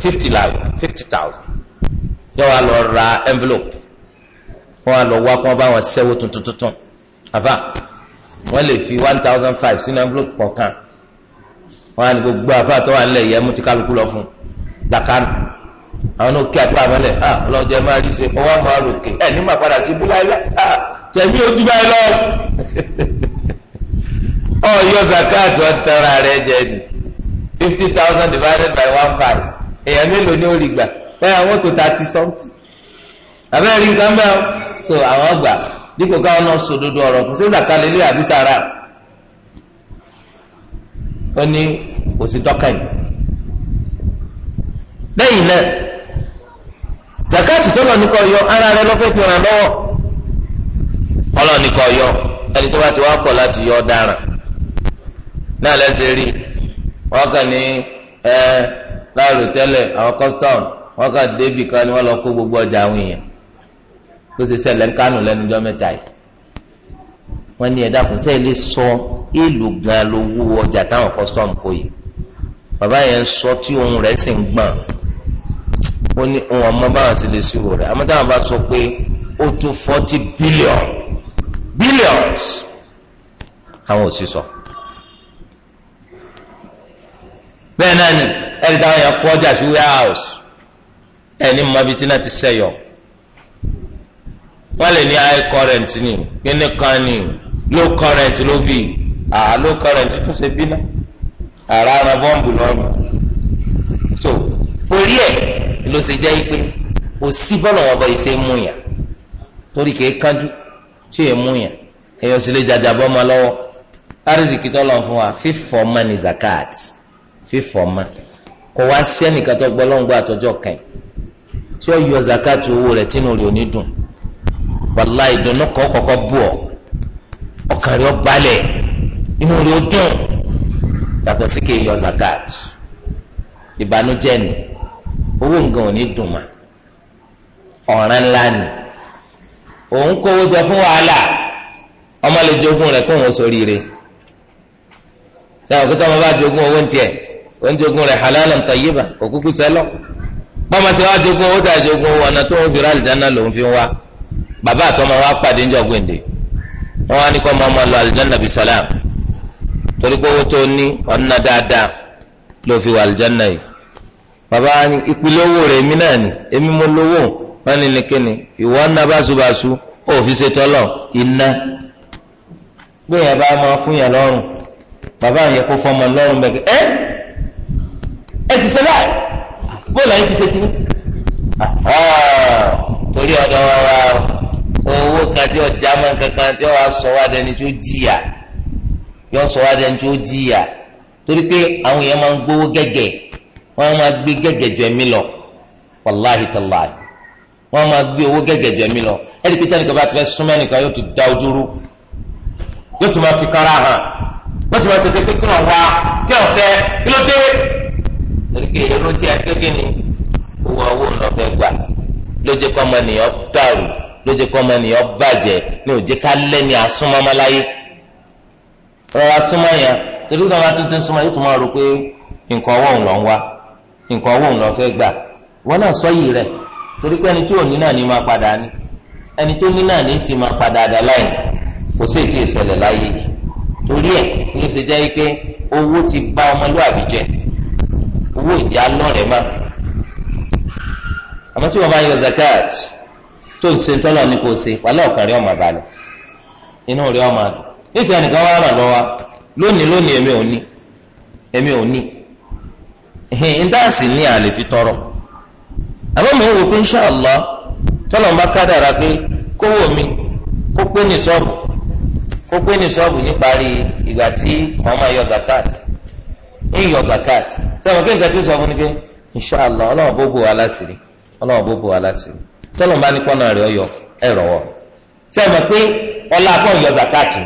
fifty thousand yọ wá lọ ra envelope. wọ́n á lọ wá kí wọ́n bá wọn ṣẹ́wó tuntun tuntun àfà wọ́n lè fi one thousand five sínú envelope kọ̀ọ̀kan wọ́n á ní gbogbo àfà tó wà nílẹ̀ yẹ mú ti kálukú lọ fún zakanu àwọn náà kí apá àmọ́lẹ̀ à ah, lọ́jọ́ máa rí ṣe ọwọ́ àmọ́ àròkè ẹ̀ ní màá padà sí búláìlá ah, tẹ̀mí ojú báyìí lọ ọ̀yọ́ zakat wọ́n tẹ́ra rẹ̀ jẹ́ ni fifty thousand divided by one five èèyàn mélòó ni ó rí gbà bẹ́ẹ̀ àwọn tó ta ti something. abẹ́rẹ́ rí nǹkan bẹ́ẹ̀ so àwọn gbà dípò káwọn náà sòdodo ọ̀rọ̀ kò sí zakalẹ̀ ilé àbí sara ó ní tọ́ka yìí lẹ́yìn náà zakati ní kọ́ yọ ara rẹ lọ́fẹ́ fi ràn lọ́wọ́ ọlọ́ọ̀ni kọ́ yọ ẹni tó bá ti wá láti yọ náà lẹ́sẹ̀ rí wọ́n kàn ní gbogbo ọjà àwọn èèyàn ló ṣe ṣẹlẹ̀ ń kánò lẹ́nujọ́ mẹ́ta yìí wọ́n ní ẹ̀dá kùn sẹ́yìn lè sọ èèlò gan lówó ọjà táwọn kọ́sítọ́ọ̀mù kò yìí bàbá yẹn sọ tí ohun rẹ̀ sì ń gbọ̀n ó ní ohun ọmọ báwọn sì lè ṣírò rẹ̀ àmọ́ táwọn bá sọ pé ó tó forty billion billions àwọn ò sì sọ. bẹ́ẹ̀ náà ni ẹ̀rí táwọn yẹn kó ọjà sí warehouse ẹ̀ ní mọ́bí tí náà ti sẹ́yọ̀ wọ́n lè ní high current ni kíní kan ni low current ló bì àá low current tó ṣe bí náà àrà ara bọ́ǹbù lọ́rùn so orí ẹ̀ ló ṣe jẹ́ pé kò sí bọ́ọ̀lù wọn bọ́ ìṣe mú yàn torí kìí kánjú tí èè mú yàn èèyàn sì lè jàjà bọ́ lọ́wọ́ árìsìkì tó lọ fún wa fífọ́ ọmọ ní zakat fífọ́ ọmọ kò wá sí ẹnìkan tó gbọ́ lọ́ngbọ́ àtọ́jọ́ kan tí ó yọ zakat owó rẹ̀ tínú rẹ̀ ò ní dùn wàllá ìdùnnú kọ́ kọ́kọ́ ɔ ọ́ ọkàn rẹ̀ ó balẹ̀ inú rẹ̀ ó dùn yàtọ̀ zakat owó nǹkan ò ní dùn mà ọ̀ràn ńlá ni òun kówó jẹ fún wàhálà ọmọ lè jogún rẹ kó òun bá jogún owó kò kúkú jogún owó jogún bàbá àtọmọ wa pàdé ńjọ gbèǹde wọn wá ní kọ́ ọmọ lọ aljanna bi salam torí pé owó tó ní ọ̀nà dáadáa ló fi wà aljanna yìí bàbá ìpìlẹ̀ owó rẹ̀ èmi náà ni èmi mo lówó wọn ní nìkíni ìwọ ọ̀nà báṣubàṣu òfin ṣe tọ́lọ̀ iná gbé yẹn bá máa fún yẹn lọ́rùn bàbá yẹn kó fọmọ lọ́rùn bẹ́ẹ̀ ẹ́ ẹ sì ṣe báyìí bóòlù ayé ti ṣe ti ah, torí ọ̀dọ́ wa wá o. owó kan tí ọjà mọ kankan tí ọwọ sọwádẹ ni tí ó jìyà yọ sọwádẹ ni tí ó jìyà torí pé àwọn èèyàn máa ń gbowó gẹ́gẹ́ wọ́n máa gbé lọ wàláhi máa gbé owó lọ ẹni pété nìkan bá yóò ti da ojú rú yóò fi kára hàn ti máa ṣe ṣe pé a kékeré ni owó owó ńlọ gbà ló jẹ́ kọ́ ọmọnìyàn bàjẹ́ ní òjé ká lẹ́ni àsúnmọ́mọ́láyé rọra súnmọ́ yẹn torí kí wọ́n tuntun súnmọ́ yóò tún máa rò pé nǹkan ọwọ́ òun lọ ń wá nǹkan ọwọ́ gbà wọ́n náà sọ yìí rẹ̀ torí ẹni tí ò ní náà ní máa padà ní ẹni tó ní náà ní sì máa padà dà láyìn kò sí ètò ìṣẹ̀lẹ̀ torí ẹ̀ ṣe jẹ́ pé owó ti bá ọmọlúwàbí jẹ owó ìdí máa àmọ́ tí wọ́n tó ń ṣe tọ́lọ̀ ní kò ṣe wàlẹ́ ọ̀kàrí ọmọ àbálẹ̀ inú rí ọmọ àdùn níṣẹ́ nìkan wá ràn lọ́wọ́ lónìí lónìí èmi ò ní èmi ò ní ntaasi ní àlè fi tọrọ àmọ́ mi ò wò pé tọ́lọ̀ bá kádàrà pé kówó mi kó pé ní sọ́ọ̀bù kó pé ní sọ́ọ̀bù níparí ìgbà tí tọ́lọ̀ bá ní kọ́nà rẹ̀ ọ̀yọ́ ẹ̀rọ wọ̀ ṣé a mọ̀ pé yọ zakati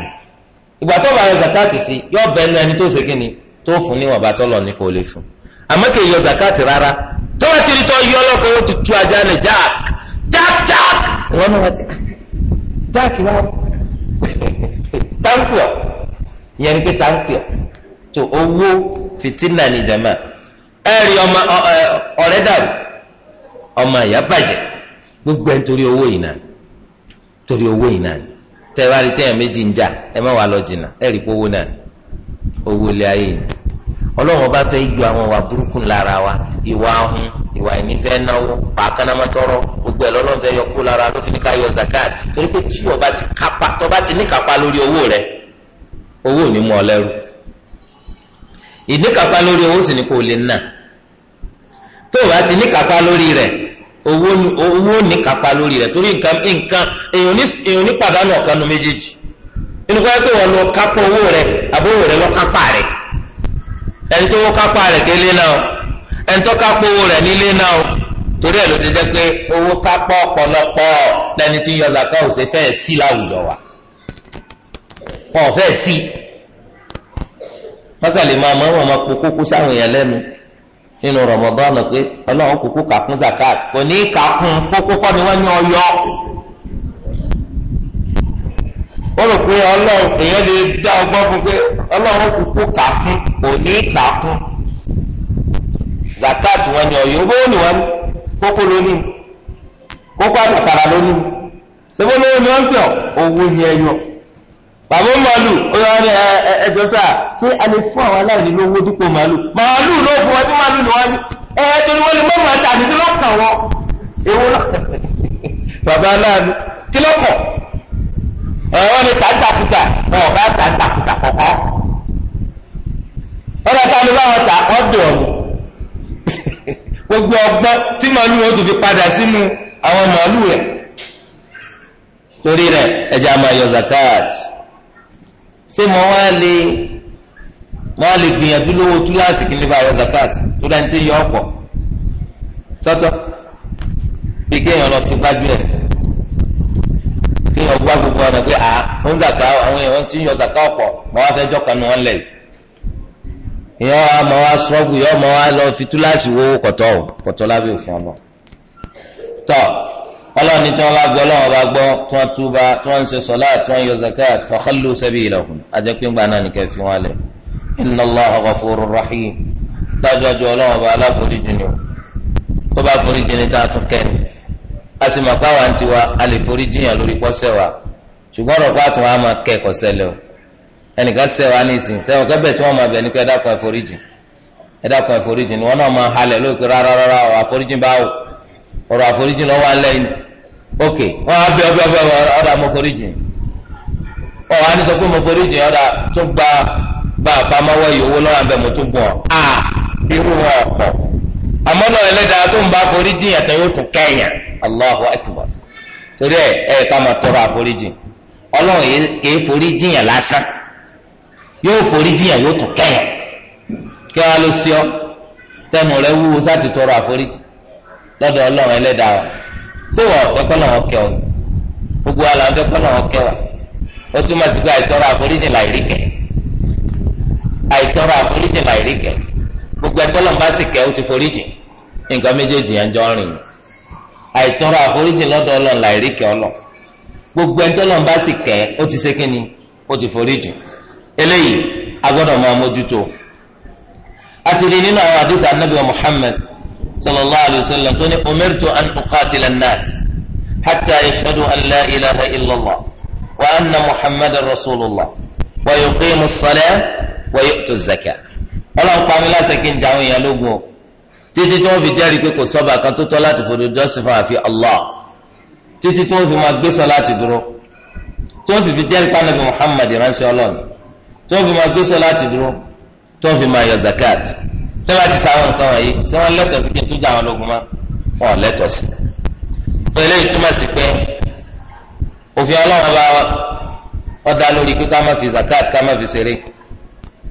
ìgbà tó bá yọ zakati si yọ bẹ́ẹ̀ ẹni tó ṣe kí ni tó fún níwọ̀nba tọ́lọ̀ ní kò yọ zakati rárá tó bá ti rí tọ́ yọ ti ajá owó ní jama ọmọ gbogbo ẹ̀ owó yìí náà nítorí owó yìí náà tẹ́ ẹ rí tẹ́yàn méjì ń jà ẹ má wàá lọ jìnnà ẹ rí owó náà owó ilé ayé yìí ọlọ́run ọba fẹ́ àwọn burúkú lára wa ìwà ahun ìwà ìnífẹ́ náwó gbogbo ẹ̀ lọ́lọ́run fẹ́ yọ kó lára yọ zakat torí pé tí ọba ti kápá tọba ti ní kápá lórí owó rẹ owó owó owó nìkápá lórí rẹ̀ torí nǹkan nǹkan èèyàn ní pàdánù ọ̀kan nu méjèèjì inú kọ́ pé wọ́n lọ kápá owó rẹ àbó owó lọ kápá rẹ. ẹni tó kápá rẹ délé náà ẹni tó kápá owó rẹ̀ nílé náà torí ẹ̀ ló ti jẹ́ pé owó kápá ọ̀pọ̀lọpọ̀ lẹni tí yọ zaka fẹ́ẹ̀ sí wa wọn fẹ́ẹ̀ sí mọ́tàlémọ́ àmọ́ wọn máa po kókó sáwọn èèyàn nínú Ramadan pé Ọlọ́run kúkú kàkún zakat kò ní í kàkún kókó kọ́ ni wọ́n ní ọyọ́ ó rò pé Ọlọ́run èèyàn lè zakat wọn bó ni wọn kókó lónìí kókó àlùkàrà lónìí ṣé bó lóyún ni bàbá màálù ọlọ́run ẹjọ́ sáà ṣé a lè fún àwọn aláìní lówó dípò màálù màálù ló fún wọn bí màálù ni wọn ní ẹ torí wọn lè mọ màá tà ní lọ́kàn wọn ewu lọ bàbá aláàánú kí lọ́kàn ọ̀rọ̀ ni tàǹtàkùtà ọ̀ bá tàǹtàkùtà kọ̀kọ́ ọ̀rọ̀ ta ni báwọn tà ọ̀dọ̀ gbogbo ọgbọ́n tí màálù wọn tún fi padà sínú àwọn màálù rẹ̀ torí rẹ̀ ẹja máa yọ zakat ṣé mo wá lè mo wá lè gbìyànjú lówó túláàsì kí n lè bá àwọn zakat tó dáa ní tí yọ ọ̀pọ̀ sọ́tọ̀ bí kéèyàn lọ sí gbájú ẹ̀ kéèyàn gbá gbogbo ọ̀nà pé àá ń zàká àwọn èèyàn ti ń yọ zàká ọ̀pọ̀ mo wá fẹ́ jọ́kan nu wọn lẹ̀ ìyẹn wa mo wá sọ́ọ̀bù yọ mo wá lọ fi túláàsì wọ́wọ́ kọ̀tọ́ kọ̀tọ́ lábẹ́ òfin ọmọ tọ́ ọlọ́ọ̀ni tí wọ́n bá gbọ́ ọlọ́wọ́ bá gbọ́ tí wọ́n túba tí wọ́n ń ṣe sọ́lá tí wọ́n ń yọ zakat fakhallu sabilahum ajẹ́pínpá náà nìkẹ́ fi wọn lẹ̀ inna Allaha ghafurur rahim dájúdájú ọlọ́wọ́ bá aláforíjì ni o tó bá foríjì ni tá a tún kẹ́ni a sì mọ̀ páwa ń tiwa a lè foríjì yàn lórí pọ́sẹ̀ wa ṣùgbọ́n ọ̀rọ̀ pàtó wọn a máa kẹ́ Ọrụ àforíjì lọ́wọ́ alẹ́ yìí ok wọ́n á bẹ ọbẹ̀ ọbẹ̀ ọ̀dà foríjì ọ̀ wá ní sọ pé mo foríjì ọ̀dà tún gba owó lọ́wọ́ àbẹ̀ mo a irú wọn ọ̀pọ̀ àmọ́ náà ẹlẹ́dàá tó ń bá foríjì yóò tún torí tọrọ àforíjì kìí foríjì yàn lásán yóò foríjì yàn yóò tún kí lọ ọ tẹnu rẹ wúwo sáà ti tọrọ lọ́dọ̀ ọlọ́run ẹlẹ́dàá wa ṣé wọ́n fẹ́ kọ́ lọ́wọ́ kẹ́ ọ gbogbo wa làwọn fẹ́ kọ́ lọ́wọ́ kẹ́ wa ó túmọ̀ sí àforíjì àforíjì gbogbo ẹ̀tọ́ lọ́n bá sì kẹ́ ó ti foríjì nǹkan méjèèjì yẹn jọ rìn gbogbo bá sì ti ti foríjì eléyìí a Muhammad sallallahu alayhi wa sallam tó ní umirtu an uqatila an-nas hatta yashhadu an la ilaha illallah wa anna muhammadan rasulillah wa yuqimu as-salah wa yu'tu az-zakah ọlọ́run pa mí láṣẹ kí n jà àwọn èèyàn lógun o títí tí wọ́n fi jẹ́rìí pé kò sọ́ba kan tó tọ́ láti fòdò jọ́sìn fún àfi Allah títí tí wọ́n fi máa gbé sọ láti dúró tí wọ́n sì fi jẹ́rìí pé Ànábì Muhammad ránṣẹ́ ọlọ́run tí wọ́n fi máa gbé sọ láti dúró tí wọ́n fi máa yọ zakat tí wọ́n ti sáwọn nǹkan wọ̀nyí ṣé wọ́n lẹ́tọ̀ọ́ sí kí n tó jà wọn lógun mọ́ wọn ò lẹ́tọ̀ọ́ sí. pẹ̀lú ìtumọ̀ sí pé òfin ọlọ́run bá wọ́n dá lórí pé ká má fi zakat ká má fi ṣeré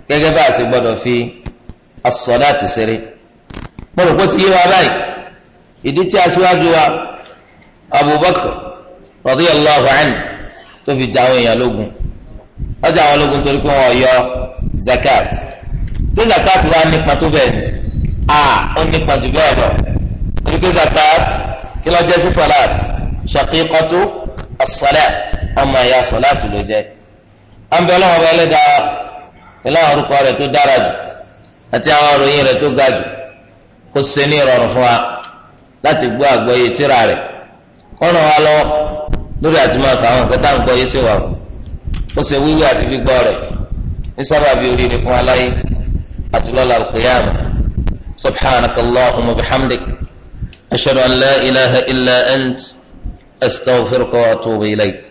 gẹ́gẹ́ bá a ṣe gbọ́dọ̀ fi asọ̀dáàtì ṣeré. mo rò pé ti yé wa báyìí ìdí tí aṣíwájú wa Abubakar radiyallahu anhu tó fi jà àwọn èèyàn lógun wọ́n jà àwọn lógun torí pé wọ́n yọ zakat ṣé zakat wa nípa tó bẹ́ẹ̀ ni a ó nípa jù bẹ́ẹ̀ lọ torí pé zakat kí ló jẹ́ sí salat shaqiqatu as-salat ọmọ ẹ̀yà salat ló jẹ́ àǹbẹ̀ ọlọ́wọ́ bẹ́ẹ̀ lé dáa pẹ̀lú àwọn orúkọ rẹ̀ tó dára jù àti àwọn òròyìn rẹ̀ tó ga jù kó ṣe ní ìrọ̀rùn fún wa láti gbọ́ àgbọ́yé tíra rẹ̀ kọ́nà wa lọ́wọ́ lórí àti máa fà àwọn nǹkan tá sí wa ó ṣe wíwí àti gbígbọ́ rẹ̀ ní sábàbí oríire fún aláyé. أطلال القيامة سبحانك اللهم وبحمدك أشهد أن لا إله إلا أنت أستغفرك وأتوب إليك